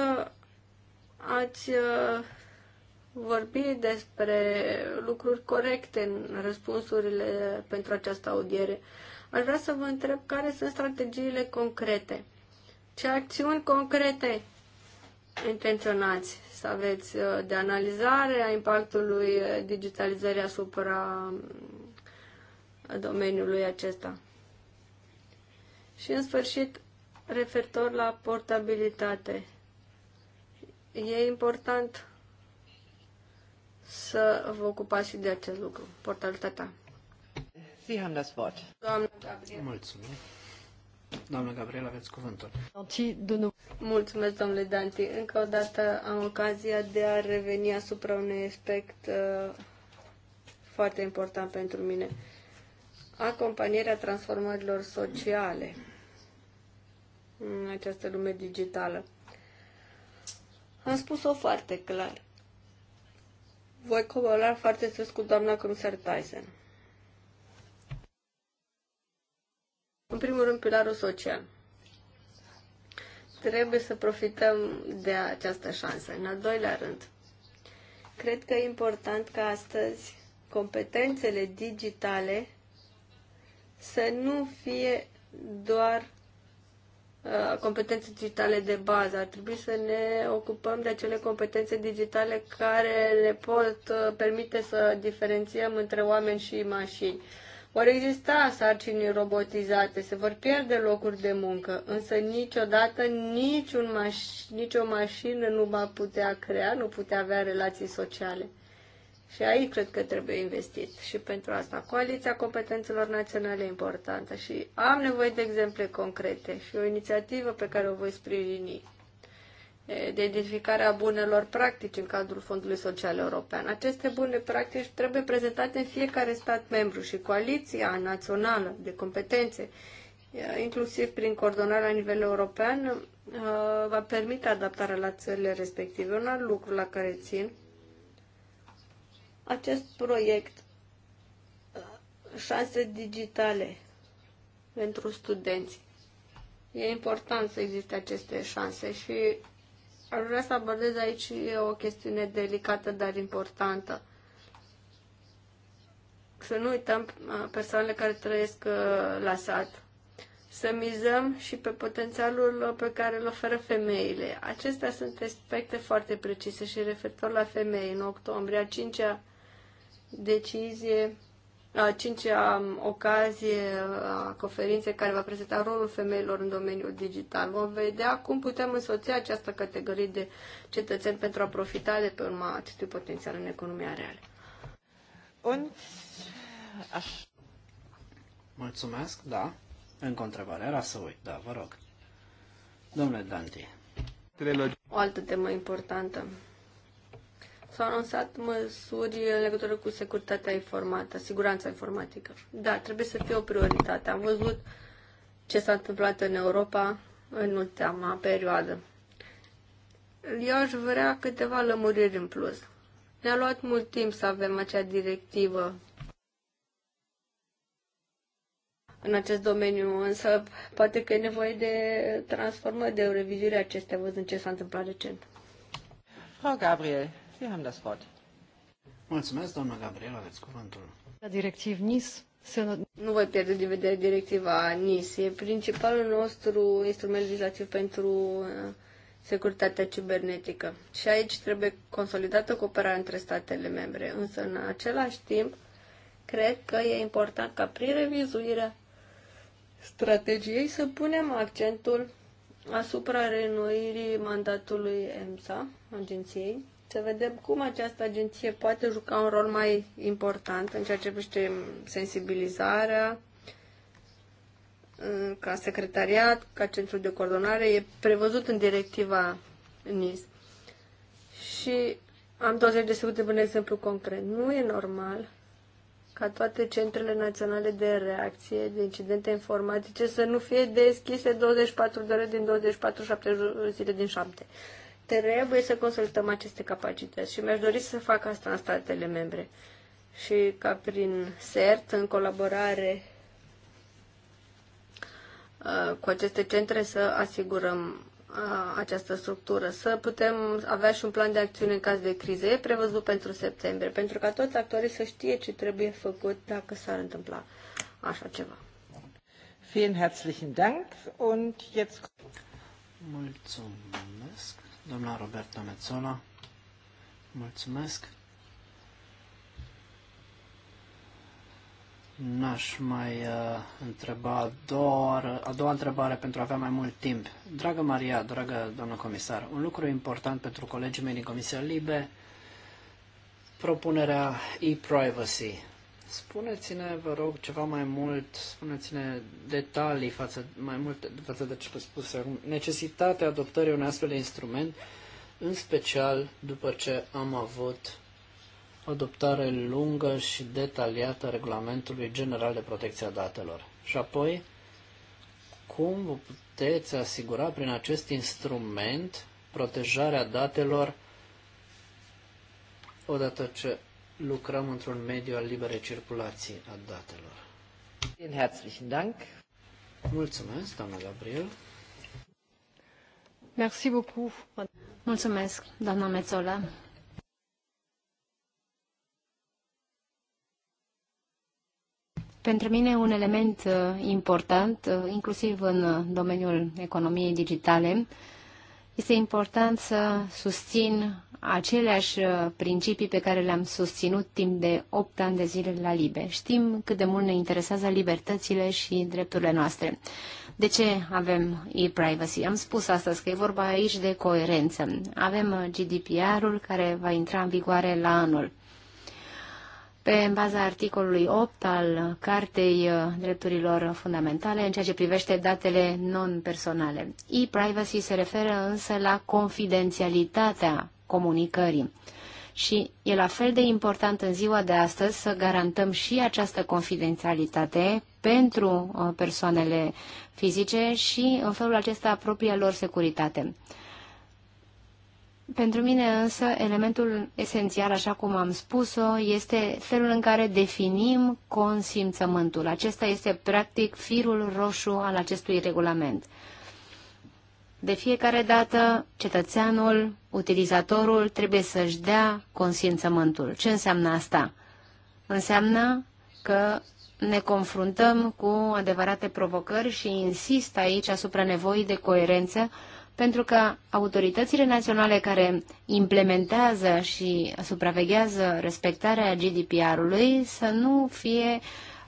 ați uh, vorbit despre lucruri corecte în răspunsurile pentru această audiere. Aș vrea să vă întreb care sunt strategiile concrete. Ce acțiuni concrete intenționați să aveți uh, de analizare a impactului uh, digitalizării asupra mm, domeniului acesta? Și în sfârșit, referitor la portabilitate. E important să vă ocupați și de acest lucru, portabilitatea. Sie haben das Wort. Doamna Gabriel. Mulțumesc. Doamna Gabriel aveți cuvântul. Mulțumesc, domnule Danti. Încă o dată am ocazia de a reveni asupra unui aspect uh, foarte important pentru mine. Uh, acompanierea transformărilor sociale în această lume digitală. Am spus-o foarte clar. Voi colabora foarte sus cu doamna comisar Tyson. În primul rând, pilarul social. Trebuie să profităm de această șansă. În al doilea rând, cred că e important ca astăzi competențele digitale să nu fie doar uh, competențe digitale de bază. Ar trebui să ne ocupăm de acele competențe digitale care ne pot uh, permite să diferențiem între oameni și mașini. Vor exista sarcini robotizate, se vor pierde locuri de muncă, însă niciodată niciun maș- nicio mașină nu va putea crea, nu putea avea relații sociale. Și aici cred că trebuie investit și pentru asta. Coaliția competențelor naționale e importantă și am nevoie de exemple concrete și o inițiativă pe care o voi sprijini de identificarea bunelor practici în cadrul Fondului Social European. Aceste bune practici trebuie prezentate în fiecare stat membru și coaliția națională de competențe, inclusiv prin coordonarea la nivel european, va permite adaptarea la țările respective. Un alt lucru la care țin acest proiect uh, șanse digitale pentru studenți. E important să existe aceste șanse și ar vrea să abordez aici o chestiune delicată, dar importantă. Să nu uităm uh, persoanele care trăiesc uh, la sat. Să mizăm și pe potențialul pe care îl oferă femeile. Acestea sunt aspecte foarte precise și referitor la femei. În octombrie, a cincea decizie, a cincea ocazie a conferinței care va prezenta rolul femeilor în domeniul digital. Vom vedea cum putem însoți această categorie de cetățeni pentru a profita de pe urma acestui potențial în economia reală. Und... Aș... Mulțumesc, da. Încă o întrebare, era să uit, da, vă rog. Domnule Danti. O altă temă importantă. S-au anunțat măsuri în legătură cu securitatea informată, siguranța informatică. Da, trebuie să fie o prioritate. Am văzut ce s-a întâmplat în Europa în ultima perioadă. Eu aș vrea câteva lămuriri în plus. Ne-a luat mult timp să avem acea directivă în acest domeniu, însă poate că e nevoie de transformă, de o revizuire acestea, văzând ce s-a întâmplat recent. Frau Gabriel, Sie haben das Wort. Mulțumesc, doamna Gabriela, aveți cuvântul. La directiv NIS. Să... Nu voi pierde din vedere directiva NIS. E principalul nostru instrument legislativ pentru uh, securitatea cibernetică. Și aici trebuie consolidată cooperarea între statele membre. Însă, în același timp, cred că e important ca prin revizuirea strategiei să punem accentul asupra renoirii mandatului EMSA, agenției, să vedem cum această agenție poate juca un rol mai important în ceea ce privește sensibilizarea ca secretariat, ca centru de coordonare, e prevăzut în directiva NIS. Și am 20 de secunde un exemplu concret. Nu e normal ca toate centrele naționale de reacție de incidente informatice să nu fie deschise 24 de ore din 24 7 zile din 7. Trebuie să consultăm aceste capacități și mi-aș dori să fac asta în statele membre. Și ca prin CERT, în colaborare uh, cu aceste centre, să asigurăm uh, această structură, să putem avea și un plan de acțiune în caz de crize e prevăzut pentru septembrie, pentru ca toți actorii să știe ce trebuie făcut dacă s-ar întâmpla așa ceva. Vielen herzlichen Dank und jetzt Mulțumesc doamna Roberta Mezzola. Mulțumesc. N-aș mai uh, întreba a doua, oră, a doua întrebare pentru a avea mai mult timp. Dragă Maria, dragă doamnă comisar, un lucru important pentru colegii mei din Comisia Libe, propunerea e-privacy. Spuneți-ne, vă rog, ceva mai mult, spuneți-ne detalii față, mai mult față de ce spuse acum. Necesitatea adoptării unui astfel de instrument, în special după ce am avut adoptare lungă și detaliată a regulamentului general de protecție a datelor. Și apoi, cum vă puteți asigura prin acest instrument protejarea datelor odată ce lucrăm într-un mediu al liberei circulații a datelor. Herzlichen Dank. Mulțumesc, doamna Gabriel. Merci beaucoup. Mulțumesc, doamna Mețola. Pentru mine un element uh, important, uh, inclusiv în uh, domeniul economiei digitale, este important să susțin aceleași uh, principii pe care le-am susținut timp de 8 ani de zile la Libe. Știm cât de mult ne interesează libertățile și drepturile noastre. De ce avem e-privacy? Am spus astăzi că e vorba aici de coerență. Avem uh, GDPR-ul care va intra în vigoare la anul. Pe baza articolului 8 al Cartei uh, Drepturilor Fundamentale în ceea ce privește datele non-personale. E-privacy se referă însă la confidențialitatea comunicării. Și e la fel de important în ziua de astăzi să garantăm și această confidențialitate pentru uh, persoanele fizice și în felul acesta propria lor securitate. Pentru mine însă elementul esențial, așa cum am spus-o, este felul în care definim consimțământul. Acesta este practic firul roșu al acestui regulament. De fiecare dată, cetățeanul, utilizatorul trebuie să-și dea consimțământul. Ce înseamnă asta? Înseamnă că ne confruntăm cu adevărate provocări și insist aici asupra nevoii de coerență, pentru că autoritățile naționale care implementează și supraveghează respectarea GDPR-ului să nu fie uh,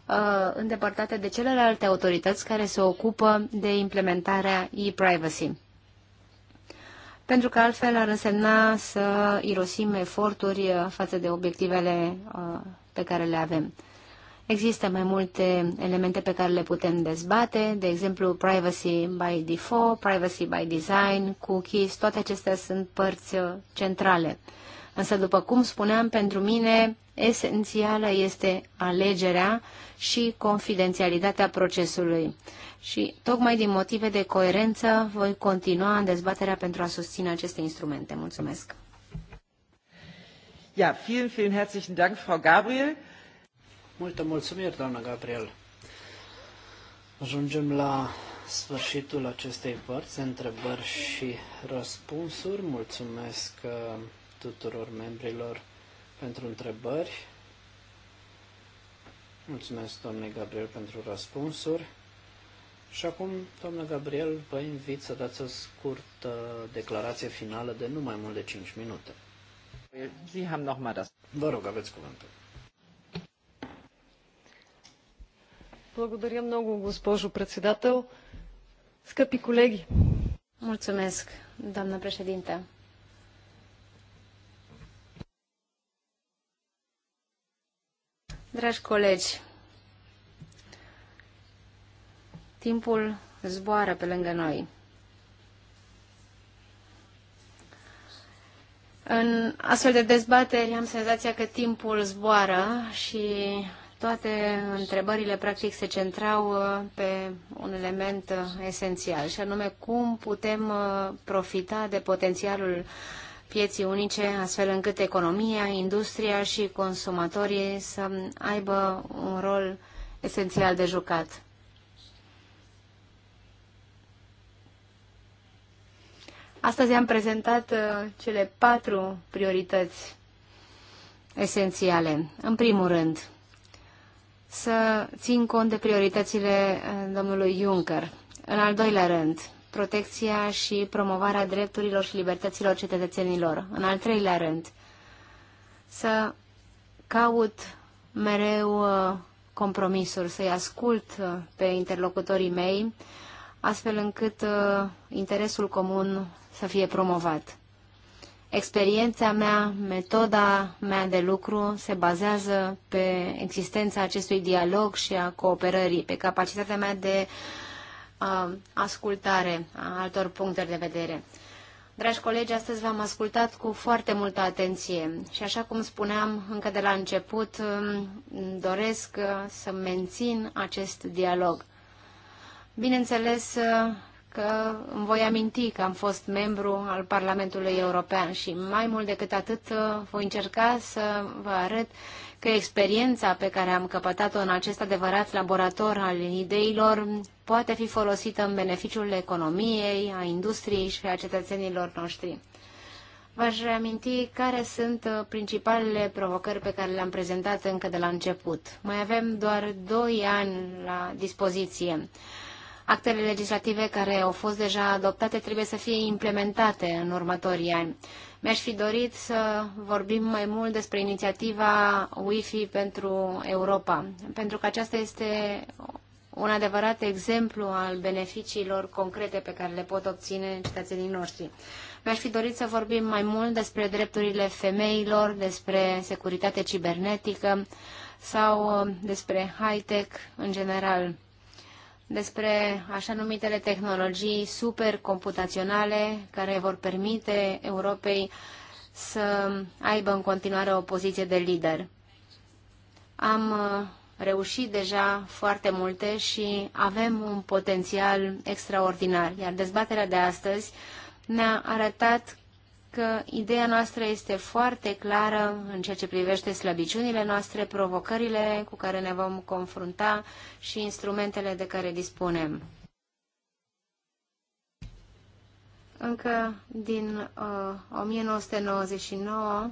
Uh, îndepărtate de celelalte autorități care se ocupă de implementarea e-privacy. Pentru că altfel ar însemna să irosim eforturi față de obiectivele uh, pe care le avem. Există mai multe elemente pe care le putem dezbate, de exemplu privacy by default, privacy by design, cookies, toate acestea sunt părți uh, centrale. Însă, după cum spuneam, pentru mine esențială este alegerea și confidențialitatea procesului. Și tocmai din motive de coerență voi continua în dezbaterea pentru a susține aceste instrumente. Mulțumesc! Ja, vielen, vielen herzlichen Dank, Frau Gabriel. Multă mulțumire, doamna Gabriel. Ajungem la sfârșitul acestei părți, întrebări și răspunsuri. Mulțumesc uh, tuturor membrilor pentru întrebări. Mulțumesc, domnule Gabriel, pentru răspunsuri. Și acum, domnule Gabriel, vă invit să dați o scurtă declarație finală de nu mai mult de 5 minute. Sie haben noch mal das. Vă rog, aveți cuvântul. Благодаря много, госпожо председател. Скъпи колеги! Mulțumesc, doamnă președinte. Dragi colegi, timpul zboară pe lângă noi. În astfel de dezbateri am senzația că timpul zboară și toate întrebările practic se centrau uh, pe un element uh, esențial și anume cum putem uh, profita de potențialul pieții unice, astfel încât economia, industria și consumatorii să aibă un rol esențial de jucat. Astăzi am prezentat uh, cele patru priorități esențiale. În primul rând, să țin cont de prioritățile uh, domnului Juncker. În al doilea rând, protecția și promovarea drepturilor și libertăților cetățenilor. În al treilea rând, să caut mereu uh, compromisuri, să-i ascult uh, pe interlocutorii mei, astfel încât uh, interesul comun să fie promovat. Experiența mea, metoda mea de lucru se bazează pe existența acestui dialog și a cooperării, pe capacitatea mea de uh, ascultare a altor puncte de vedere. Dragi colegi, astăzi v-am ascultat cu foarte multă atenție și așa cum spuneam încă de la început, doresc să mențin acest dialog. Bineînțeles, că îmi voi aminti că am fost membru al Parlamentului European și mai mult decât atât uh, voi încerca să vă arăt că experiența pe care am căpătat-o în acest adevărat laborator al ideilor poate fi folosită în beneficiul economiei, a industriei și a cetățenilor noștri. V-aș reaminti care sunt uh, principalele provocări pe care le-am prezentat încă de la început. Mai avem doar 2 ani la dispoziție. Actele legislative care au fost deja adoptate trebuie să fie implementate în următorii ani. Mi-aș fi dorit să vorbim mai mult despre inițiativa Wi-Fi pentru Europa, pentru că aceasta este un adevărat exemplu al beneficiilor concrete pe care le pot obține cetățenii noștri. Mi-aș fi dorit să vorbim mai mult despre drepturile femeilor, despre securitate cibernetică sau uh, despre high-tech în general despre așa numitele tehnologii supercomputaționale care vor permite Europei să aibă în continuare o poziție de lider. Am uh, reușit deja foarte multe și avem un potențial extraordinar, iar dezbaterea de astăzi ne-a arătat că ideea noastră este foarte clară în ceea ce privește slăbiciunile noastre, provocările cu care ne vom confrunta și instrumentele de care dispunem. Încă din uh, 1999,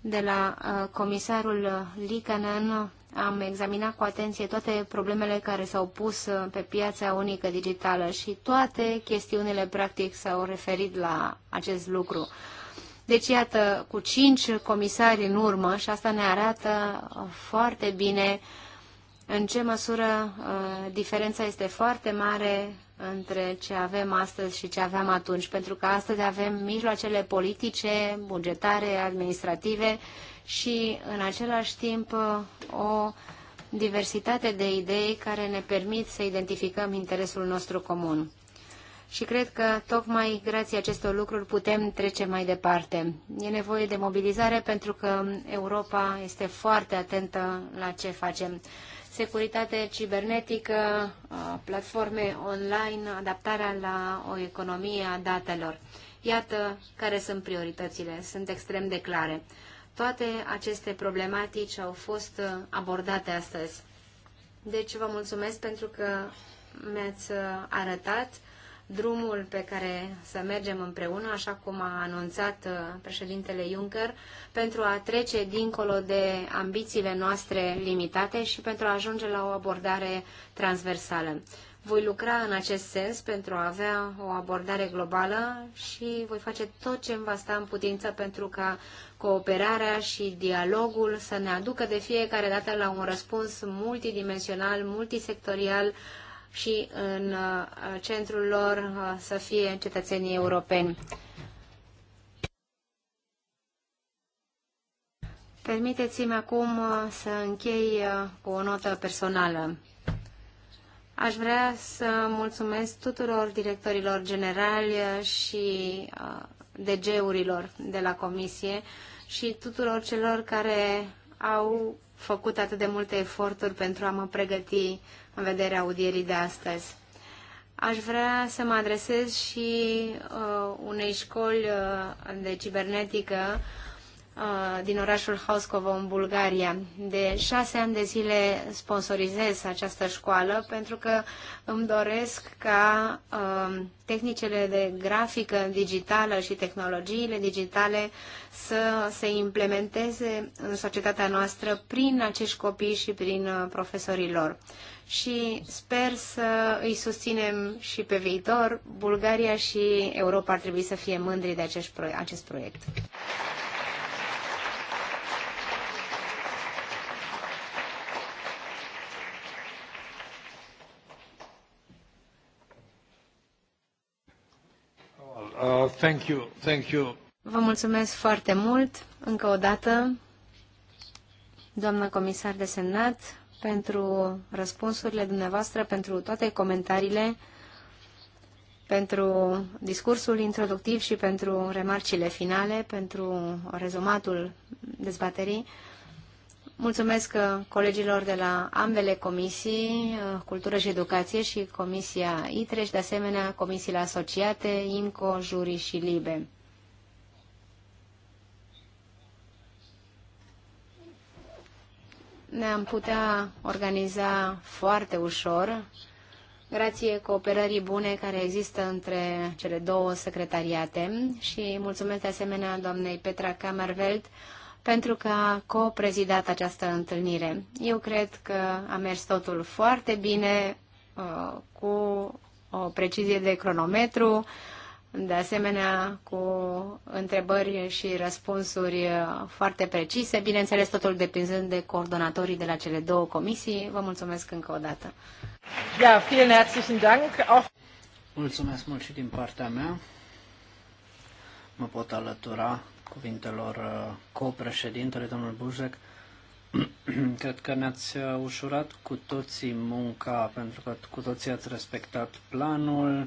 de la uh, comisarul Likanen, am examinat cu atenție toate problemele care s-au pus uh, pe piața unică digitală și toate chestiunile practic s-au referit la acest lucru. Deci, iată, cu cinci comisari în urmă și asta ne arată uh, foarte bine în ce măsură uh, diferența este foarte mare între ce avem astăzi și ce aveam atunci, pentru că astăzi avem mijloacele politice, bugetare, administrative și în același timp o diversitate de idei care ne permit să identificăm interesul nostru comun. Și cred că tocmai grație acestor lucruri putem trece mai departe. E nevoie de mobilizare pentru că Europa este foarte atentă la ce facem. Securitate cibernetică, platforme online, adaptarea la o economie a datelor. Iată care sunt prioritățile, sunt extrem de clare. Toate aceste problematici au fost uh, abordate astăzi. Deci vă mulțumesc pentru că mi-ați uh, arătat drumul pe care să mergem împreună, așa cum a anunțat uh, președintele Juncker, pentru a trece dincolo de ambițiile noastre limitate și pentru a ajunge la o abordare transversală. Voi lucra în acest sens pentru a avea o abordare globală și voi face tot ce îmi va sta în putință pentru ca cooperarea și dialogul să ne aducă de fiecare dată la un răspuns multidimensional, multisectorial și în uh, centrul lor uh, să fie cetățenii europeni. Permiteți-mi acum uh, să închei cu o notă personală. Aș vrea să mulțumesc tuturor directorilor generali și DG-urilor de la Comisie și tuturor celor care au făcut atât de multe eforturi pentru a mă pregăti în vederea audierii de astăzi. Aș vrea să mă adresez și uh, unei școli uh, de cibernetică din orașul Hauscovo în Bulgaria. De șase ani de zile sponsorizez această școală pentru că îmi doresc ca uh, tehnicile de grafică digitală și tehnologiile digitale să se implementeze în societatea noastră prin acești copii și prin profesorii lor. Și sper să îi susținem și pe viitor. Bulgaria și Europa ar trebui să fie mândri de acest proiect. Uh, thank you, thank you. Vă mulțumesc foarte mult, încă o dată, doamna comisar de senat, pentru răspunsurile dumneavoastră, pentru toate comentariile, pentru discursul introductiv și pentru remarcile finale, pentru rezumatul dezbaterii. Mulțumesc uh, colegilor de la ambele comisii, uh, Cultură și Educație și Comisia ITRE și de asemenea comisiile asociate, IMCO, Juri și LIBE. Ne-am putea organiza foarte ușor, grație cooperării bune care există între cele două secretariate și mulțumesc de asemenea doamnei Petra Camerveld, pentru că a coprezidat această întâlnire. Eu cred că a mers totul foarte bine, uh, cu o precizie de cronometru, de asemenea cu întrebări și răspunsuri uh, foarte precise, bineînțeles totul depinzând de coordonatorii de la cele două comisii. Vă mulțumesc încă o dată. Ja, vielen herzlichen Dank. Auch... Mulțumesc mult și din partea mea. Mă pot alătura cuvintelor uh, copreședintele, domnul Buzec. [clears throat] Cred că ne-ați uh, ușurat cu toții munca, pentru că cu toții ați respectat planul.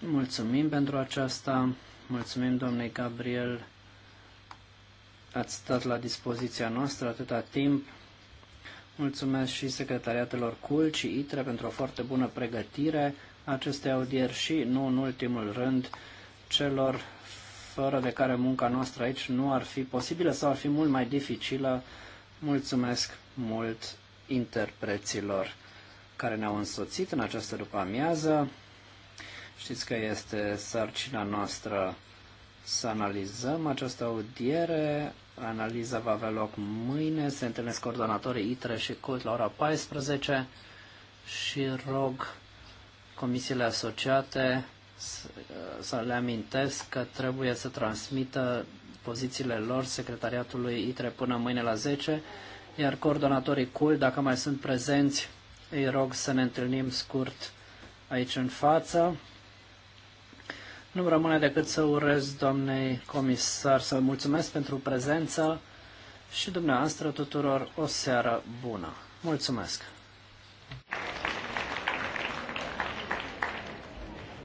Mulțumim pentru aceasta. Mulțumim, domnule Gabriel. Ați stat la dispoziția noastră atâta timp. Mulțumesc și secretariatelor CUL și ITRE pentru o foarte bună pregătire acestei audieri și, nu în ultimul rând, celor fără de care munca noastră aici nu ar fi posibilă sau ar fi mult mai dificilă. Mulțumesc mult interpreților care ne-au însoțit în această după-amiază. Știți că este sarcina noastră să analizăm această audiere. Analiza va avea loc mâine. Se întâlnesc coordonatorii ITRE și CUT la ora 14 și rog comisiile asociate să le amintesc că trebuie să transmită pozițiile lor secretariatului ITRE până mâine la 10, iar coordonatorii CUL, dacă mai sunt prezenți, îi rog să ne întâlnim scurt aici în față. Nu rămâne decât să urez doamnei comisar să mulțumesc pentru prezență și dumneavoastră tuturor o seară bună. Mulțumesc!